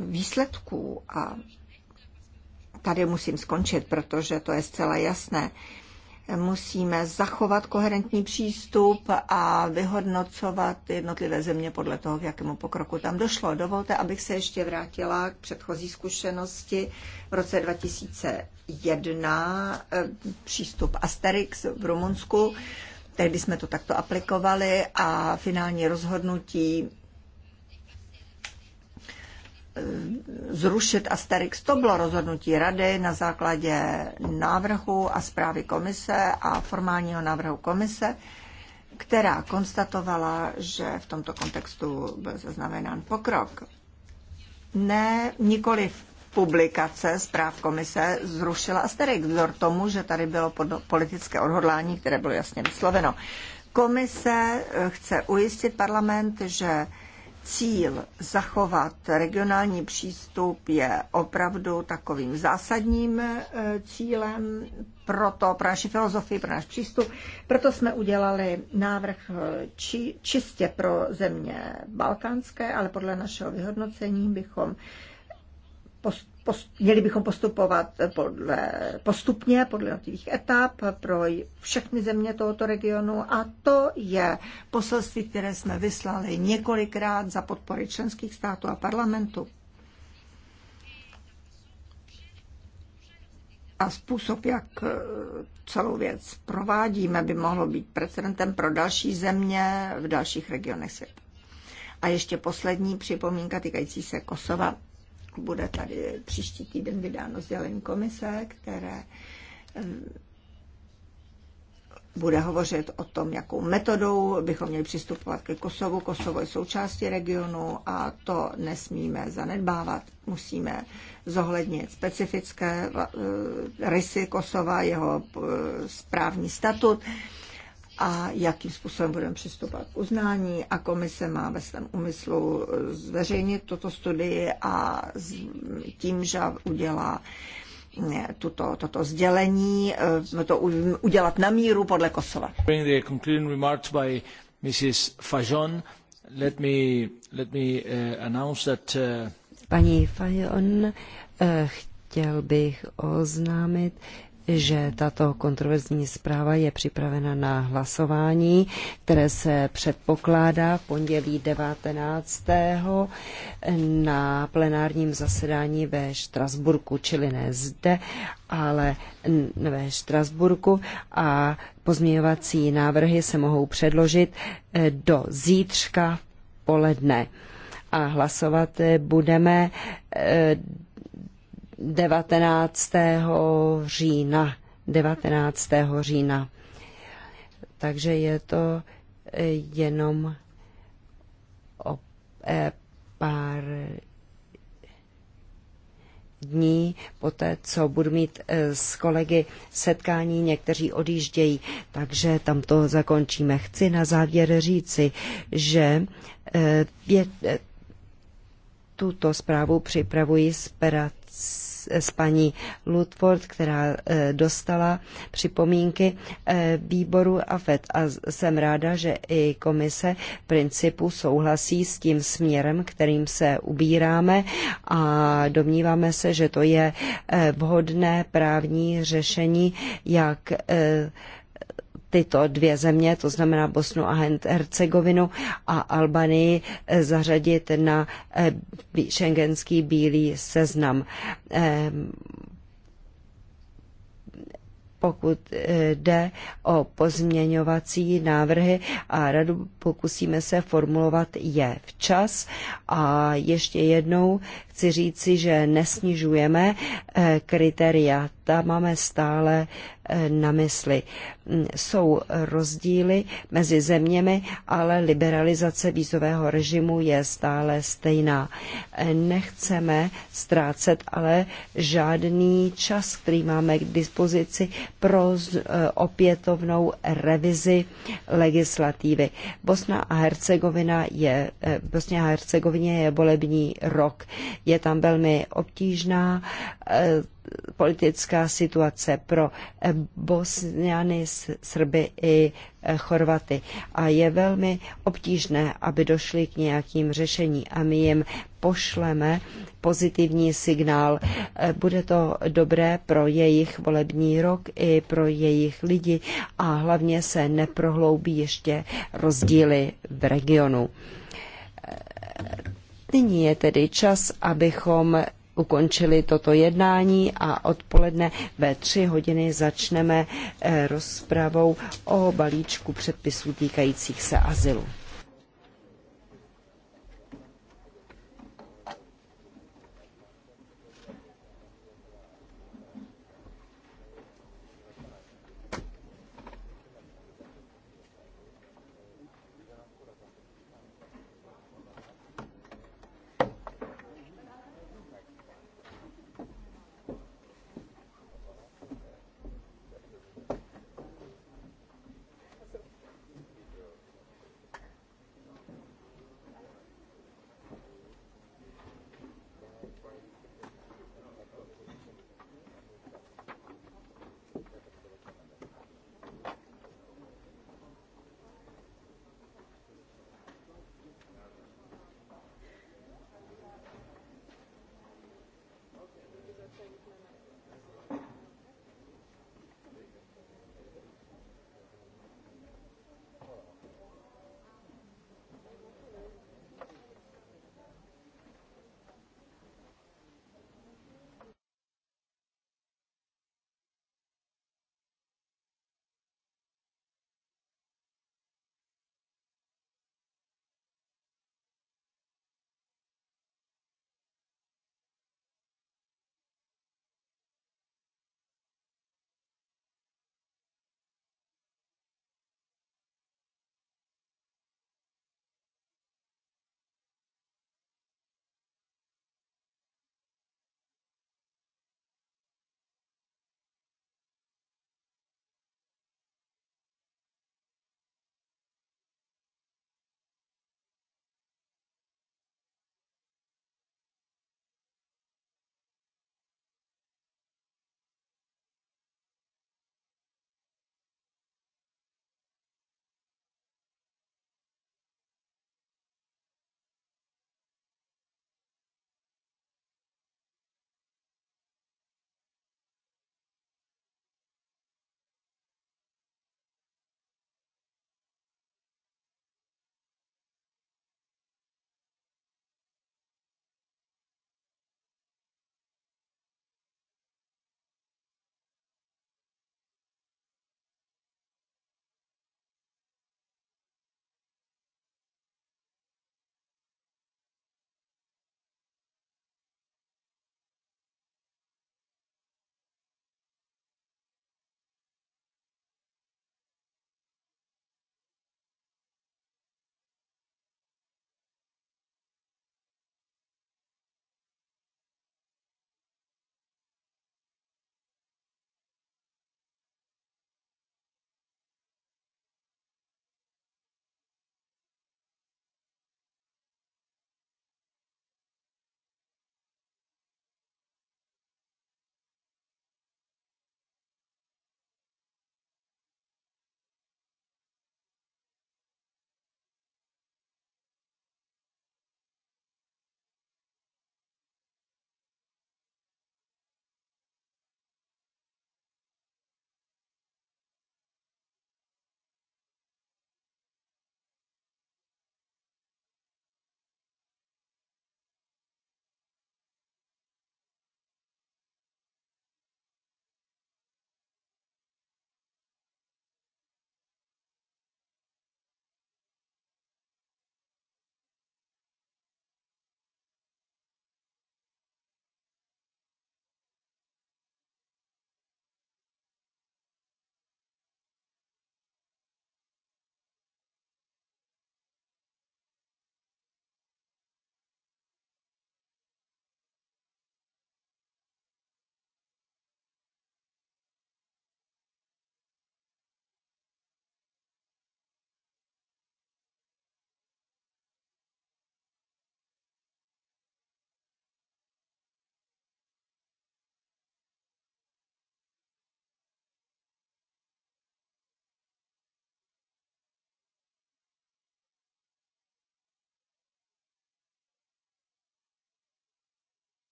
výsledků a tady musím skončit, protože to je zcela jasné musíme zachovat koherentní přístup a vyhodnocovat jednotlivé země podle toho, k jakému pokroku tam došlo. Dovolte, abych se ještě vrátila k předchozí zkušenosti v roce 2001, eh, přístup Asterix v Rumunsku. Tehdy jsme to takto aplikovali a finální rozhodnutí zrušit Asterix. To bylo rozhodnutí rady na základě návrhu a zprávy komise a formálního návrhu komise, která konstatovala, že v tomto kontextu byl zaznamenán pokrok. Ne, nikoli publikace zpráv komise zrušila Asterix, vzor tomu, že tady bylo politické odhodlání, které bylo jasně vysloveno. Komise eh, chce ujistit parlament, že cíl zachovat regionální přístup je opravdu takovým zásadním e, cílem pro to, pro naši filozofii, pro náš přístup. Proto jsme udělali návrh e, či, čistě pro země balkánské, ale podle našeho vyhodnocení bychom měli bychom postupovat podle, postupně, podle jednotlivých etap pro všechny země tohoto regionu a to je poselství, které jsme vyslali několikrát za podpory členských států a parlamentu. A způsob, jak eh, celou věc provádíme, by mohlo být precedentem pro další země v dalších regionech světa. A ještě poslední připomínka týkající se Kosova bude tady příští týden vydáno sdělení komise, které eh, bude hovořit o tom, jakou metodou bychom měli přistupovat ke Kosovu. Kosovo je součástí regionu a to nesmíme zanedbávat. Musíme zohlednit specifické eh, rysy Kosova, jeho eh, správní statut a jakým způsobem budeme přistupovat k uznání a komise má ve svém úmyslu zveřejnit toto studii a tím, že udělá eh, tuto, toto sdělení, eh, to udělat na míru podle Kosova. Eh,
Paní Fajon, chtěl bych oznámit, že tato kontroverzní zpráva je připravena na hlasování, které se předpokládá v pondělí 19. na plenárním zasedání ve Štrasburku, čili ne zde, ale ve Štrasburku a pozměňovací návrhy se mohou předložit e, do zítřka v poledne a hlasovat e, budeme e, 19. října. 19. října. Takže je to eh, jenom o eh, pár dní poté, co budu mít eh, s kolegy setkání, někteří odjíždějí, takže tam to zakončíme. Chci na závěr říci, že tuto zprávu připravuji z s paní Ludford, která eh, dostala připomínky eh, výboru AFET a jsem ráda, že i komise principu souhlasí s tím směrem, kterým se ubíráme a domníváme se, že to je eh, vhodné právní řešení, jak tyto dvě země, to znamená Bosnu a Hercegovinu a Albanii, eh, zařadit na šengenský eh, bílý seznam. Eh, pokud jde o pozměňovací návrhy a radu pokusíme se formulovat je včas. A ještě jednou chci říci, že nesnižujeme eh, kritéria. Ta máme stále eh, na mysli. Mm, jsou rozdíly mezi zeměmi, ale liberalizace vízového režimu je stále stejná. Eh, nechceme ztrácet ale žádný čas, který máme k dispozici pro opětovnou revizi legislativy. Bosna a Hercegovina je, Bosně a Hercegovině je volební rok. Je tam velmi obtížná eh, politická situace pro eh, Bosňany, Srby i eh, Chorvaty. A je velmi obtížné, aby došli k nějakým řešení a my jim pošleme pozitivní signál. Bude to dobré pro jejich volební rok i pro jejich lidi a hlavně se neprohloubí ještě rozdíly v regionu Nyní je tedy čas, abychom ukončili toto jednání a odpoledne ve tři hodiny začneme eh, rozpravou o balíčku předpisů týkajících se azylu.